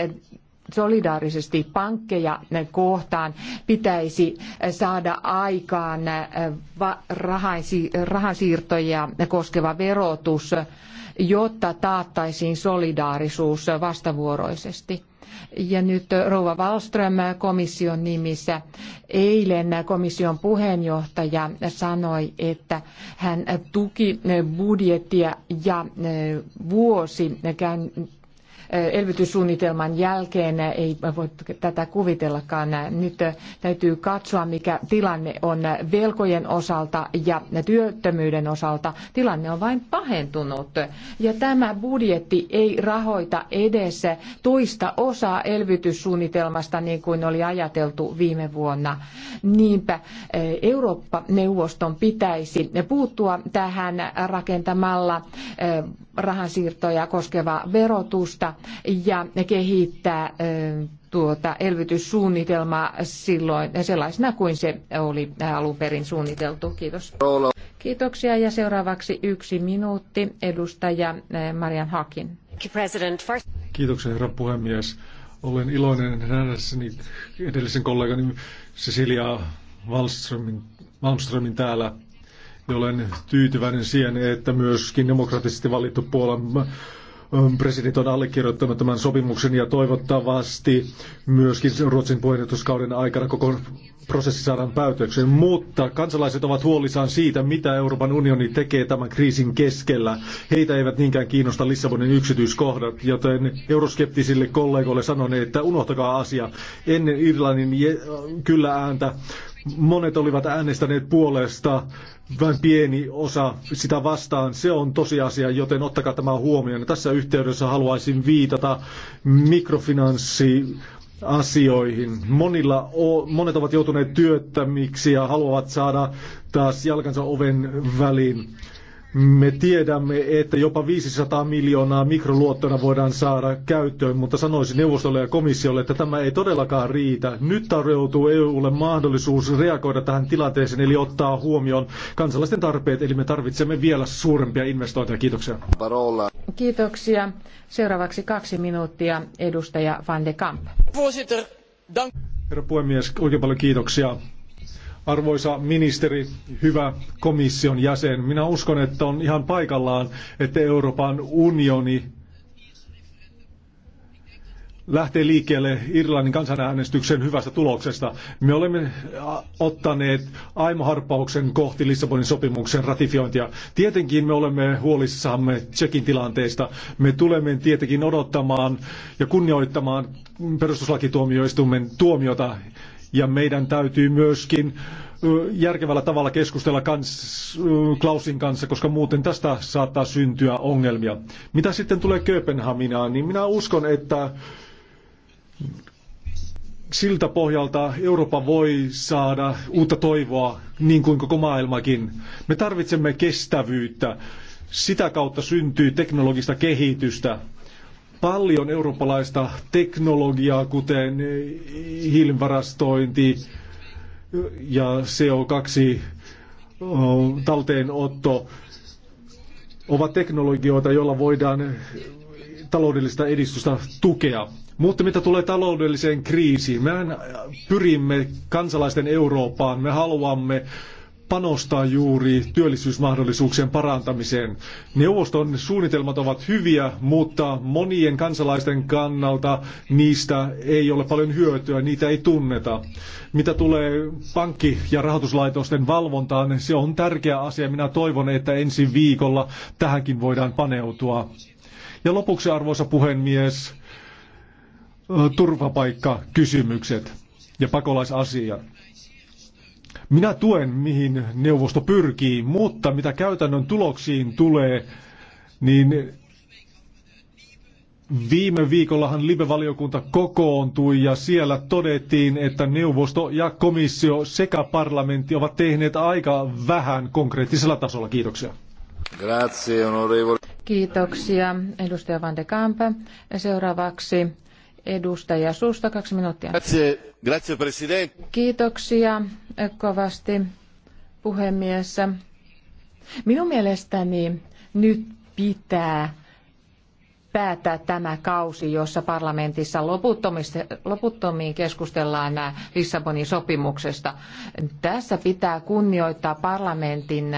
solidaarisesti pankkeja kohtaan, pitäisi saada aikaan äh, rahansiirtoja koskeva verotus, jotta taattaisiin solidaarisuus vastavuoroisesti. Ja nyt Rouva Wallström komission nimissä eilen komission puheenjohtaja sanoi, että hän tuki budjettia ja e, vuosi elvytyssuunnitelman jälkeen ei voi tätä kuvitellakaan. Nyt täytyy katsoa, mikä tilanne on velkojen osalta ja työttömyyden osalta. Tilanne on vain pahentunut. Ja tämä budjetti ei rahoita edes toista osaa elvytyssuunnitelmasta, niin kuin oli ajateltu viime vuonna. Niinpä eh, Eurooppa-neuvoston pitäisi puuttua tähän rakentamalla eh, rahansiirtoja koskevaa verotusta ja kehittää tuota elvytyssuunnitelmaa silloin sellaisena kuin se oli alun perin suunniteltu. Kiitos. Kiitoksia ja seuraavaksi yksi minuutti edustaja Marian Hakin. Kiitoksia herra puhemies. Olen iloinen nähdessäni edellisen kollegani Cecilia Wallströmin, Malmströmin täällä. Ja olen tyytyväinen siihen, että myöskin demokraattisesti valittu Puolan Ähm, presidentti on allekirjoittanut tämän sopimuksen ja toivottavasti myöskin Ruotsin puheenjohtajuuskauden aikana koko prosessi saadaan päätökseen. Mutta kansalaiset ovat huolissaan siitä, mitä Euroopan unioni tekee tämän kriisin keskellä. Heitä eivät niinkään kiinnosta Lissabonin yksityiskohdat, joten euroskeptisille kollegoille sanon, että unohtakaa asia. Ennen Irlannin kyllä ääntä Monet olivat äänestäneet puolesta, vain pieni osa sitä vastaan. Se on tosiasia, joten ottakaa tämä huomioon. Tässä yhteydessä haluaisin viitata mikrofinanssi asioihin. Monilla o, monet ovat joutuneet työttömiksi ja haluavat saada taas jalkansa oven väliin. Me tiedämme, että jopa 500 miljoonaa mikroluottona voidaan saada käyttöön, mutta sanoisin neuvostolle ja komissiolle, että tämä ei todellakaan riitä. Nyt tarjoutuu EUlle mahdollisuus reagoida tähän tilanteeseen, eli ottaa huomioon kansalaisten tarpeet, eli me tarvitsemme vielä suurempia investointeja. Kiitoksia. Parola. Kiitoksia. Seuraavaksi kaksi minuuttia edustaja Van de Kamp. Herra puhemies, oikein paljon kiitoksia. Arvoisa ministeri, hyvä komission jäsen, minä uskon, että on ihan paikallaan, että Euroopan unioni lähtee liikkeelle Irlannin kansanäänestyksen hyvästä tuloksesta. Me olemme ottaneet aimoharppauksen kohti Lissabonin sopimuksen ratifiointia. Tietenkin me olemme huolissamme Tsekin tilanteesta. Me tulemme tietenkin odottamaan ja kunnioittamaan perustuslakituomioistuimen tuomiota ja meidän täytyy myöskin järkevällä tavalla keskustella kans, Klausin kanssa, koska muuten tästä saattaa syntyä ongelmia. Mitä sitten tulee Kööpenhaminaan, niin minä uskon, että siltä pohjalta Eurooppa voi saada uutta toivoa, niin kuin koko maailmakin. Me tarvitsemme kestävyyttä. Sitä kautta syntyy teknologista kehitystä paljon eurooppalaista teknologiaa, kuten hiilivarastointi ja CO2 talteenotto, ovat teknologioita, joilla voidaan taloudellista edistystä tukea. Mutta mitä tulee taloudelliseen kriisiin, mehän pyrimme kansalaisten Eurooppaan, me haluamme panostaa juuri työllisyysmahdollisuuksien parantamiseen. Neuvoston suunnitelmat ovat hyviä, mutta monien kansalaisten kannalta niistä ei ole paljon hyötyä, niitä ei tunneta. Mitä tulee pankki- ja rahoituslaitosten valvontaan, se on tärkeä asia. Minä toivon, että ensi viikolla tähänkin voidaan paneutua. Ja lopuksi, arvoisa puhemies, turvapaikkakysymykset ja pakolaisasiat. Minä tuen, mihin neuvosto pyrkii, mutta mitä käytännön tuloksiin tulee, niin Viime viikollahan Libe-valiokunta kokoontui ja siellä todettiin, että neuvosto ja komissio sekä parlamentti ovat tehneet aika vähän konkreettisella tasolla. Kiitoksia. Grazie, onorevole. Kiitoksia, edustaja Van de Kampe. Seuraavaksi edustaja Susta, kaksi minuuttia. Grazie. Grazie, president. Kiitoksia kovasti puhemies. Minun mielestäni nyt pitää päättää tämä kausi, jossa parlamentissa loputtomiin keskustellaan Lissabonin sopimuksesta. Tässä pitää kunnioittaa parlamentin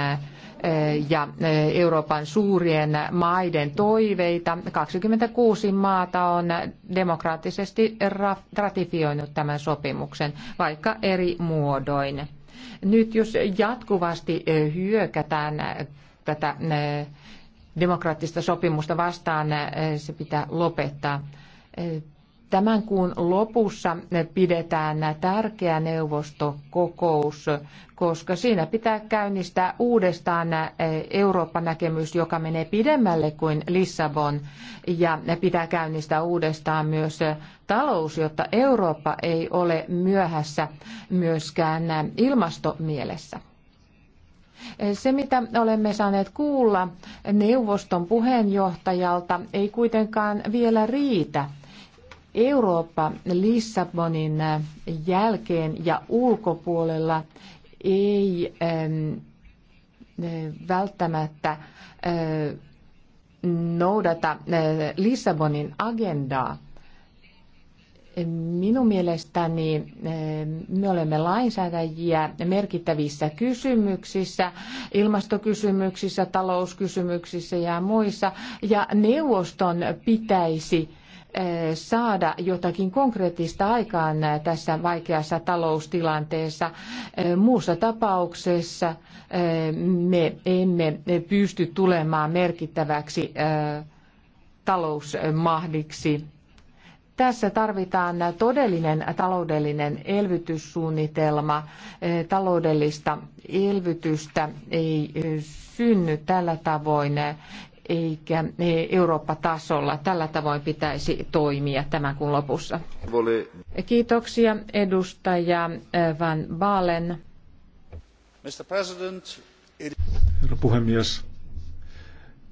Eh, ja eh, Euroopan suurien maiden toiveita. 26 maata on demokraattisesti ratifioinut tämän sopimuksen, vaikka eri muodoin. Nyt jos jatkuvasti eh, hyökätään tätä demokraattista sopimusta vastaan, se pitää lopettaa Tämän kuun lopussa pidetään tärkeä neuvostokokous, koska siinä pitää käynnistää uudestaan Eurooppa-näkemys, joka menee pidemmälle kuin Lissabon, ja pitää käynnistää uudestaan myös talous, jotta Eurooppa ei ole myöhässä myöskään ilmastomielessä. Se, mitä olemme saaneet kuulla neuvoston puheenjohtajalta, ei kuitenkaan vielä riitä – Eurooppa Lissabonin äh, jälkeen ja ulkopuolella ei ähm, äh, välttämättä äh, noudata Lissabonin agendaa. Minun mielestäni me olemme lainsäätäjiä merkittävissä kysymyksissä, ilmastokysymyksissä, talouskysymyksissä ja muissa, ja neuvoston pitäisi Eh, saada jotakin konkreettista aikaan eh, tässä vaikeassa taloustilanteessa. Eh, muussa tapauksessa me emme pysty tulemaan merkittäväksi talousmahdiksi. Tässä tarvitaan todellinen taloudellinen elvytyssuunnitelma. Taloudellista elvytystä ei synny tällä tavoin eikä e, Eurooppa-tasolla. Tällä tavoin pitäisi toimia tämän kuun lopussa. Kiitoksia edustaja e, Van Baalen. Herra puhemies,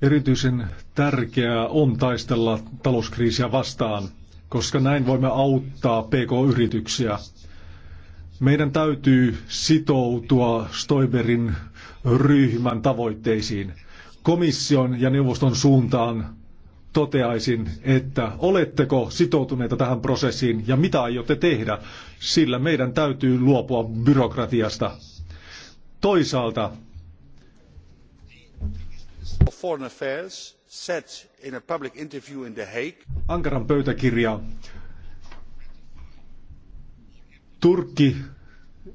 erityisen tärkeää on taistella talouskriisiä vastaan, koska näin voimme auttaa PK-yrityksiä. Meidän täytyy sitoutua Stoiberin ryhmän tavoitteisiin – komission ja neuvoston suuntaan toteaisin, että oletteko sitoutuneita tähän prosessiin ja mitä aiotte tehdä, sillä meidän täytyy luopua byrokratiasta. Toisaalta Ankaran pöytäkirja. Turkki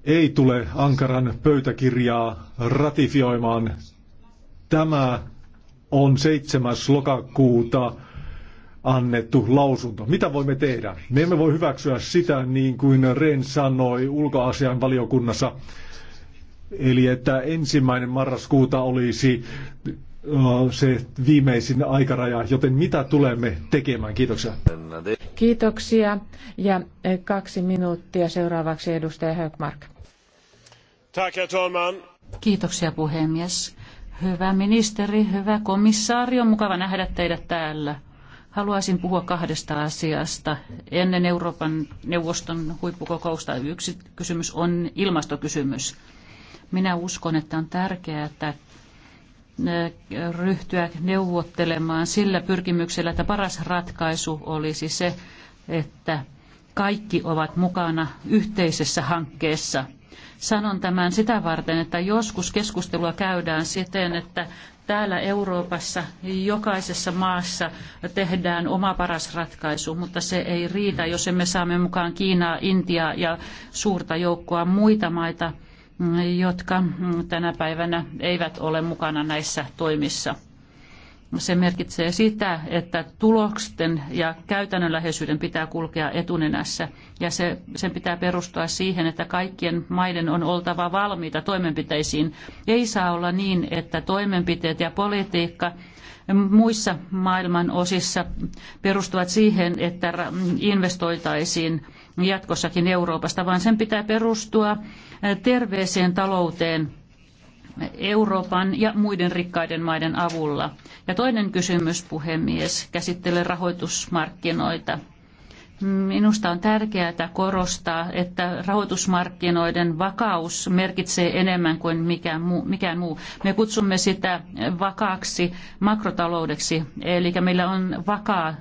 ei tule Ankaran pöytäkirjaa ratifioimaan Tämä on 7. lokakuuta annettu lausunto. Mitä voimme tehdä? Me emme voi hyväksyä sitä, niin kuin Ren sanoi ulkoasian valiokunnassa, eli että ensimmäinen marraskuuta olisi se viimeisin aikaraja, joten mitä tulemme tekemään? Kiitoksia. Kiitoksia ja kaksi minuuttia seuraavaksi edustaja Högmark. Tack, Kiitoksia puhemies. Hyvä ministeri, hyvä komissaari, on mukava nähdä teidät täällä. Haluaisin puhua kahdesta asiasta. Ennen Euroopan neuvoston huippukokousta yksi kysymys on ilmastokysymys. Minä uskon, että on tärkeää, että ryhtyä neuvottelemaan sillä pyrkimyksellä, että paras ratkaisu olisi se, että kaikki ovat mukana yhteisessä hankkeessa – Sanon tämän sitä varten, että joskus keskustelua käydään siten, että täällä Euroopassa jokaisessa maassa tehdään oma paras ratkaisu, mutta se ei riitä, jos emme saamme mukaan Kiinaa, Intiaa ja suurta joukkoa muita maita, jotka tänä päivänä eivät ole mukana näissä toimissa se merkitsee sitä, että tuloksen ja käytännönläheisyyden pitää kulkea etunenässä ja se, sen pitää perustua siihen, että kaikkien maiden on oltava valmiita toimenpiteisiin. Ei saa olla niin, että toimenpiteet ja politiikka muissa maailman osissa perustuvat siihen, että investoitaisiin jatkossakin Euroopasta, vaan sen pitää perustua terveeseen talouteen Euroopan ja muiden rikkaiden maiden avulla? Ja toinen kysymys, puhemies, käsittelee rahoitusmarkkinoita. Minusta on tärkeää korostaa, että rahoitusmarkkinoiden vakaus merkitsee enemmän kuin mikään muu. Mikään muu. Me kutsumme sitä vakaaksi makrotaloudeksi, eli meillä on vakaa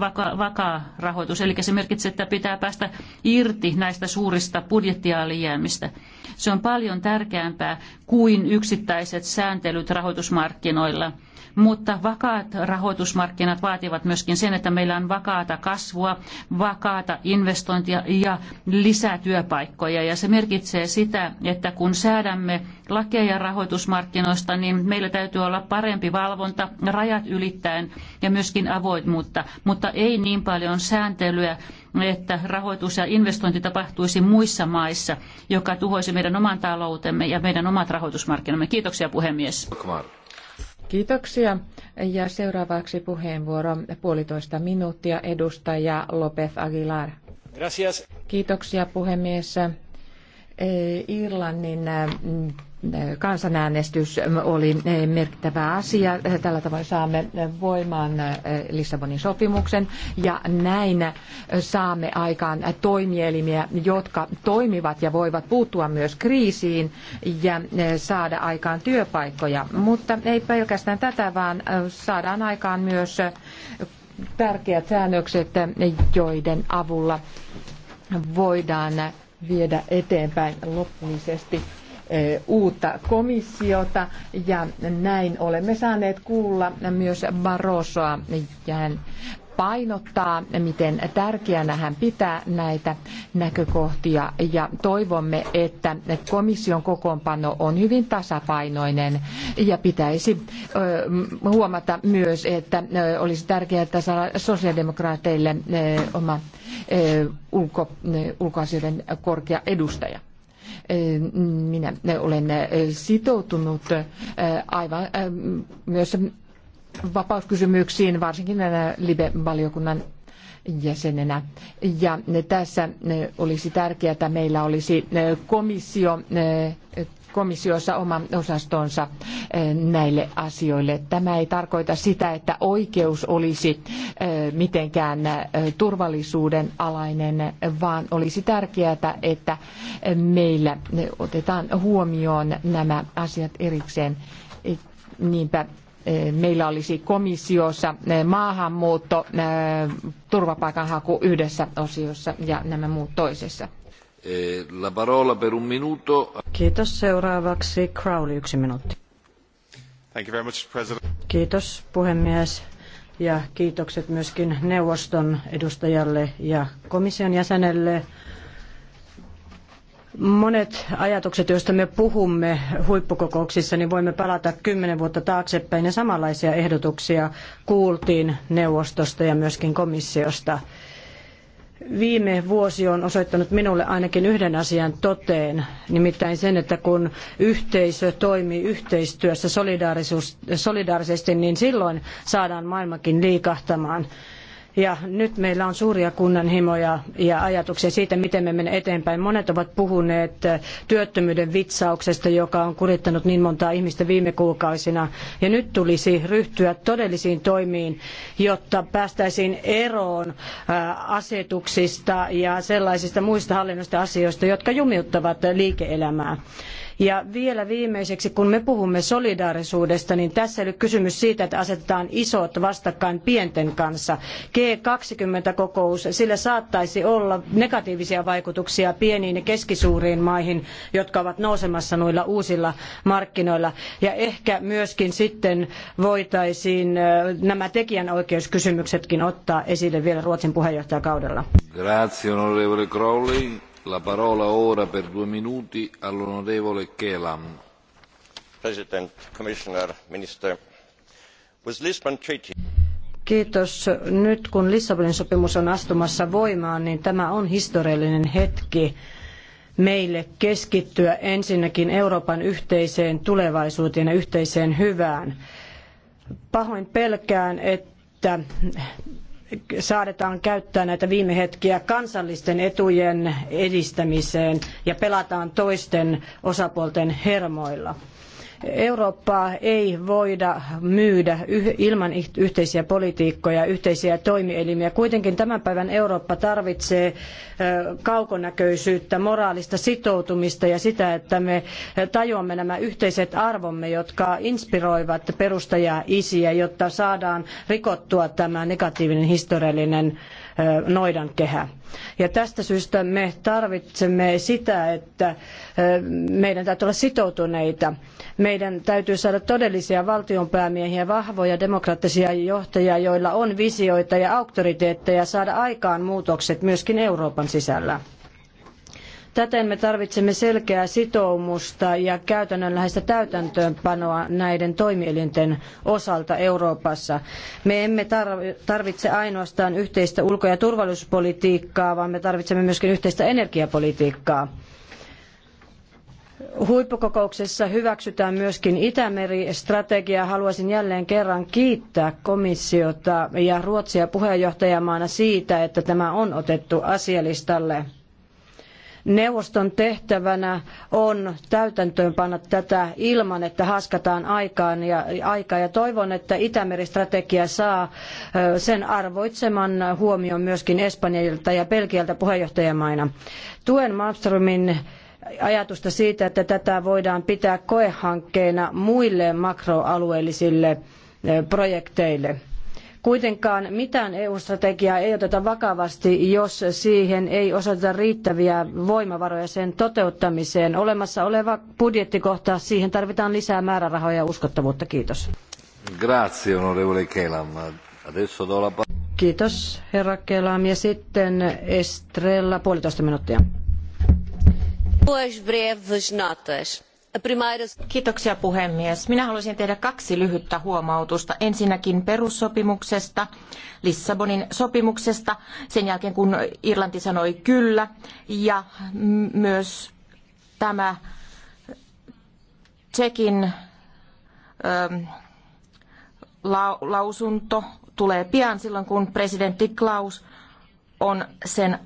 vaka, vakaa rahoitus. Eli se merkitsee, että pitää päästä irti näistä suurista budjettialijäämistä. Se on paljon tärkeämpää kuin yksittäiset sääntelyt rahoitusmarkkinoilla – mutta vakaat rahoitusmarkkinat vaativat myöskin sen, että meillä on vakaata kasvua, vakaata investointia ja lisätyöpaikkoja. Ja se merkitsee sitä, että kun säädämme lakeja rahoitusmarkkinoista, niin meillä täytyy olla parempi valvonta rajat ylittäen ja myöskin avoimuutta, mutta ei niin paljon sääntelyä, että rahoitus ja investointi tapahtuisi muissa maissa, joka tuhoisi meidän oman taloutemme ja meidän omat rahoitusmarkkinamme. Kiitoksia puhemies. Kiitoksia. Ja seuraavaksi puheenvuoro puolitoista minuuttia edustaja Lopez Aguilar. Gracias. Kiitoksia puhemies. Irlannin mm, kansanäänestys oli merkittävä asia. Tällä tavoin saamme voimaan Lissabonin sopimuksen ja näin saamme aikaan toimielimiä, jotka toimivat ja voivat puuttua myös kriisiin ja saada aikaan työpaikkoja. Mutta ei pelkästään tätä, vaan saadaan aikaan myös tärkeät säännökset, joiden avulla voidaan viedä eteenpäin loppuisesti uutta komissiota ja näin olemme saaneet kuulla myös Barrosoa ja hän painottaa, miten tärkeänä hän pitää näitä näkökohtia ja toivomme, että komission kokoonpano on hyvin tasapainoinen ja pitäisi huomata myös, että olisi tärkeää, että saada sosiaalidemokraateille oma ulko, ulkoasioiden korkea edustaja. Minä olen sitoutunut aivan myös vapauskysymyksiin, varsinkin Libe-valiokunnan jäsenenä. Ja tässä olisi tärkeää, että meillä olisi komissio komissiossa oma osastonsa eh, näille asioille. Tämä ei tarkoita sitä, että oikeus olisi eh, mitenkään eh, turvallisuuden alainen, vaan olisi tärkeää, että meillä otetaan huomioon nämä asiat erikseen. Niinpä meillä olisi komissiossa maahanmuutto, turvapaikanhaku yhdessä osiossa ja nämä muut toisessa. Eh, la parola per un minuto. Kiitos. Seuraavaksi Crowley, yksi minuutti. Thank you very much, President. Kiitos, puhemies ja kiitokset myöskin neuvoston edustajalle ja komission jäsenelle. Monet ajatukset, joista me puhumme huippukokouksissa, niin voimme palata kymmenen vuotta taaksepäin ja samanlaisia ehdotuksia kuultiin neuvostosta ja myöskin komissiosta viime vuosi on osoittanut minulle ainakin yhden asian toteen, nimittäin sen, että kun yhteisö toimii yhteistyössä solidaarisesti, niin silloin saadaan maailmakin liikahtamaan. Ja nyt meillä on suuria kunnanhimoja ja ajatuksia siitä, miten me menemme eteenpäin. Monet ovat puhuneet eh, työttömyyden vitsauksesta, joka on kurittanut niin montaa ihmistä viime kuukausina. Ja nyt tulisi ryhtyä todellisiin toimiin, jotta päästäisiin eroon eh, asetuksista ja sellaisista muista hallinnosta asioista, jotka jumiuttavat liike-elämää. Ja vielä viimeiseksi, kun me puhumme solidaarisuudesta, niin tässä ei ole kysymys siitä, että asetetaan isot vastakkain pienten kanssa. G20-kokous, sillä saattaisi olla negatiivisia vaikutuksia pieniin ja keskisuuriin maihin, jotka ovat nousemassa noilla uusilla markkinoilla. Ja ehkä myöskin sitten voitaisiin nämä tekijänoikeuskysymyksetkin ottaa esille vielä Ruotsin puheenjohtajakaudella. Grazie, onorevole Crowley. President, Commissioner, Minister. Lisbon Treaty... Kiitos. Nyt kun Lissabonin sopimus on astumassa voimaan, niin tämä on historiallinen hetki meille keskittyä ensinnäkin Euroopan yhteiseen tulevaisuuteen ja yhteiseen hyvään. Pahoin pelkään, että saadetaan käyttää näitä viime hetkiä kansallisten etujen edistämiseen ja pelataan toisten osapuolten hermoilla. Eurooppaa ei voida myydä ilman yhteisiä politiikkoja, yhteisiä toimielimiä. Kuitenkin tämän päivän Eurooppa tarvitsee kaukonäköisyyttä, moraalista sitoutumista ja sitä, että me tajuamme nämä yhteiset arvomme, jotka inspiroivat perustajaa isiä, jotta saadaan rikottua tämä negatiivinen historiallinen noidankehä. Ja tästä syystä me tarvitsemme sitä, että meidän täytyy olla sitoutuneita. Me meidän täytyy saada todellisia valtionpäämiehiä, vahvoja demokraattisia johtajia, joilla on visioita ja auktoriteetteja saada aikaan muutokset myöskin Euroopan sisällä. Täten me tarvitsemme selkeää sitoumusta ja käytännönläheistä täytäntöönpanoa näiden toimielinten osalta Euroopassa. Me emme tarvitse ainoastaan yhteistä ulko- ja turvallisuuspolitiikkaa, vaan me tarvitsemme myöskin yhteistä energiapolitiikkaa. Huippukokouksessa hyväksytään myöskin Itämeri-strategia. Haluaisin jälleen kerran kiittää komissiota ja Ruotsia puheenjohtajamaana siitä, että tämä on otettu asialistalle. Neuvoston tehtävänä on täytäntöönpanna tätä ilman, että haskataan aikaan ja, aikaa. Ja toivon, että Itämeri-strategia saa sen arvoitseman huomion myöskin Espanjalta ja Belgialta puheenjohtajamaina. Tuen Malmströmin ajatusta siitä, että tätä voidaan pitää koehankkeena muille makroalueellisille eh, projekteille. Kuitenkaan mitään EU-strategiaa ei oteta vakavasti, jos siihen ei osoiteta riittäviä voimavaroja sen toteuttamiseen. Olemassa oleva budjettikohta, siihen tarvitaan lisää määrärahoja ja uskottavuutta. Kiitos. Grazie, onorevole Kelam. Adesso do la... Kiitos, herra Kelam. Ja sitten Estrella, puolitoista minuuttia arvoisa puhemies. Minä haluaisin tehdä kaksi lyhyttä huomautusta. Ensinnäkin perussopimuksesta, Lissabonin sopimuksesta, sen jälkeen kun Irlanti sanoi kyllä, ja myös tämä tekin ähm, lausunto tulee pian silloin, kun presidentti Klaus on sen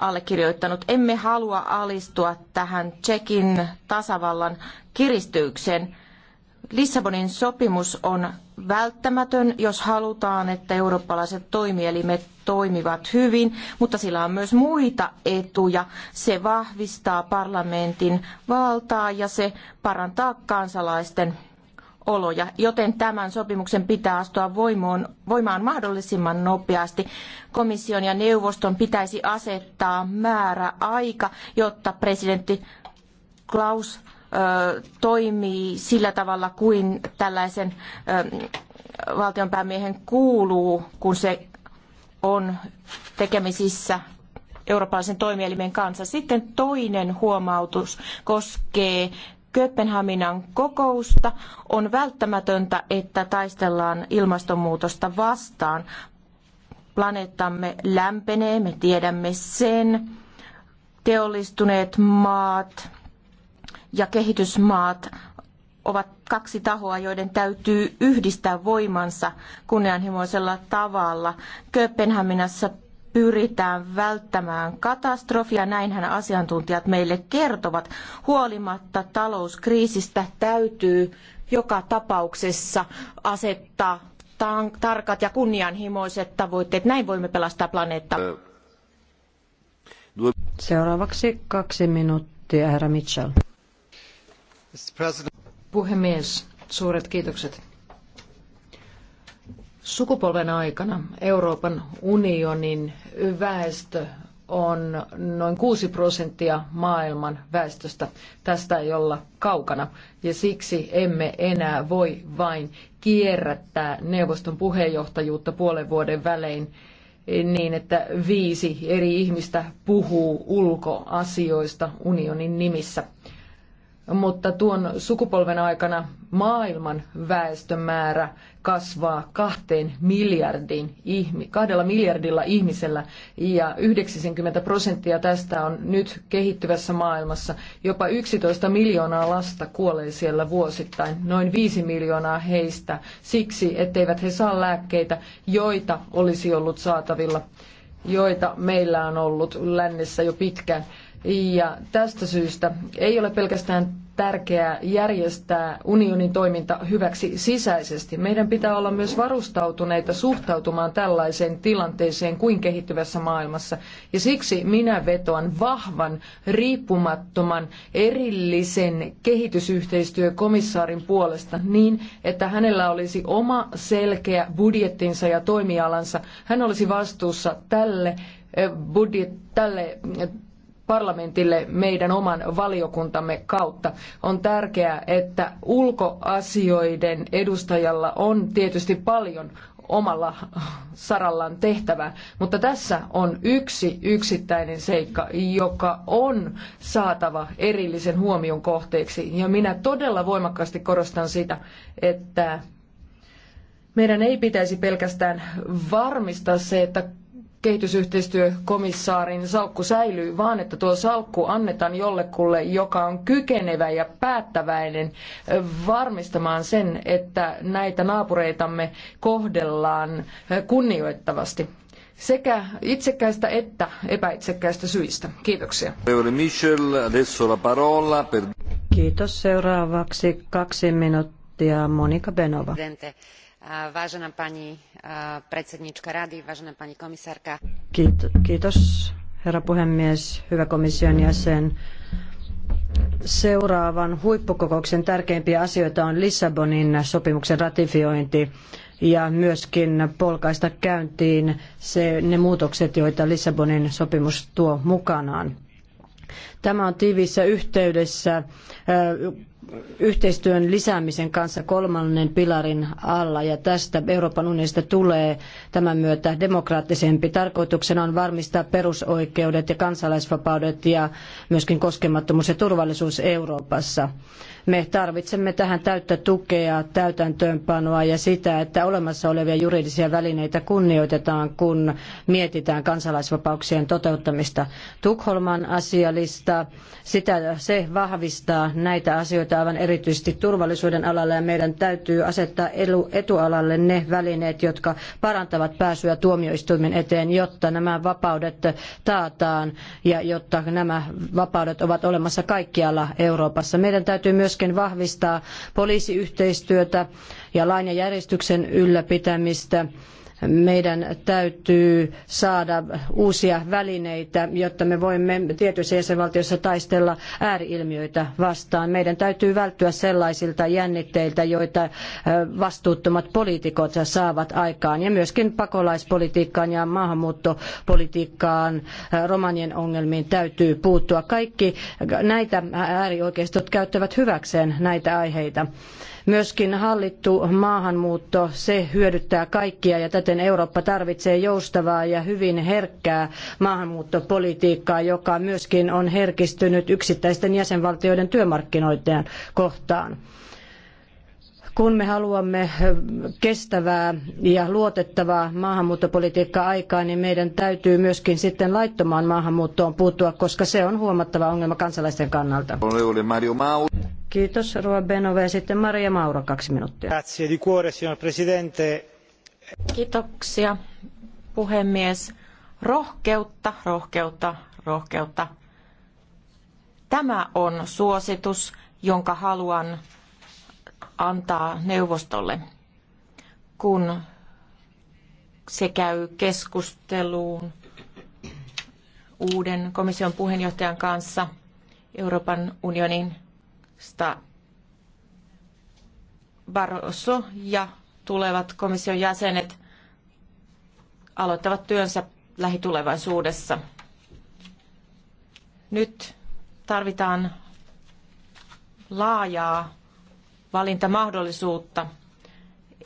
allekirjoittanut emme halua alistua tähän Tsekin tasavallan kiristykseen. Lissabonin sopimus on välttämätön, jos halutaan, että eurooppalaiset toimielimet toimivat hyvin, mutta sillä on myös muita etuja. Se vahvistaa parlamentin valtaa ja se parantaa kansalaisten oloja, joten tämän sopimuksen pitää astua voimaan mahdollisimman nopeasti. Komission ja neuvoston pitäisi asettaa määräaika, jotta presidentti Klaus toimii sillä tavalla kuin tällaisen valtionpäämiehen kuuluu, kun se on tekemisissä eurooppalaisen toimielimen kanssa. Sitten toinen huomautus koskee Kööpenhaminan kokousta, on välttämätöntä, että taistellaan ilmastonmuutosta vastaan. Planeettamme lämpenee, me tiedämme sen. Teollistuneet maat ja kehitysmaat ovat kaksi tahoa, joiden täytyy yhdistää voimansa kunnianhimoisella tavalla. Kööpenhaminassa pyritään välttämään katastrofia, näinhän asiantuntijat meille kertovat. Huolimatta talouskriisistä täytyy joka tapauksessa asettaa tarkat ja kunnianhimoiset tavoitteet. Näin voimme pelastaa planeetta. Seuraavaksi kaksi minuuttia, herra Mitchell. Puhemies, suuret kiitokset. Sukupolven aikana Euroopan unionin väestö on noin 6 prosenttia maailman väestöstä. Tästä ei olla kaukana ja siksi emme enää voi vain kierrättää neuvoston puheenjohtajuutta puolen vuoden välein niin, että viisi eri ihmistä puhuu ulkoasioista unionin nimissä. Mutta tuon sukupolven aikana maailman väestömäärä kasvaa kahteen miljardin, kahdella miljardilla ihmisellä ja 90 prosenttia tästä on nyt kehittyvässä maailmassa. Jopa 11 miljoonaa lasta kuolee siellä vuosittain, noin 5 miljoonaa heistä siksi, etteivät he saa lääkkeitä, joita olisi ollut saatavilla joita meillä on ollut lännessä jo pitkään. Ja tästä syystä ei ole pelkästään tärkeää järjestää unionin toiminta hyväksi sisäisesti. Meidän pitää olla myös varustautuneita suhtautumaan tällaiseen tilanteeseen kuin kehittyvässä maailmassa. Ja siksi minä vetoan vahvan, riippumattoman, erillisen kehitysyhteistyökomissaarin puolesta niin, että hänellä olisi oma selkeä budjettinsa ja toimialansa. Hän olisi vastuussa tälle eh, budjet, tälle eh, parlamentille meidän oman valiokuntamme kautta. On tärkeää, että ulkoasioiden edustajalla on tietysti paljon omalla sarallaan tehtävää. Mutta tässä on yksi yksittäinen seikka, joka on saatava erillisen huomion kohteeksi. Ja minä todella voimakkaasti korostan sitä, että meidän ei pitäisi pelkästään varmistaa se, että kehitysyhteistyökomissaarin salkku säilyy, vaan että tuo salkku annetaan jollekulle, joka on kykenevä ja päättäväinen varmistamaan sen, että näitä naapureitamme kohdellaan kunnioittavasti sekä itsekkäistä että epäitsekkäistä syistä. Kiitoksia. Kiitos. Seuraavaksi kaksi minuuttia Monika Benova vážená pani predsedníčka rady, vážená pani komisárka. Kiitos, herra puhemies, hyvä komission jäsen. Seuraavan huippukokouksen tärkeimpiä asioita on Lissabonin sopimuksen ratifiointi ja myöskin polkaista käyntiin se, ne muutokset, joita Lissabonin sopimus tuo mukanaan. Tämä on tiiviissä yhteydessä yhteistyön lisäämisen kanssa kolmannen pilarin alla ja tästä Euroopan unionista tulee tämän myötä demokraattisempi. Tarkoituksena on varmistaa perusoikeudet ja kansalaisvapaudet ja myöskin koskemattomuus ja turvallisuus Euroopassa. Me tarvitsemme tähän täyttä tukea, täytäntöönpanoa ja sitä, että olemassa olevia juridisia välineitä kunnioitetaan, kun mietitään kansalaisvapauksien toteuttamista. Tukholman asialista, sitä, se vahvistaa näitä asioita aivan erityisesti turvallisuuden alalla ja meidän täytyy asettaa etualalle ne välineet, jotka parantavat pääsyä tuomioistuimen eteen, jotta nämä vapaudet taataan ja jotta nämä vapaudet ovat olemassa kaikkialla Euroopassa. Meidän täytyy myös myöskin vahvistaa poliisiyhteistyötä ja lain ja järjestyksen ylläpitämistä meidän täytyy saada uusia välineitä, jotta me voimme tietyissä jäsenvaltioissa taistella ääriilmiöitä vastaan. Meidän täytyy välttyä sellaisilta jännitteiltä, joita vastuuttomat poliitikot saavat aikaan. Ja myöskin pakolaispolitiikkaan ja maahanmuuttopolitiikkaan, romanien ongelmiin täytyy puuttua. Kaikki näitä äärioikeistot käyttävät hyväkseen näitä aiheita. Myöskin hallittu maahanmuutto, se hyödyttää kaikkia ja täten Eurooppa tarvitsee joustavaa ja hyvin herkkää maahanmuuttopolitiikkaa, joka myöskin on herkistynyt yksittäisten jäsenvaltioiden työmarkkinoiden kohtaan. Kun me haluamme kestävää ja luotettavaa maahanmuuttopolitiikkaa aikaan, niin meidän täytyy myöskin sitten laittomaan maahanmuuttoon puuttua, koska se on huomattava ongelma kansalaisten kannalta. Kiitos, Rua Benove. Sitten Maria Mauro, kaksi minuuttia. Grazie di cuore, signor Presidente. Kiitoksia, puhemies. Rohkeutta, rohkeutta, rohkeutta. Tämä on suositus, jonka haluan antaa neuvostolle, kun se käy keskusteluun uuden komission puheenjohtajan kanssa Euroopan unionin sta Barroso ja tulevat komission jäsenet aloittavat työnsä lähitulevaisuudessa. Nyt tarvitaan laajaa valintamahdollisuutta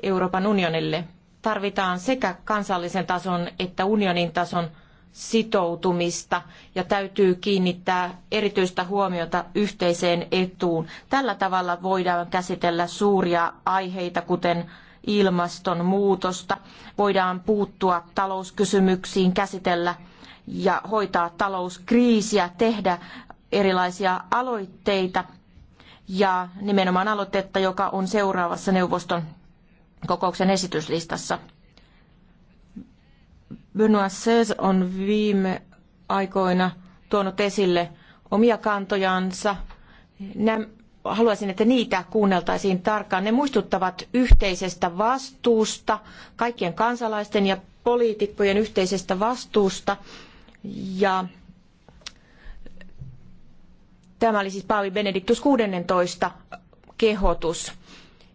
Euroopan unionille. Tarvitaan sekä kansallisen tason että unionin tason sitoutumista ja täytyy kiinnittää erityistä huomiota yhteiseen etuun. Tällä tavalla voidaan käsitellä suuria aiheita, kuten ilmastonmuutosta, voidaan puuttua talouskysymyksiin, käsitellä ja hoitaa talouskriisiä, tehdä erilaisia aloitteita ja nimenomaan aloitetta, joka on seuraavassa neuvoston kokouksen esityslistassa. Benoit Sees on viime aikoina tuonut esille omia kantojansa. haluaisin, että niitä kuunneltaisiin tarkkaan. Ne muistuttavat yhteisestä vastuusta, kaikkien kansalaisten ja poliitikkojen yhteisestä vastuusta ja Tämä oli siis Paavi Benediktus 16 kehotus.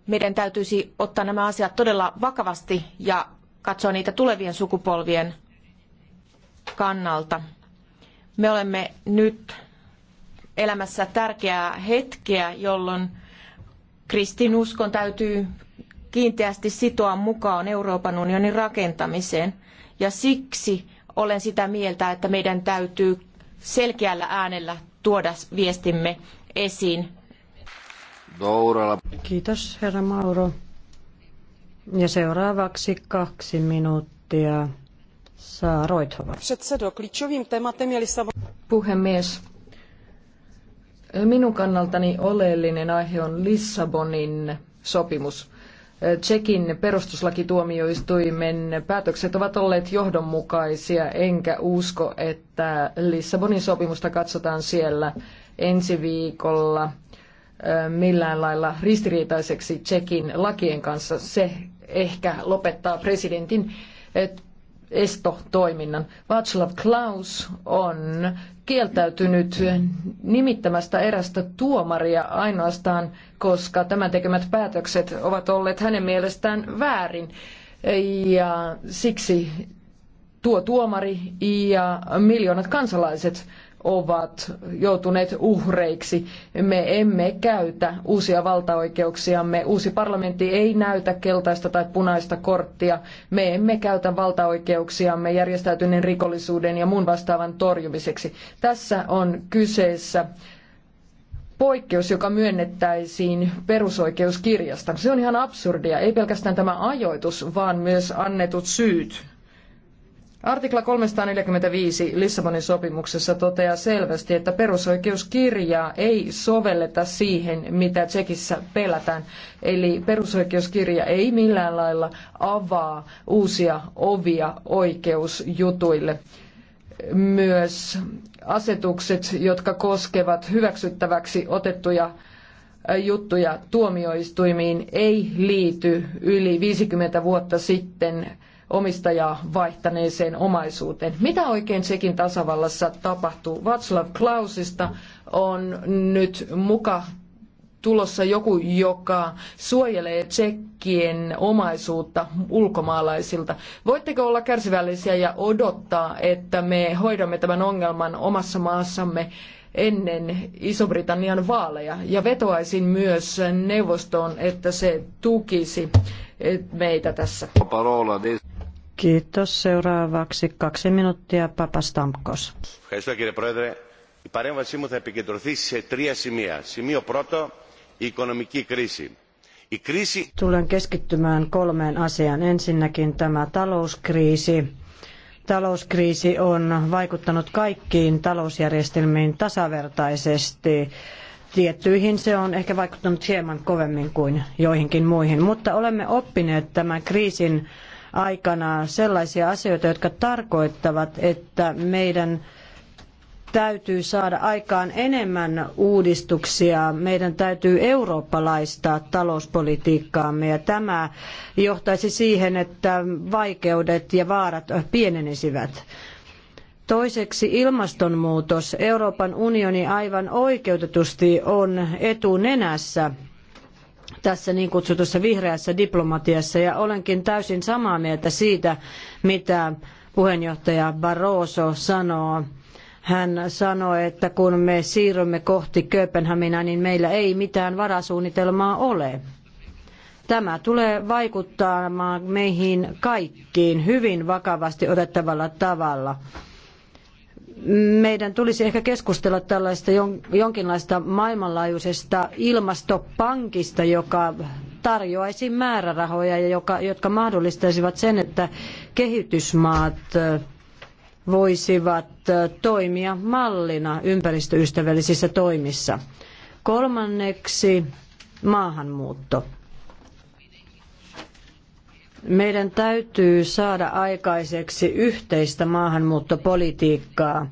Meidän täytyisi ottaa nämä asiat todella vakavasti ja katsoa niitä tulevien sukupolvien kannalta. Me olemme nyt elämässä tärkeää hetkeä, jolloin kristinuskon täytyy kiinteästi sitoa mukaan Euroopan unionin rakentamiseen. Ja siksi olen sitä mieltä, että meidän täytyy selkeällä äänellä tuoda viestimme esiin. Kiitos, herra Mauro. Ja seuraavaksi kaksi minuuttia. Saa Roithova. Puhemies, minun kannaltani oleellinen aihe on Lissabonin sopimus. Tsekin perustuslakituomioistuimen päätökset ovat olleet johdonmukaisia, enkä usko, että Lissabonin sopimusta katsotaan siellä ensi viikolla millään lailla ristiriitaiseksi Tsekin lakien kanssa. Se ehkä lopettaa presidentin estotoiminnan. Václav Klaus on kieltäytynyt nimittämästä erästä tuomaria ainoastaan, koska tämän tekemät päätökset ovat olleet hänen mielestään väärin. Ja siksi tuo tuomari ja miljoonat kansalaiset ovat joutuneet uhreiksi. Me emme käytä uusia valtaoikeuksiamme. Uusi parlamentti ei näytä keltaista tai punaista korttia. Me emme käytä valtaoikeuksiamme järjestäytyneen rikollisuuden ja muun vastaavan torjumiseksi. Tässä on kyseessä poikkeus, joka myönnettäisiin perusoikeuskirjasta. Se on ihan absurdia, ei pelkästään tämä ajoitus, vaan myös annetut syyt. Artikla 345 Lissabonin sopimuksessa toteaa selvästi, että perusoikeuskirjaa ei sovelleta siihen, mitä Tsekissä pelätään. Eli perusoikeuskirja ei millään lailla avaa uusia ovia oikeusjutuille myös asetukset, jotka koskevat hyväksyttäväksi otettuja juttuja tuomioistuimiin, ei liity yli 50 vuotta sitten omistajaa vaihtaneeseen omaisuuteen. Mitä oikein Tsekin tasavallassa tapahtuu? Václav Klausista on nyt muka tulossa joku, joka suojelee tsekkien omaisuutta ulkomaalaisilta. Voitteko olla kärsivällisiä ja odottaa, että me hoidamme tämän ongelman omassa maassamme ennen Iso-Britannian vaaleja? Ja vetoaisin myös neuvostoon, että se tukisi meitä tässä. Kiitos. Seuraavaksi kaksi minuuttia Papa Stamkos. Ευχαριστώ κύριε Πρόεδρε. Η παρέμβασή μου θα επικεντρωθεί σε τρία σημεία. Σημείο πρώτο, η οικονομική κρίση. Η κρίση... Tulen keskittymään kolmeen asiaan. Ensinnäkin tämä talouskriisi. Talouskriisi on vaikuttanut kaikkiin talousjärjestelmiin tasavertaisesti. Tiettyihin se on ehkä vaikuttanut hieman kovemmin kuin joihinkin muihin, mutta olemme oppineet tämän kriisin aikanaan sellaisia asioita, jotka tarkoittavat, että meidän täytyy saada aikaan enemmän uudistuksia. Meidän täytyy eurooppalaistaa talouspolitiikkaamme ja tämä johtaisi siihen, että vaikeudet ja vaarat pienenisivät. Toiseksi ilmastonmuutos. Euroopan unioni aivan oikeutetusti on etunenässä tässä niin kutsutussa vihreässä diplomatiassa ja olenkin täysin samaa mieltä siitä, mitä puheenjohtaja Barroso sanoo. Hän sanoi, että kun me siirrymme kohti Kööpenhaminaa, niin meillä ei mitään varasuunnitelmaa ole. Tämä tulee vaikuttamaan meihin kaikkiin hyvin vakavasti otettavalla tavalla meidän tulisi ehkä keskustella tällaista jonkinlaista maailmanlaajuisesta ilmastopankista, joka tarjoaisi määrärahoja ja jotka mahdollistaisivat sen, että kehitysmaat voisivat toimia mallina ympäristöystävällisissä toimissa. Kolmanneksi maahanmuutto. Meidän täytyy saada aikaiseksi yhteistä maahanmuuttopolitiikkaa.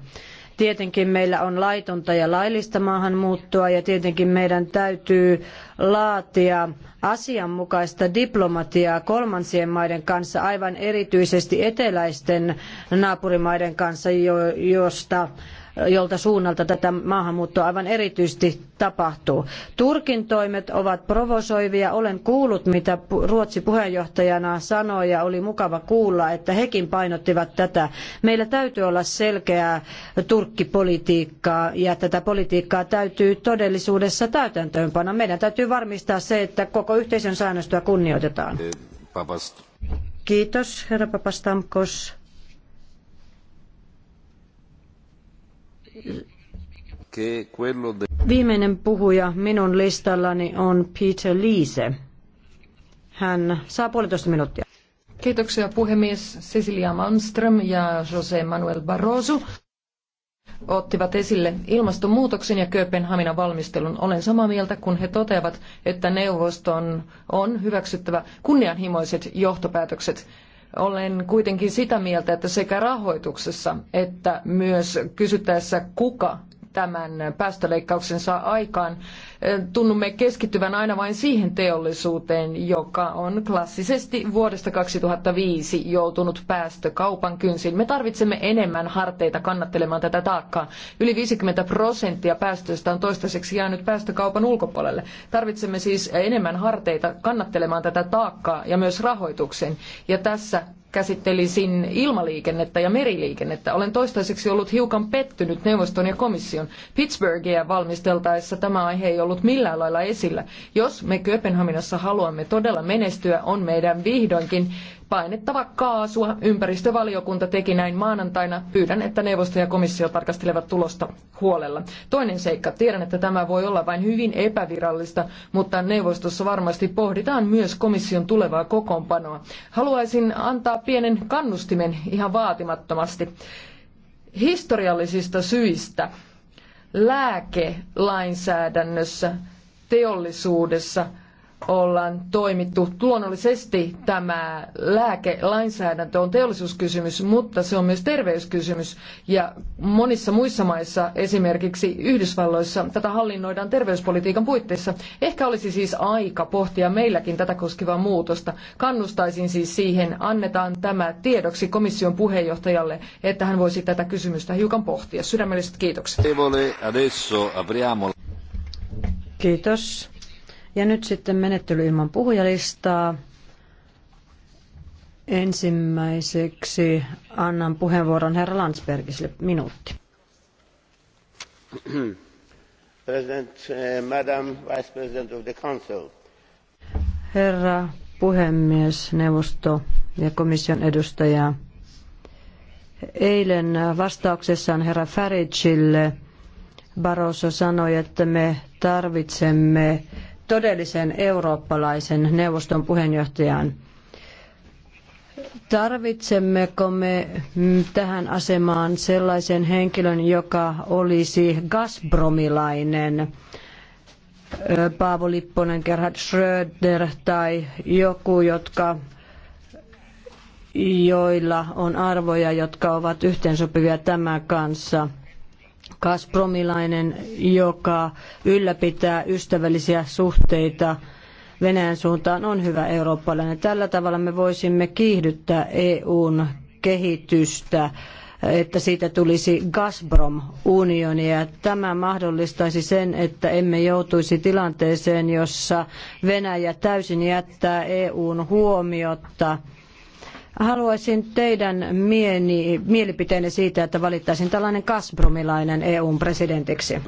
Tietenkin meillä on laitonta ja laillista maahanmuuttoa ja tietenkin meidän täytyy laatia asianmukaista diplomatiaa kolmansien maiden kanssa, aivan erityisesti eteläisten naapurimaiden kanssa, josta jolta suunnalta tätä maahanmuuttoa aivan erityisesti tapahtuu. Turkin toimet ovat provosoivia. Olen kuullut, mitä Ruotsi puheenjohtajana sanoi ja oli mukava kuulla, että hekin painottivat tätä. Meillä täytyy olla selkeää turkkipolitiikkaa ja tätä politiikkaa täytyy todellisuudessa täytäntöönpana. Meidän täytyy varmistaa se, että koko yhteisön säännöstöä kunnioitetaan. Kiitos, herra Papastamkos. Viimeinen puhuja minun listallani on Peter Liese. Hän saa puolitoista minuuttia. Kiitoksia puhemies Cecilia Malmström ja José Manuel Barroso ottivat esille ilmastonmuutoksen ja Kööpenhaminan valmistelun. Olen samaa mieltä, kun he toteavat, että neuvoston on hyväksyttävä kunnianhimoiset johtopäätökset olen kuitenkin sitä mieltä, että sekä rahoituksessa että myös kysyttäessä kuka tämän päästöleikkauksen saa aikaan, tunnumme keskittyvän aina vain siihen teollisuuteen, joka on klassisesti vuodesta 2005 joutunut päästökaupan kynsiin. Me tarvitsemme enemmän harteita kannattelemaan tätä taakkaa. Yli 50 prosenttia päästöistä on toistaiseksi jäänyt päästökaupan ulkopuolelle. Tarvitsemme siis enemmän harteita kannattelemaan tätä taakkaa ja myös rahoituksen. Ja tässä käsittelisin ilmaliikennettä ja meriliikennettä. Olen toistaiseksi ollut hiukan pettynyt neuvoston ja komission. Pittsburghia valmisteltaessa tämä aihe ei ollut ollut millään lailla esillä. Jos me Kööpenhaminassa haluamme todella menestyä, on meidän vihdoinkin painettava kaasua. Ympäristövaliokunta teki näin maanantaina. Pyydän, että neuvosto ja komissio tarkastelevat tulosta huolella. Toinen seikka. Tiedän, että tämä voi olla vain hyvin epävirallista, mutta neuvostossa varmasti pohditaan myös komission tulevaa kokoonpanoa. Haluaisin antaa pienen kannustimen ihan vaatimattomasti. Historiallisista syistä lääkelainsäädännössä, teollisuudessa – ollaan toimittu. Luonnollisesti tämä lääkelainsäädäntö on teollisuuskysymys, mutta se on myös terveyskysymys. Ja monissa muissa maissa, esimerkiksi Yhdysvalloissa, tätä hallinnoidaan terveyspolitiikan puitteissa. Ehkä olisi siis aika pohtia meilläkin tätä koskevaa muutosta. Kannustaisin siis siihen, annetaan tämä tiedoksi komission puheenjohtajalle, että hän voisi tätä kysymystä hiukan pohtia. Sydämelliset kiitokset. Kiitos. Ja nyt sitten menettely ilman puhujalistaa. Ensimmäiseksi annan puheenvuoron herra Landsbergisille minuutti. President, eh, Madam Vice President of the Council. Herra puhemies, neuvosto ja komission edustaja. Eilen vastauksessaan herra Farageille Barroso sanoi, että me tarvitsemme todellisen eurooppalaisen neuvoston puheenjohtajan. Tarvitsemmeko me tähän asemaan sellaisen henkilön, joka olisi Gazpromilainen, Paavo Lipponen, Gerhard Schröder tai joku, jotka joilla on arvoja, jotka ovat yhteensopivia tämän kanssa. Gazpromilainen, joka ylläpitää ystävällisiä suhteita Venäjän suuntaan, on hyvä eurooppalainen. Tällä tavalla me voisimme kiihdyttää EUn kehitystä että siitä tulisi Gazprom-unioni ja tämä mahdollistaisi sen, että emme joutuisi tilanteeseen, jossa Venäjä täysin jättää EUn huomiotta Haluaisin teidän mieni, mielipiteenne siitä, että valittaisiin tällainen Gazpromilainen EUn presidentiksi.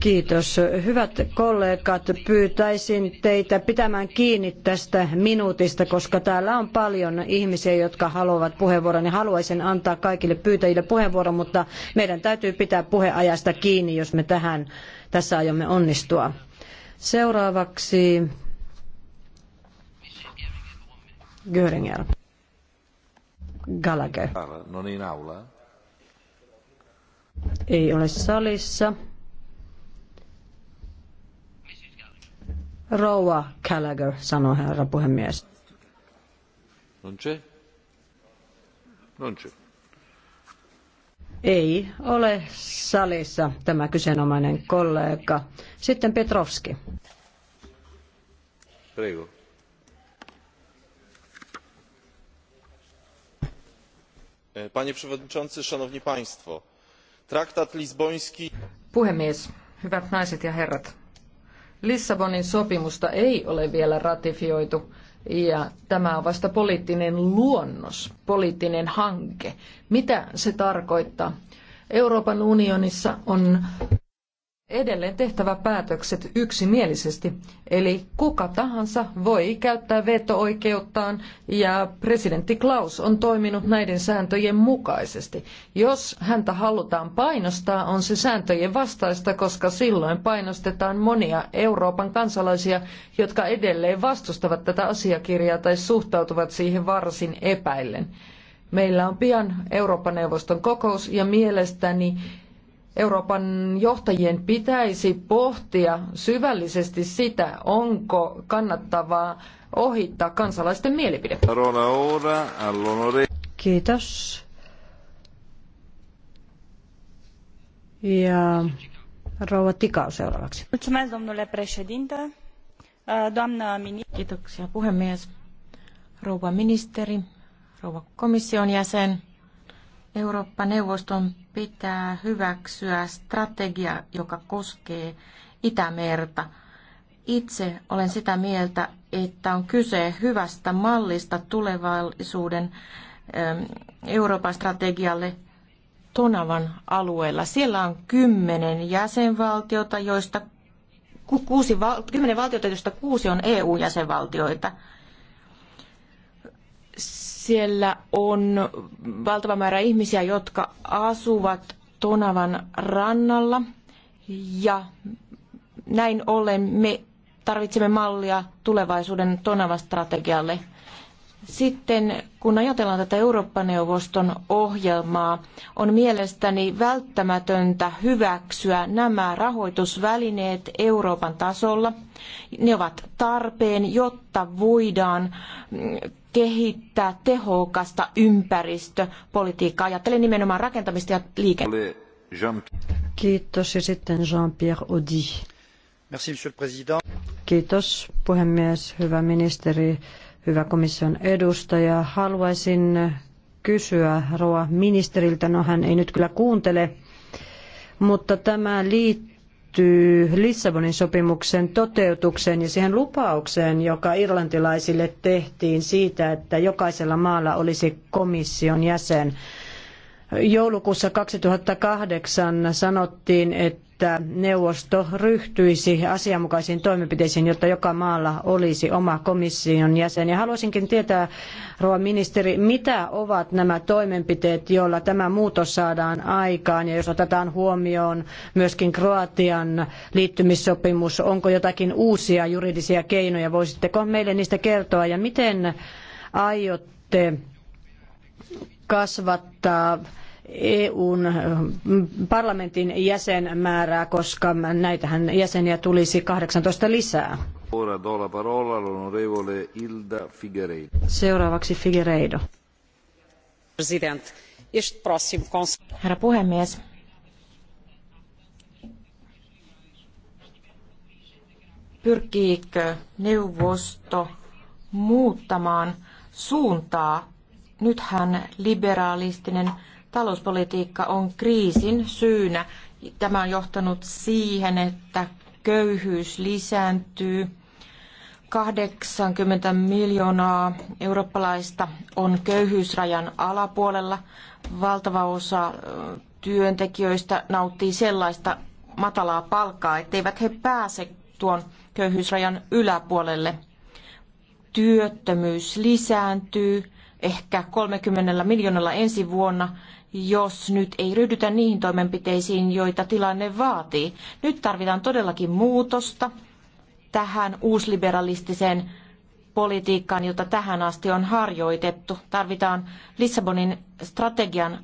Kiitos. Hyvät kollegat, pyytäisin teitä pitämään kiinni tästä minuutista, koska täällä on paljon ihmisiä, jotka haluavat puheenvuoron. Ja haluaisin antaa kaikille pyytäjille puheenvuoron, mutta meidän täytyy pitää puheajasta kiinni, jos me tähän tässä aiomme onnistua. Seuraavaksi Göringer. Gallagher. No niin, aula. Ei ole salissa. Rouva Gallagher, sanoi herra puhemies. Non c'è? Non c'è. Ei ole salissa tämä kyseenomainen kollega. Sitten Petrovski. Prego. panie przewodniczący! traktat lizboński puhemies hyvät naiset ja herrat lissabonin sopimusta ei ole vielä ratifioitu ja tämä on vasta poliittinen luonnos poliittinen hanke. mitä se tarkoittaa? euroopan unionissa on edelleen tehtävä päätökset yksimielisesti. Eli kuka tahansa voi käyttää veto-oikeuttaan ja presidentti Klaus on toiminut näiden sääntöjen mukaisesti. Jos häntä halutaan painostaa, on se sääntöjen vastaista, koska silloin painostetaan monia Euroopan kansalaisia, jotka edelleen vastustavat tätä asiakirjaa tai suhtautuvat siihen varsin epäillen. Meillä on pian Euroopan neuvoston kokous ja mielestäni Euroopan johtajien pitäisi pohtia syvällisesti sitä, onko kannattavaa ohittaa kansalaisten mielipide. Kiitos. Ja rouva Tikau seuraavaksi. Mulțumesc, Kiitoksia puhemies, rouva ministeri, rouva komission jäsen. Eurooppa-neuvoston pitää hyväksyä strategia, joka koskee Itämerta. Itse olen sitä mieltä, että on kyse hyvästä mallista tulevaisuuden ähm, Euroopan strategialle Tonavan alueella. Siellä on kymmenen jäsenvaltiota, joista kuusi, kymmenen valtiota, joista kuusi on EU-jäsenvaltioita – siellä on valtava määrä ihmisiä, jotka asuvat Tonavan rannalla ja näin ollen me tarvitsemme mallia tulevaisuuden Tonava-strategialle. Sitten kun ajatellaan tätä Eurooppa-neuvoston ohjelmaa, on mielestäni välttämätöntä hyväksyä nämä rahoitusvälineet Euroopan tasolla. Ne ovat tarpeen, jotta voidaan kehittää tehokasta ympäristöpolitiikkaa. Ajattelen nimenomaan rakentamista ja liikennettä. Kiitos ja sitten Jean-Pierre Audi. Merci, monsieur le président. Kiitos puhemies, hyvä ministeri, hyvä komission edustaja. Haluaisin kysyä rouva ministeriltä, no hän ei nyt kyllä kuuntele, mutta tämä liittyy liittyy Lissabonin sopimuksen toteutukseen ja siihen lupaukseen, joka irlantilaisille tehtiin siitä, että jokaisella maalla olisi komission jäsen joulukuussa 2008 sanottiin, että neuvosto ryhtyisi asianmukaisiin toimenpiteisiin, jotta joka maalla olisi oma komission jäsen. Ja haluaisinkin tietää, rouva ministeri, mitä ovat nämä toimenpiteet, joilla tämä muutos saadaan aikaan, ja jos otetaan huomioon myöskin Kroatian liittymissopimus, onko jotakin uusia juridisia keinoja, voisitteko meille niistä kertoa, ja miten aiotte kasvattaa EUn mm, parlamentin jäsenmäärää, koska näitähän jäseniä tulisi 18 lisää. Seuraavaksi Figueiredo. Herra puhemies, pyrkiikö neuvosto muuttamaan suuntaa nythän liberalistinen talouspolitiikka on kriisin syynä. Tämä on johtanut siihen, että köyhyys lisääntyy. 80 miljoonaa eurooppalaista on köyhyysrajan alapuolella. Valtava osa työntekijöistä nauttii sellaista matalaa palkkaa, etteivät he pääse tuon köyhyysrajan yläpuolelle. Työttömyys lisääntyy ehkä 30 miljoonalla ensi vuonna, jos nyt ei ryhdytä niihin toimenpiteisiin, joita tilanne vaatii. Nyt tarvitaan todellakin muutosta tähän uusliberalistiseen politiikkaan, jota tähän asti on harjoitettu. Tarvitaan Lissabonin strategian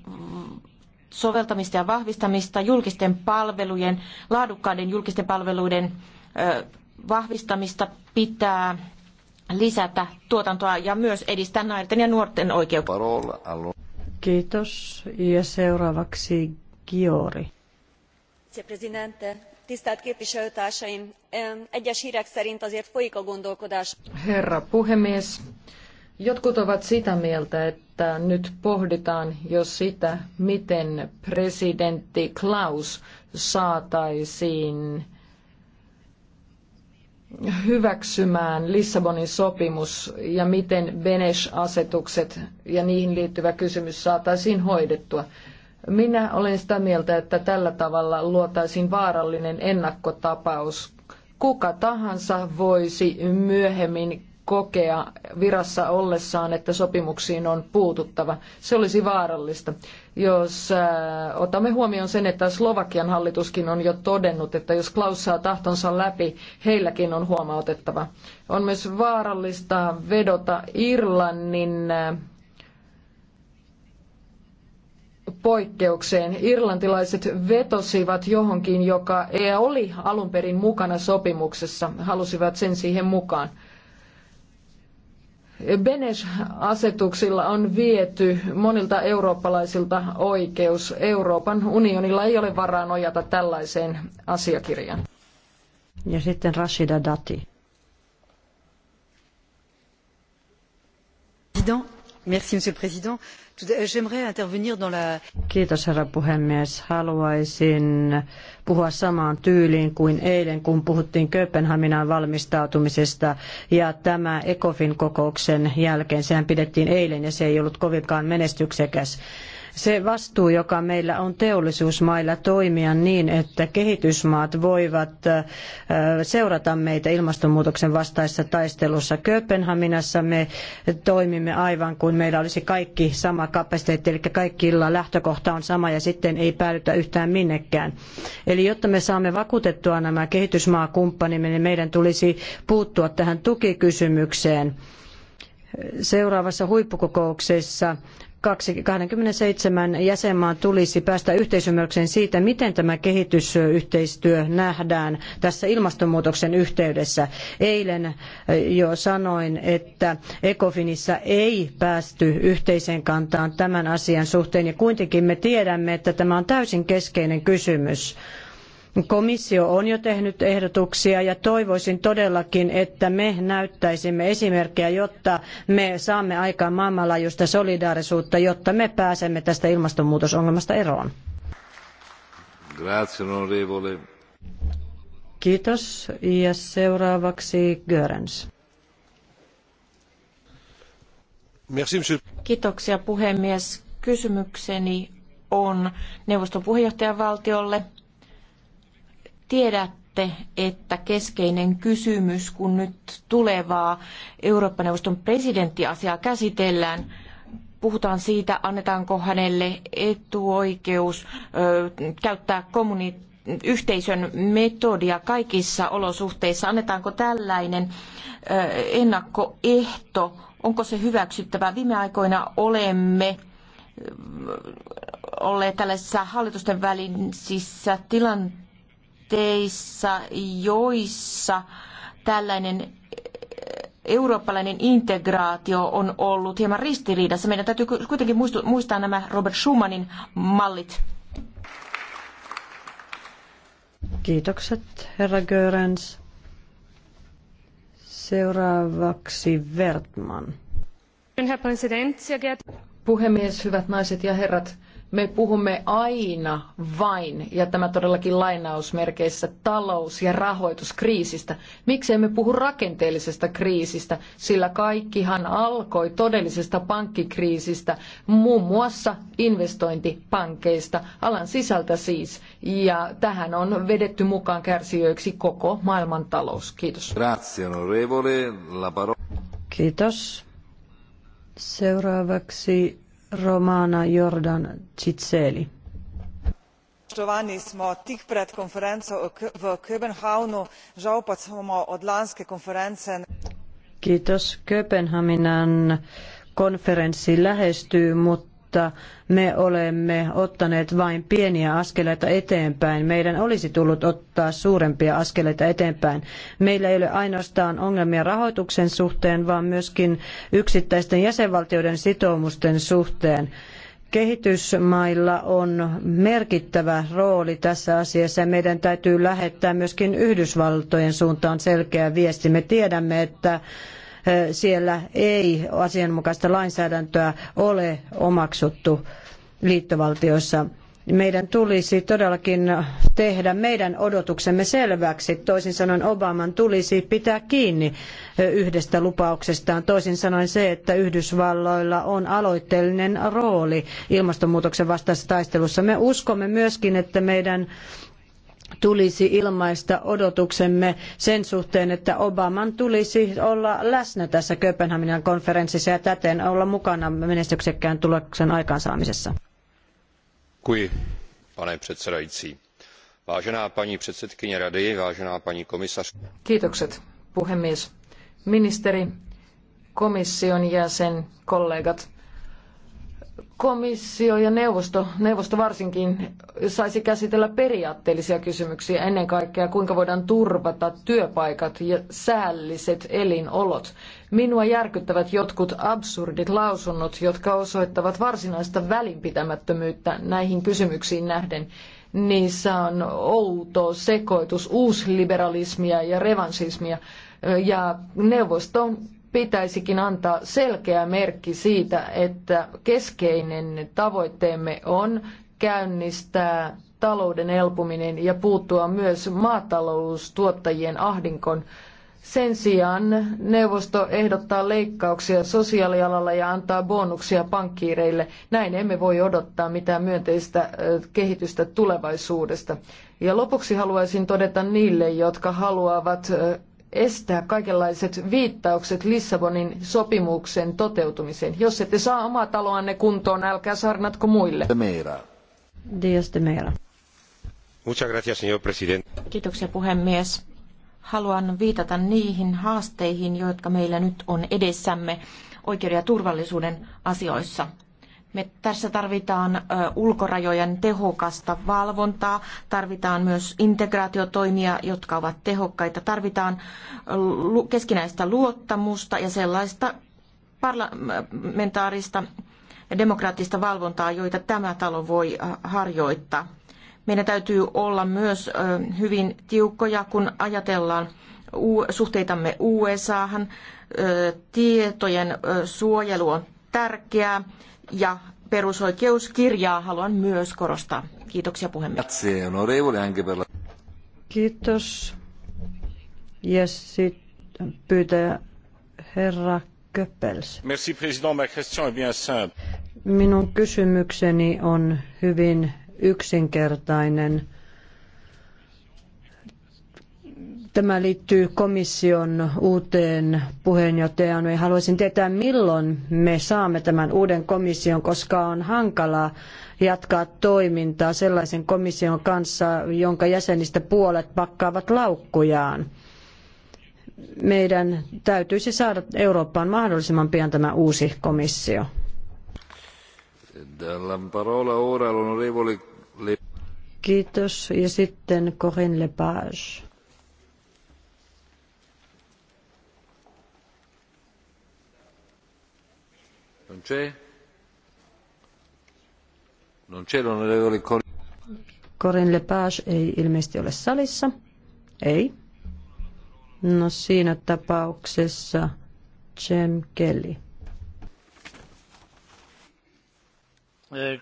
soveltamista ja vahvistamista, julkisten palvelujen, laadukkaiden julkisten palveluiden vahvistamista pitää lisätä tuotantoa ja myös edistää naisten ja nuorten oikeuksia. Kiitos. Ja seuraavaksi Giori. Herra puhemies, jotkut ovat sitä mieltä, että nyt pohditaan jo sitä, miten presidentti Klaus saataisiin hyväksymään Lissabonin sopimus ja miten Benes-asetukset ja niihin liittyvä kysymys saataisiin hoidettua. Minä olen sitä mieltä, että tällä tavalla luotaisiin vaarallinen ennakkotapaus. Kuka tahansa voisi myöhemmin kokea virassa ollessaan, että sopimuksiin on puututtava. Se olisi vaarallista. Jos äh, otamme huomioon sen, että Slovakian hallituskin on jo todennut, että jos Klaus saa tahtonsa läpi, heilläkin on huomautettava. On myös vaarallista vedota Irlannin äh, poikkeukseen. Irlantilaiset vetosivat johonkin, joka ei oli alun perin mukana sopimuksessa, halusivat sen siihen mukaan. Benes-asetuksilla on viety monilta eurooppalaisilta oikeus. Euroopan unionilla ei ole varaa nojata tällaiseen asiakirjaan. Ja sitten Rashida Dati. Merci, monsieur le président. Kiitos herra puhemies. Haluaisin puhua samaan tyyliin kuin eilen, kun puhuttiin Kööpenhaminan valmistautumisesta ja tämä ECOFIN kokouksen jälkeen. Sehän pidettiin eilen ja se ei ollut kovinkaan menestyksekäs se vastuu, joka meillä on teollisuusmailla toimia niin, että kehitysmaat voivat seurata meitä ilmastonmuutoksen vastaisessa taistelussa. Kööpenhaminassa me toimimme aivan kuin meillä olisi kaikki sama kapasiteetti, eli kaikilla lähtökohta on sama ja sitten ei päädytä yhtään minnekään. Eli jotta me saamme vakuutettua nämä kehitysmaakumppanimme, niin meidän tulisi puuttua tähän tukikysymykseen seuraavassa huippukokouksessa 27 jäsenmaan tulisi päästä yhteisymmärrykseen siitä, miten tämä kehitysyhteistyö nähdään tässä ilmastonmuutoksen yhteydessä. Eilen jo sanoin, että Ecofinissa ei päästy yhteiseen kantaan tämän asian suhteen ja kuitenkin me tiedämme, että tämä on täysin keskeinen kysymys. Komissio on jo tehnyt ehdotuksia ja toivoisin todellakin, että me näyttäisimme esimerkkejä, jotta me saamme aikaan maailmanlaajuista solidaarisuutta, jotta me pääsemme tästä ilmastonmuutosongelmasta eroon. Kiitos. Ja seuraavaksi Görens. Kiitoksia puhemies. Kysymykseni on neuvoston puheenjohtajavaltiolle. valtiolle Tiedätte, että keskeinen kysymys, kun nyt tulevaa Eurooppa-neuvoston presidenttiasiaa käsitellään, puhutaan siitä, annetaanko hänelle etuoikeus ö, käyttää kommuni- yhteisön metodia kaikissa olosuhteissa. Annetaanko tällainen ö, ennakkoehto, onko se hyväksyttävä? Viime aikoina olemme olleet tällaisissa hallitusten välisissä tilanteissa tilanteissa, joissa tällainen eh, eurooppalainen integraatio on ollut hieman ristiriidassa. Meidän täytyy kuitenkin muistaa nämä Robert Schumannin mallit. Kiitokset, herra Görens. Seuraavaksi Wertman. Puhemies, hyvät naiset ja herrat me puhumme aina vain, ja tämä todellakin lainausmerkeissä, talous- ja rahoituskriisistä. Miksei me puhu rakenteellisesta kriisistä, sillä kaikkihan alkoi todellisesta pankkikriisistä, muun muassa investointipankkeista, alan sisältä siis. Ja tähän on vedetty mukaan kärsijöiksi koko maailmantalous. Kiitos. Grazie, onorevole. La Kiitos. Seuraavaksi Romana Jordan Ciceli. Spoštovani smo tik pred konferenco v Köbenhavnu, žal pa smo od lanske konference. Kiitos. konferenssi lähestyy, mutta mutta me olemme ottaneet vain pieniä askeleita eteenpäin. Meidän olisi tullut ottaa suurempia askeleita eteenpäin. Meillä ei ole ainoastaan ongelmia rahoituksen suhteen, vaan myöskin yksittäisten jäsenvaltioiden sitoumusten suhteen kehitysmailla on merkittävä rooli tässä asiassa ja meidän täytyy lähettää myöskin Yhdysvaltojen suuntaan selkeä viesti. Me tiedämme, että siellä ei asianmukaista lainsäädäntöä ole omaksuttu liittovaltioissa meidän tulisi todellakin tehdä meidän odotuksemme selväksi. Toisin sanoen Obaman tulisi pitää kiinni yhdestä lupauksestaan. Toisin sanoen se, että Yhdysvalloilla on aloitteellinen rooli ilmastonmuutoksen vastaisessa taistelussa. Me uskomme myöskin, että meidän tulisi ilmaista odotuksemme sen suhteen, että Obaman tulisi olla läsnä tässä Kööpenhaminan konferenssissa ja täten olla mukana menestyksekkään tuloksen aikaansaamisessa. Kui, pane předsedající. Vážená paní předsedkyně rady, vážená paní komisař. Kiitokset, puhemies. Ministeri, komission jäsen, kollegat komissio ja neuvosto, neuvosto varsinkin, saisi käsitellä periaatteellisia kysymyksiä ennen kaikkea, kuinka voidaan turvata työpaikat ja säälliset elinolot. Minua järkyttävät jotkut absurdit lausunnot, jotka osoittavat varsinaista välinpitämättömyyttä näihin kysymyksiin nähden. Niissä on outo sekoitus uusliberalismia ja revansismia ja neuvoston pitäisikin antaa selkeä merkki siitä, että keskeinen tavoitteemme on käynnistää talouden elpuminen ja puuttua myös maataloustuottajien ahdinkoon. Sen sijaan neuvosto ehdottaa leikkauksia sosiaalialalla ja antaa bonuksia pankkiireille. Näin emme voi odottaa mitään myönteistä kehitystä tulevaisuudesta. Ja lopuksi haluaisin todeta niille, jotka haluavat estää kaikenlaiset viittaukset Lissabonin sopimuksen toteutumiseen. Jos ette saa omaa taloanne kuntoon, älkää sarnatko muille. Dios de Meira. Muchas gracias, señor presidente. Kiitoksia puhemies. Haluan viitata niihin haasteihin, jotka meillä nyt on edessämme oikeuden ja turvallisuuden asioissa. Me tässä tarvitaan ulkorajojen tehokasta valvontaa, tarvitaan myös integraatiotoimia, jotka ovat tehokkaita, tarvitaan keskinäistä luottamusta ja sellaista parlamentaarista demokraattista valvontaa, joita tämä talo voi harjoittaa. Meidän täytyy olla myös hyvin tiukkoja, kun ajatellaan suhteitamme USAhan. Tietojen suojelu on tärkeää ja perusoikeuskirjaa haluan myös korostaa. Kiitoksia puhemies. Kiitos. Ja sitten pyytää herra Köppels. Merci, président. Ma question est bien simple. Minun kysymykseni on hyvin yksinkertainen. Tämä liittyy komission uuteen puheenjohtajaan. Me haluaisin tietää, milloin me saamme tämän uuden komission, koska on hankalaa jatkaa toimintaa sellaisen komission kanssa, jonka jäsenistä puolet pakkaavat laukkujaan. Meidän täytyisi saada Eurooppaan mahdollisimman pian tämä uusi komissio. Kiitos. Ja sitten Corinne Lepage. Non c'è? l'onorevole Corin. Corin Lepage ei ilmeisesti ole salissa. Ei. No siinä tapauksessa Jem Kelly. Eh,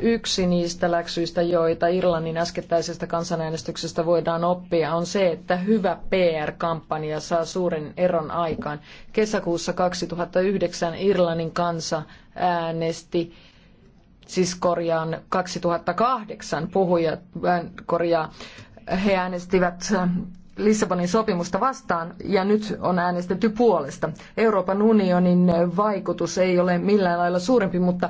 Yksi niistä läksyistä, joita Irlannin äskettäisestä kansanäänestyksestä voidaan oppia, on se, että hyvä PR-kampanja saa suuren eron aikaan. Kesäkuussa 2009 Irlannin kansa äänesti siis korjaan 2008 puhuja korjaa he äänestivät Lissabonin sopimusta vastaan ja nyt on äänestetty puolesta. Euroopan unionin vaikutus ei ole millään lailla suurempi, mutta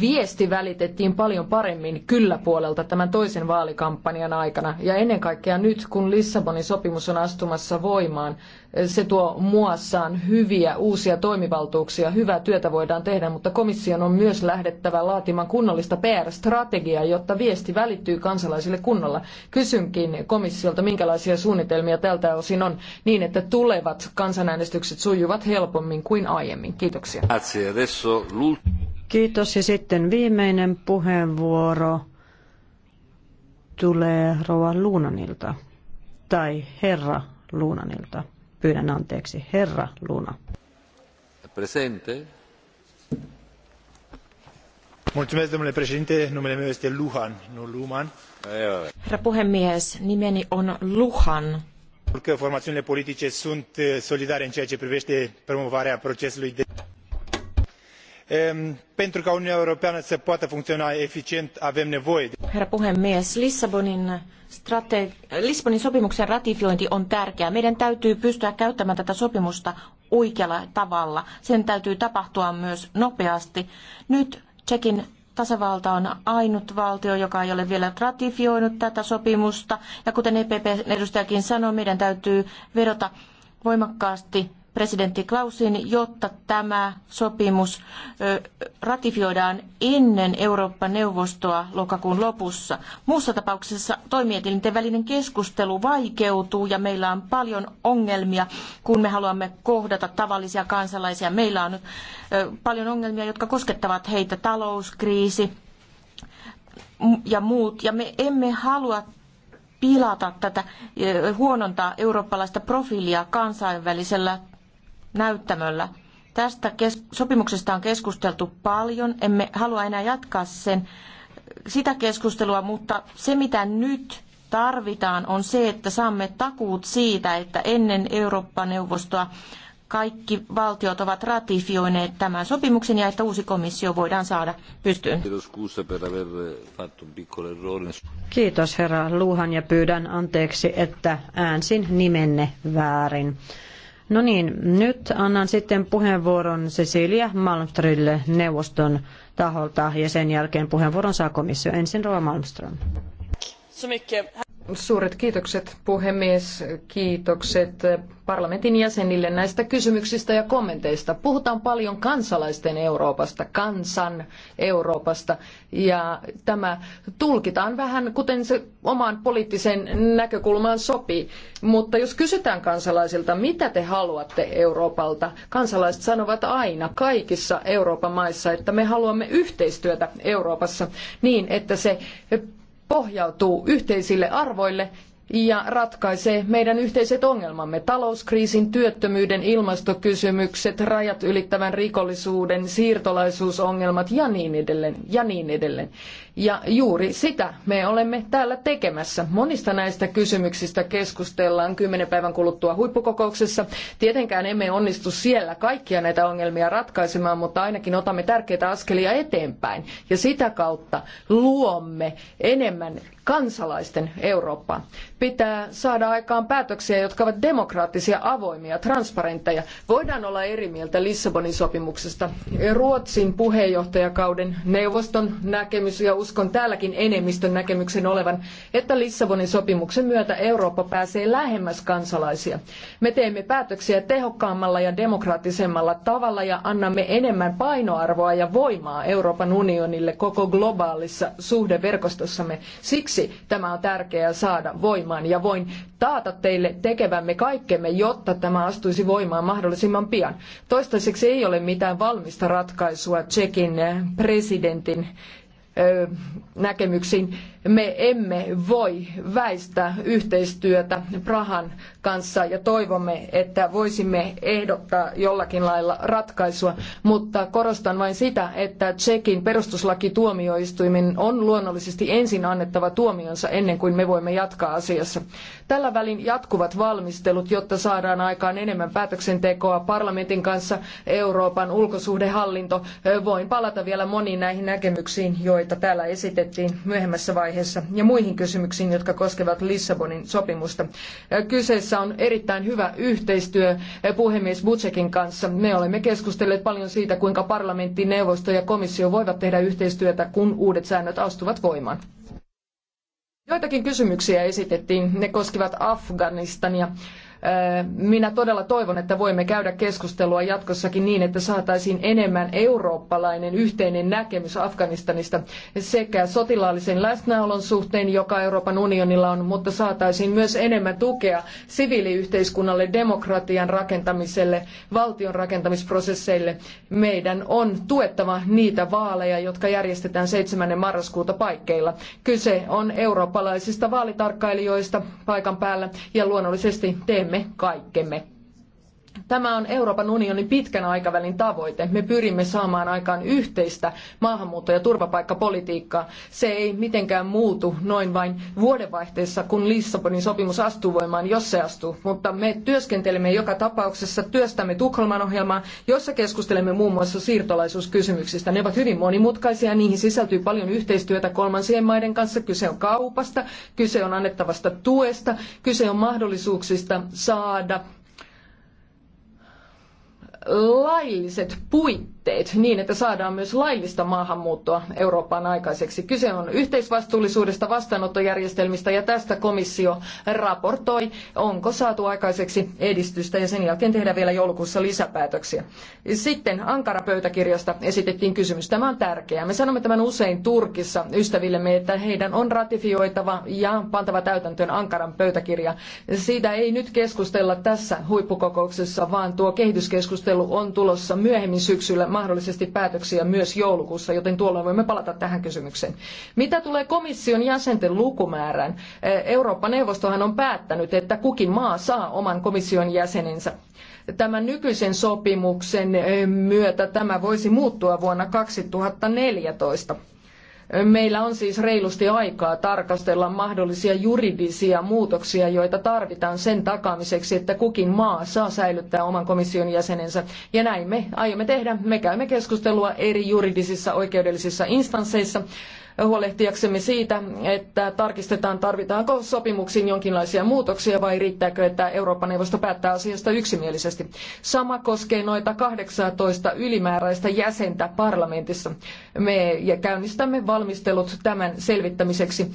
viesti välitettiin paljon paremmin kyllä puolelta tämän toisen vaalikampanjan aikana. Ja ennen kaikkea nyt, kun Lissabonin sopimus on astumassa voimaan, se tuo muassaan hyviä uusia toimivaltuuksia. Hyvää työtä voidaan tehdä, mutta komission on myös lähdettävä laatimaan kunnollista PR-strategiaa, jotta viesti välittyy kansalaisille kunnolla. Kysynkin komissiolta, minkälaisia suunnitelmia tältä osin on niin, että tulevat kansanäänestykset sujuvat helpommin kuin aiemmin. Kiitoksia. Kiitos ja sitten viimeinen puheenvuoro tulee Rova Luunanilta tai Herra Luunanilta. Pyydän anteeksi. Herra Luna. Presente. Mulțumesc, domnule președinte. Numele meu este Luhan, nu Luman. Herra puhemies, nimeni on Luhan. Că formațiunile politice sunt eh, solidare în ceea ce privește promovarea procesului de pentru ca uniunea europeană să poată funcționa eficient avem nevoie de. herra puhemies lissabonin strate- Lisbonin sopimuksen ratifiointi on tärkeää. Meidän täytyy pystyä käyttämään tätä sopimusta oikealla tavalla. Sen täytyy tapahtua myös nopeasti. Nyt Tsekin tasavalta on ainut valtio, joka ei ole vielä ratifioinut tätä sopimusta. Ja kuten EPP-edustajakin sanoi, meidän täytyy vedota voimakkaasti presidentti Klausin, jotta tämä sopimus ratifioidaan ennen Eurooppa-neuvostoa lokakuun lopussa. Muussa tapauksessa toimielinten välinen keskustelu vaikeutuu ja meillä on paljon ongelmia, kun me haluamme kohdata tavallisia kansalaisia. Meillä on paljon ongelmia, jotka koskettavat heitä talouskriisi ja muut, ja me emme halua pilata tätä, huonontaa eurooppalaista profiilia kansainvälisellä näyttämöllä. Tästä kes- sopimuksesta on keskusteltu paljon, emme halua enää jatkaa sen, sitä keskustelua, mutta se mitä nyt tarvitaan on se, että saamme takuut siitä, että ennen Eurooppa-neuvostoa kaikki valtiot ovat ratifioineet tämän sopimuksen ja että uusi komissio voidaan saada pystyyn. Kiitos herra Luhan ja pyydän anteeksi, että äänsin nimenne väärin. No niin, nyt annan sitten puheenvuoron Cecilia Malmströmille neuvoston taholta ja sen jälkeen puheenvuoron saa komissio. Ensin Rova Malmström. Suuret kiitokset puhemies, kiitokset parlamentin jäsenille näistä kysymyksistä ja kommenteista. Puhutaan paljon kansalaisten Euroopasta, kansan Euroopasta ja tämä tulkitaan vähän kuten se omaan poliittiseen näkökulmaan sopii. Mutta jos kysytään kansalaisilta, mitä te haluatte Euroopalta, kansalaiset sanovat aina kaikissa Euroopan maissa, että me haluamme yhteistyötä Euroopassa niin, että se pohjautuu yhteisille arvoille ja ratkaisee meidän yhteiset ongelmamme, talouskriisin, työttömyyden, ilmastokysymykset, rajat ylittävän rikollisuuden, siirtolaisuusongelmat ja niin edelleen. Ja niin edelleen. Ja juuri sitä me olemme täällä tekemässä. Monista näistä kysymyksistä keskustellaan kymmenen päivän kuluttua huippukokouksessa. Tietenkään emme onnistu siellä kaikkia näitä ongelmia ratkaisemaan, mutta ainakin otamme tärkeitä askelia eteenpäin. Ja sitä kautta luomme enemmän kansalaisten Eurooppaa. Pitää saada aikaan päätöksiä, jotka ovat demokraattisia, avoimia, transparentteja. Voidaan olla eri mieltä Lissabonin sopimuksesta. Ruotsin puheenjohtajakauden neuvoston näkemys ja uskon täälläkin enemmistön näkemyksen olevan, että Lissabonin sopimuksen myötä Eurooppa pääsee lähemmäs kansalaisia. Me teemme päätöksiä tehokkaammalla ja demokraattisemmalla tavalla ja annamme enemmän painoarvoa ja voimaa Euroopan unionille koko globaalissa suhdeverkostossamme. Siksi tämä on tärkeää saada voimaan ja voin taata teille tekevämme kaikkemme, jotta tämä astuisi voimaan mahdollisimman pian. Toistaiseksi ei ole mitään valmista ratkaisua Tsekin presidentin näkemyksiin me emme voi väistää yhteistyötä Prahan kanssa ja toivomme, että voisimme ehdottaa jollakin lailla ratkaisua, mutta korostan vain sitä, että Tsekin perustuslakituomioistuimen on luonnollisesti ensin annettava tuomionsa ennen kuin me voimme jatkaa asiassa. Tällä välin jatkuvat valmistelut, jotta saadaan aikaan enemmän päätöksentekoa parlamentin kanssa, Euroopan ulkosuhdehallinto. Voin palata vielä moniin näihin näkemyksiin, joita täällä esitettiin myöhemmässä vaiheessa alkuvaiheessa ja muihin kysymyksiin, jotka koskevat Lissabonin sopimusta. Kyseessä on erittäin hyvä yhteistyö puhemies Butsekin kanssa. Me olemme keskustelleet paljon siitä, kuinka parlamentti, neuvosto ja komissio voivat tehdä yhteistyötä, kun uudet säännöt astuvat voimaan. Joitakin kysymyksiä esitettiin. Ne koskivat Afganistania. Minä todella toivon, että voimme käydä keskustelua jatkossakin niin, että saataisiin enemmän eurooppalainen yhteinen näkemys Afganistanista sekä sotilaallisen läsnäolon suhteen, joka Euroopan unionilla on, mutta saataisiin myös enemmän tukea siviiliyhteiskunnalle, demokratian rakentamiselle, valtion rakentamisprosesseille. Meidän on tuettava niitä vaaleja, jotka järjestetään 7. marraskuuta paikkeilla. Kyse on eurooppalaisista vaalitarkkailijoista paikan päällä ja luonnollisesti teemme teemme kaikkemme. Tämä on Euroopan unionin pitkän aikavälin tavoite. Me pyrimme saamaan aikaan yhteistä maahanmuutto- ja turvapaikkapolitiikkaa. Se ei mitenkään muutu noin vain vuodenvaihteessa, kun Lissabonin sopimus astuu voimaan, jos se astuu. Mutta me työskentelemme joka tapauksessa, työstämme Tukholman ohjelmaa, jossa keskustelemme muun muassa siirtolaisuuskysymyksistä. Ne ovat hyvin monimutkaisia ja niihin sisältyy paljon yhteistyötä kolmansien maiden kanssa. Kyse on kaupasta, kyse on annettavasta tuesta, kyse on mahdollisuuksista saada lailliset puitteet puitteet niin, että saadaan myös laillista maahanmuuttoa Eurooppaan aikaiseksi. Kyse on yhteisvastuullisuudesta, vastaanottojärjestelmistä ja tästä komissio raportoi, onko saatu aikaiseksi edistystä ja sen jälkeen tehdään vielä joulukuussa lisäpäätöksiä. Sitten Ankara-pöytäkirjasta esitettiin kysymys. Tämä on tärkeää. Me sanomme tämän usein Turkissa ystävillemme, että heidän on ratifioitava ja pantava täytäntöön Ankaran pöytäkirja. Siitä ei nyt keskustella tässä huippukokouksessa, vaan tuo kehityskeskustelu on tulossa myöhemmin syksyllä mahdollisesti päätöksiä myös joulukuussa, joten tuolloin voimme palata tähän kysymykseen. Mitä tulee komission jäsenten lukumäärään? Eh, Eurooppa-neuvostohan on päättänyt, että kukin maa saa oman komission jäsenensä tämän nykyisen sopimuksen eh, myötä tämä voisi muuttua vuonna 2014. Meillä on siis reilusti aikaa tarkastella mahdollisia juridisia muutoksia, joita tarvitaan sen takaamiseksi, että kukin maa saa säilyttää oman komission jäsenensä. Ja näin me aiomme tehdä. Me käymme keskustelua eri juridisissa oikeudellisissa instansseissa huolehtiaksemme siitä, että tarkistetaan tarvitaanko sopimuksiin jonkinlaisia muutoksia vai riittääkö, että Euroopan neuvosto päättää asiasta yksimielisesti. Sama koskee noita 18 ylimääräistä jäsentä parlamentissa. Me käynnistämme valmistelut tämän selvittämiseksi.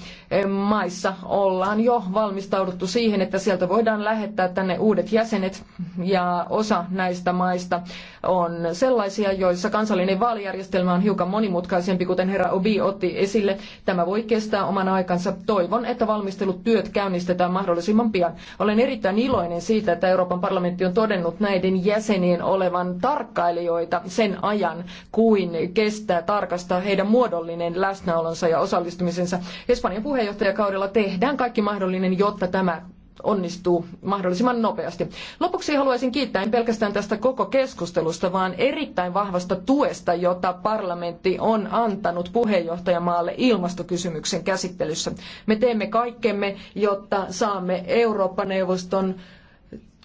Maissa ollaan jo valmistauduttu siihen, että sieltä voidaan lähettää tänne uudet jäsenet ja osa näistä maista on sellaisia, joissa kansallinen vaalijärjestelmä on hiukan monimutkaisempi, kuten herra Obi otti esille. Tämä voi kestää oman aikansa. Toivon, että valmistelut työt käynnistetään mahdollisimman pian. Olen erittäin iloinen siitä, että Euroopan parlamentti on todennut näiden jäsenien olevan tarkkailijoita sen ajan, kuin kestää tarkastaa heidän muodollinen läsnäolonsa ja osallistumisensa. Espanjan puheenjohtajakaudella tehdään kaikki mahdollinen, jotta tämä onnistuu mahdollisimman nopeasti. Lopuksi haluaisin kiittää en pelkästään tästä koko keskustelusta, vaan erittäin vahvasta tuesta, jota parlamentti on antanut puheenjohtajamaalle ilmastokysymyksen käsittelyssä. Me teemme kaikkemme, jotta saamme Eurooppa-neuvoston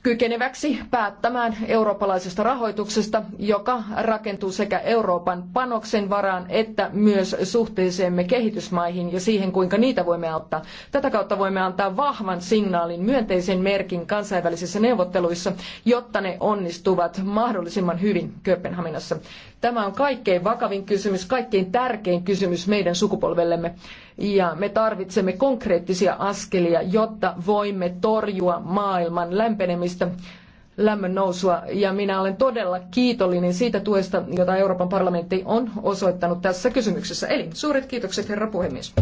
kykeneväksi päättämään eurooppalaisesta rahoituksesta, joka rakentuu sekä Euroopan panoksen varaan että myös suhteeseemme kehitysmaihin ja siihen, kuinka niitä voimme auttaa. Tätä kautta voimme antaa vahvan signaalin, myönteisen merkin kansainvälisissä neuvotteluissa, jotta ne onnistuvat mahdollisimman hyvin Kööpenhaminassa. Tämä on kaikkein vakavin kysymys, kaikkein tärkein kysymys meidän sukupolvellemme. Ja me tarvitsemme konkreettisia askelia, jotta voimme torjua maailman lämpenemistä lämmön nousua ja minä olen todella kiitollinen siitä tuesta, jota Euroopan parlamentti on osoittanut tässä kysymyksessä. Eli suuret kiitokset herra puhemies.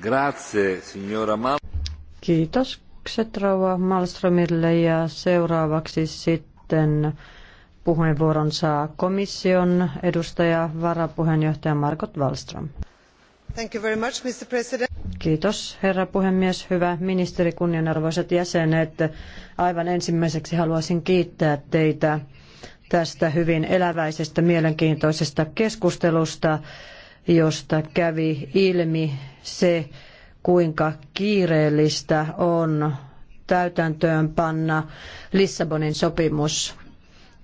Grazie, signora Mal- rouva Malmströmille ja seuraavaksi sitten Puheenvuoron saa komission edustaja, varapuheenjohtaja Margot Wallström. Thank you very much, Mr. President. Kiitos, herra puhemies. Hyvä ministeri, kunnianarvoiset jäsenet. Aivan ensimmäiseksi haluaisin kiittää teitä tästä hyvin eläväisestä, mielenkiintoisesta keskustelusta, josta kävi ilmi se, kuinka kiireellistä on täytäntöönpanna Lissabonin sopimus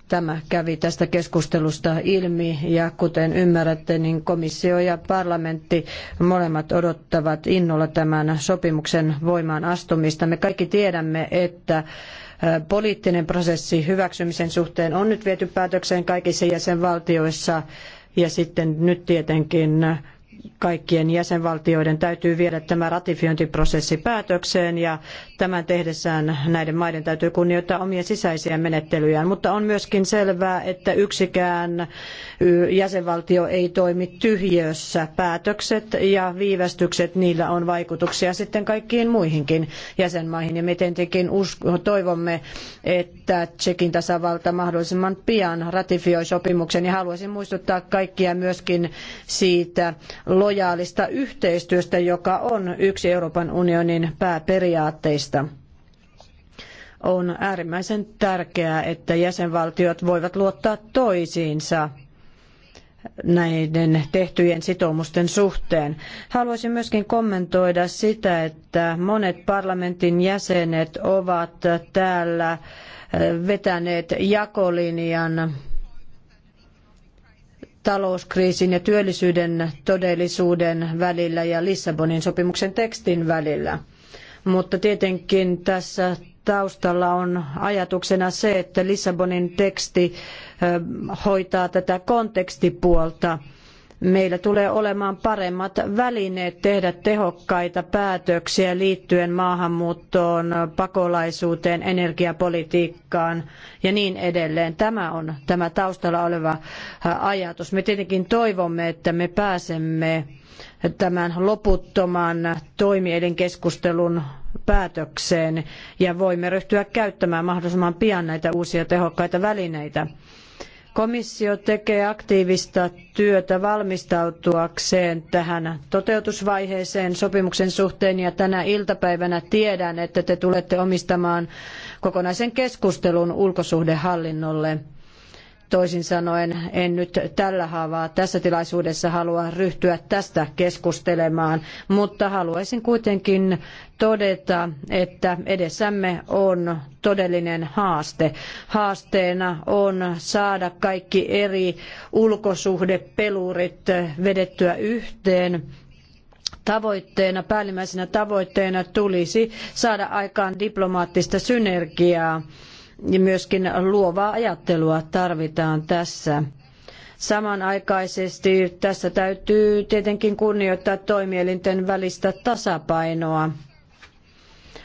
Tämä kävi tästä keskustelusta ilmi ja kuten ymmärrätte, niin komissio ja parlamentti molemmat odottavat innolla tämän sopimuksen voimaan astumista. Me kaikki tiedämme, että äh, poliittinen prosessi hyväksymisen suhteen on nyt viety päätökseen kaikissa jäsenvaltioissa ja sitten nyt tietenkin kaikkien jäsenvaltioiden täytyy viedä tämä ratifiointiprosessi päätökseen ja tämän tehdessään näiden maiden täytyy kunnioittaa omia sisäisiä menettelyjään. Mutta on myöskin selvää, että yksikään jäsenvaltio ei toimi tyhjössä. Päätökset ja viivästykset, niillä on vaikutuksia sitten kaikkiin muihinkin jäsenmaihin. Ja me tietenkin toivomme, että Tsekin tasavalta mahdollisimman pian ratifioi sopimuksen. Ja haluaisin muistuttaa kaikkia myöskin siitä lojaalista yhteistyöstä, joka on yksi Euroopan unionin pääperiaatteista on äärimmäisen tärkeää, että jäsenvaltiot voivat luottaa toisiinsa näiden tehtyjen sitoumusten suhteen. Haluaisin myöskin kommentoida sitä, että monet parlamentin jäsenet ovat täällä vetäneet jakolinjan talouskriisin ja työllisyyden todellisuuden välillä ja Lissabonin sopimuksen tekstin välillä. Mutta tietenkin tässä taustalla on ajatuksena se, että Lissabonin teksti hoitaa tätä kontekstipuolta Meillä tulee olemaan paremmat välineet tehdä tehokkaita päätöksiä liittyen maahanmuuttoon, pakolaisuuteen, energiapolitiikkaan ja niin edelleen. Tämä on tämä taustalla oleva ajatus. Me tietenkin toivomme, että me pääsemme tämän loputtoman toimielinkeskustelun päätökseen ja voimme ryhtyä käyttämään mahdollisimman pian näitä uusia tehokkaita välineitä. Komissio tekee aktiivista työtä valmistautuakseen tähän toteutusvaiheeseen sopimuksen suhteen ja tänä iltapäivänä tiedän, että te tulette omistamaan kokonaisen keskustelun ulkosuhdehallinnolle. Toisin sanoen en nyt tällä haavaa tässä tilaisuudessa halua ryhtyä tästä keskustelemaan, mutta haluaisin kuitenkin todeta, että edessämme on todellinen haaste. Haasteena on saada kaikki eri ulkosuhdepelurit vedettyä yhteen tavoitteena, päällimmäisenä tavoitteena tulisi saada aikaan diplomaattista synergiaa ja myöskin luovaa ajattelua tarvitaan tässä. Samanaikaisesti tässä täytyy tietenkin kunnioittaa toimielinten välistä tasapainoa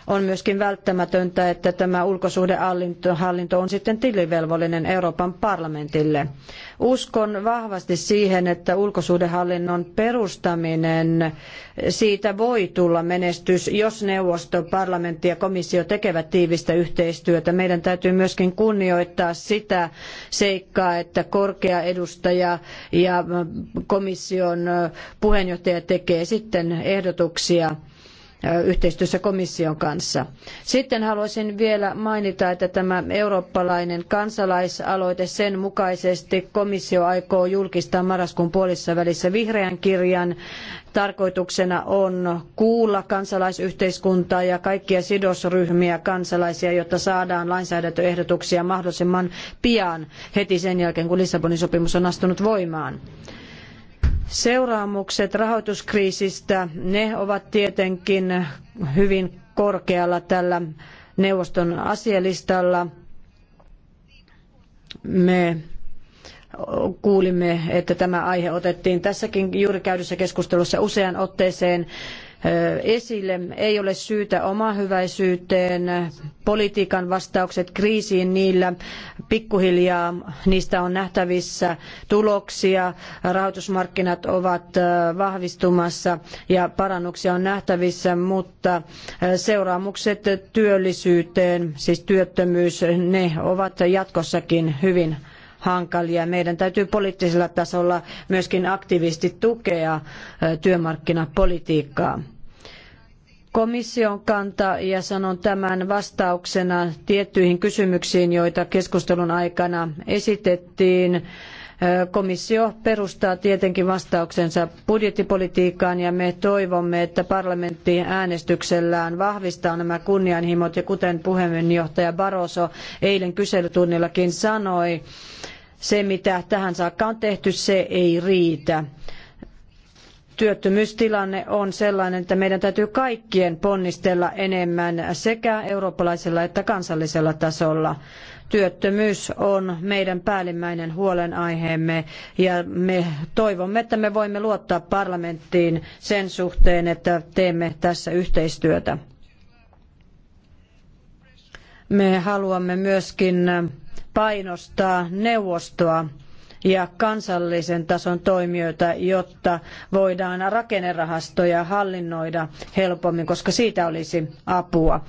on myöskin välttämätöntä, että tämä ulkosuhdehallinto on sitten tilivelvollinen Euroopan parlamentille. Uskon vahvasti siihen, että ulkosuhdehallinnon perustaminen, siitä voi tulla menestys, jos neuvosto, parlamentti ja komissio tekevät tiivistä yhteistyötä. Meidän täytyy myöskin kunnioittaa sitä seikkaa, että korkea edustaja ja komission puheenjohtaja tekee sitten ehdotuksia yhteistyössä komission kanssa. Sitten haluaisin vielä mainita, että tämä eurooppalainen kansalaisaloite sen mukaisesti komissio aikoo julkistaa marraskuun puolessa välissä vihreän kirjan. Tarkoituksena on kuulla kansalaisyhteiskuntaa ja kaikkia sidosryhmiä kansalaisia, jotta saadaan lainsäädäntöehdotuksia mahdollisimman pian heti sen jälkeen, kun Lissabonin sopimus on astunut voimaan. Seuraamukset rahoituskriisistä, ne ovat tietenkin hyvin korkealla tällä neuvoston asialistalla. Me kuulimme, että tämä aihe otettiin tässäkin juuri käydyssä keskustelussa useaan otteeseen esille. Ei ole syytä omahyväisyyteen. Politiikan vastaukset kriisiin niillä pikkuhiljaa niistä on nähtävissä tuloksia. Rahoitusmarkkinat ovat vahvistumassa ja parannuksia on nähtävissä, mutta seuraamukset työllisyyteen, siis työttömyys, ne ovat jatkossakin hyvin hankalia. Meidän täytyy poliittisella tasolla myöskin aktiivisesti tukea työmarkkinapolitiikkaa komission kanta ja sanon tämän vastauksena tiettyihin kysymyksiin, joita keskustelun aikana esitettiin Komissio perustaa tietenkin vastauksensa budjettipolitiikkaan ja me toivomme, että parlamentti äänestyksellään vahvistaa nämä kunnianhimot ja kuten puheenjohtaja Barroso eilen kyselytunnillakin sanoi, se mitä tähän saakka on tehty, se ei riitä työttömyystilanne on sellainen, että meidän täytyy kaikkien ponnistella enemmän sekä eurooppalaisella että kansallisella tasolla. Työttömyys on meidän päällimmäinen huolenaiheemme ja me toivomme, että me voimme luottaa parlamenttiin sen suhteen, että teemme tässä yhteistyötä. Me haluamme myöskin painostaa neuvostoa ja kansallisen tason toimijoita, jotta voidaan rakennerahastoja hallinnoida helpommin, koska siitä olisi apua.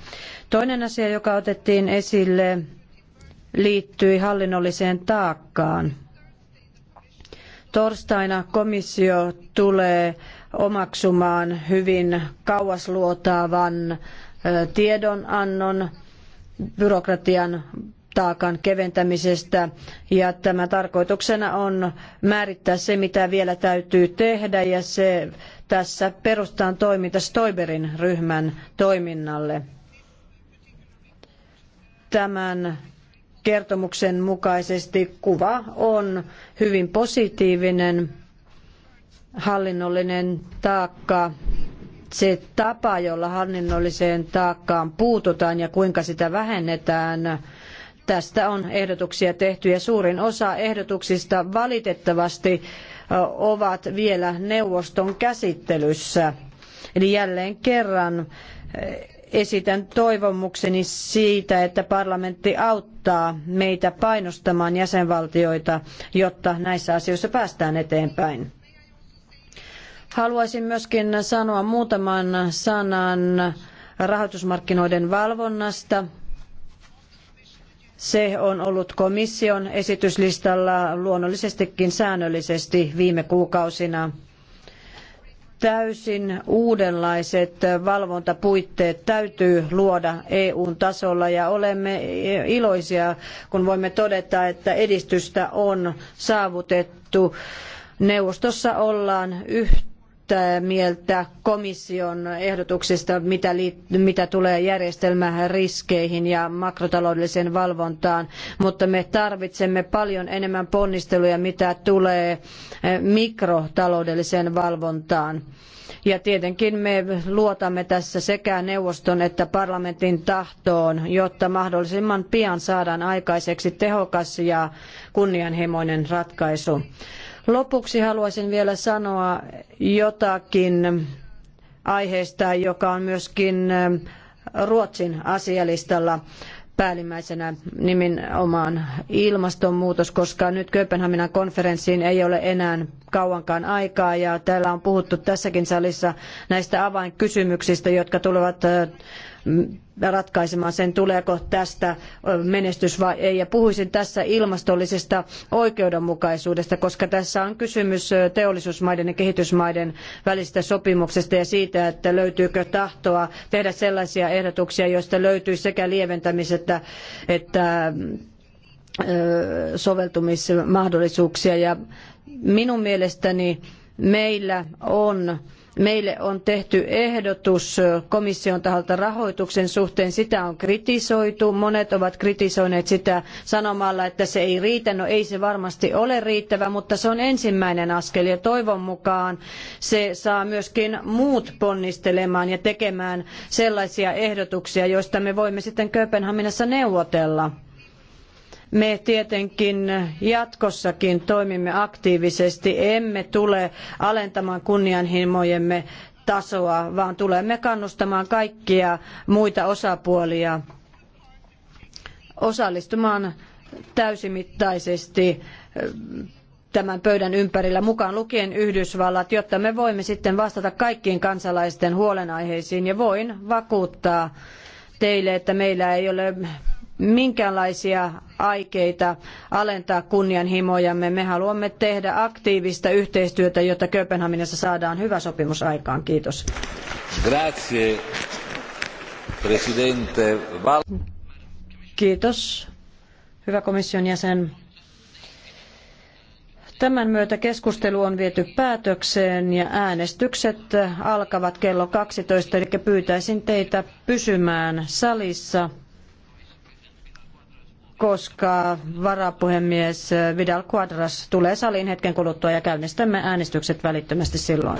Toinen asia, joka otettiin esille, liittyi hallinnolliseen taakkaan. Torstaina komissio tulee omaksumaan hyvin kauasluotaavan tiedonannon byrokratian taakan keventämisestä ja tämä tarkoituksena on määrittää se, mitä vielä täytyy tehdä ja se tässä perustaan toiminta Stoiberin ryhmän toiminnalle. Tämän kertomuksen mukaisesti kuva on hyvin positiivinen hallinnollinen taakka, se tapa, jolla hallinnolliseen taakkaan puututaan ja kuinka sitä vähennetään, tästä on ehdotuksia tehty ja suurin osa ehdotuksista valitettavasti ovat vielä neuvoston käsittelyssä. Eli jälleen kerran esitän toivomukseni siitä, että parlamentti auttaa meitä painostamaan jäsenvaltioita, jotta näissä asioissa päästään eteenpäin. Haluaisin myöskin sanoa muutaman sanan rahoitusmarkkinoiden valvonnasta. Se on ollut komission esityslistalla luonnollisestikin säännöllisesti viime kuukausina täysin uudenlaiset valvontapuitteet täytyy luoda EUn tasolla ja olemme iloisia, kun voimme todeta, että edistystä on saavutettu. Neuvostossa ollaan yhtä mieltä komission ehdotuksista, mitä, mitä tulee järjestelmään riskeihin ja makrotaloudelliseen valvontaan, mutta me tarvitsemme paljon enemmän ponnisteluja, mitä tulee eh, mikrotaloudelliseen valvontaan. Ja tietenkin me luotamme tässä sekä neuvoston että parlamentin tahtoon, jotta mahdollisimman pian saadaan aikaiseksi tehokas ja kunnianhimoinen ratkaisu. Lopuksi haluaisin vielä sanoa jotakin aiheesta, joka on myöskin äh, Ruotsin asialistalla päällimmäisenä nimenomaan ilmastonmuutos, koska nyt Kööpenhaminan konferenssiin ei ole enää kauankaan aikaa ja täällä on puhuttu tässäkin salissa näistä avainkysymyksistä, jotka tulevat äh, ratkaisemaan sen, tuleeko tästä menestys vai ei. Ja puhuisin tässä ilmastollisesta oikeudenmukaisuudesta, koska tässä on kysymys teollisuusmaiden ja kehitysmaiden välisestä sopimuksesta ja siitä, että löytyykö tahtoa tehdä sellaisia ehdotuksia, joista löytyy sekä lieventämis- että, että soveltumismahdollisuuksia. Ja minun mielestäni meillä on Meille on tehty ehdotus komission taholta rahoituksen suhteen. Sitä on kritisoitu. Monet ovat kritisoineet sitä sanomalla, että se ei riitä. No ei se varmasti ole riittävä, mutta se on ensimmäinen askel ja toivon mukaan se saa myöskin muut ponnistelemaan ja tekemään sellaisia ehdotuksia, joista me voimme sitten Kööpenhaminassa neuvotella. Me tietenkin jatkossakin toimimme aktiivisesti, emme tule alentamaan kunnianhimojemme tasoa, vaan tulemme kannustamaan kaikkia muita osapuolia osallistumaan täysimittaisesti eh, tämän pöydän ympärillä mukaan lukien Yhdysvallat, jotta me voimme sitten vastata kaikkiin kansalaisten huolenaiheisiin. Ja voin vakuuttaa teille, että meillä ei ole minkäänlaisia aikeita alentaa kunnianhimojamme. Me haluamme tehdä aktiivista yhteistyötä, jotta Kööpenhaminassa saadaan hyvä sopimus aikaan. Kiitos. Grazie, presidente Val- Kiitos, hyvä komission jäsen. Tämän myötä keskustelu on viety päätökseen ja äänestykset alkavat kello 12, eli pyytäisin teitä pysymään salissa koska varapuhemies Vidal Quadras tulee saliin hetken kuluttua ja käynnistämme äänestykset välittömästi silloin.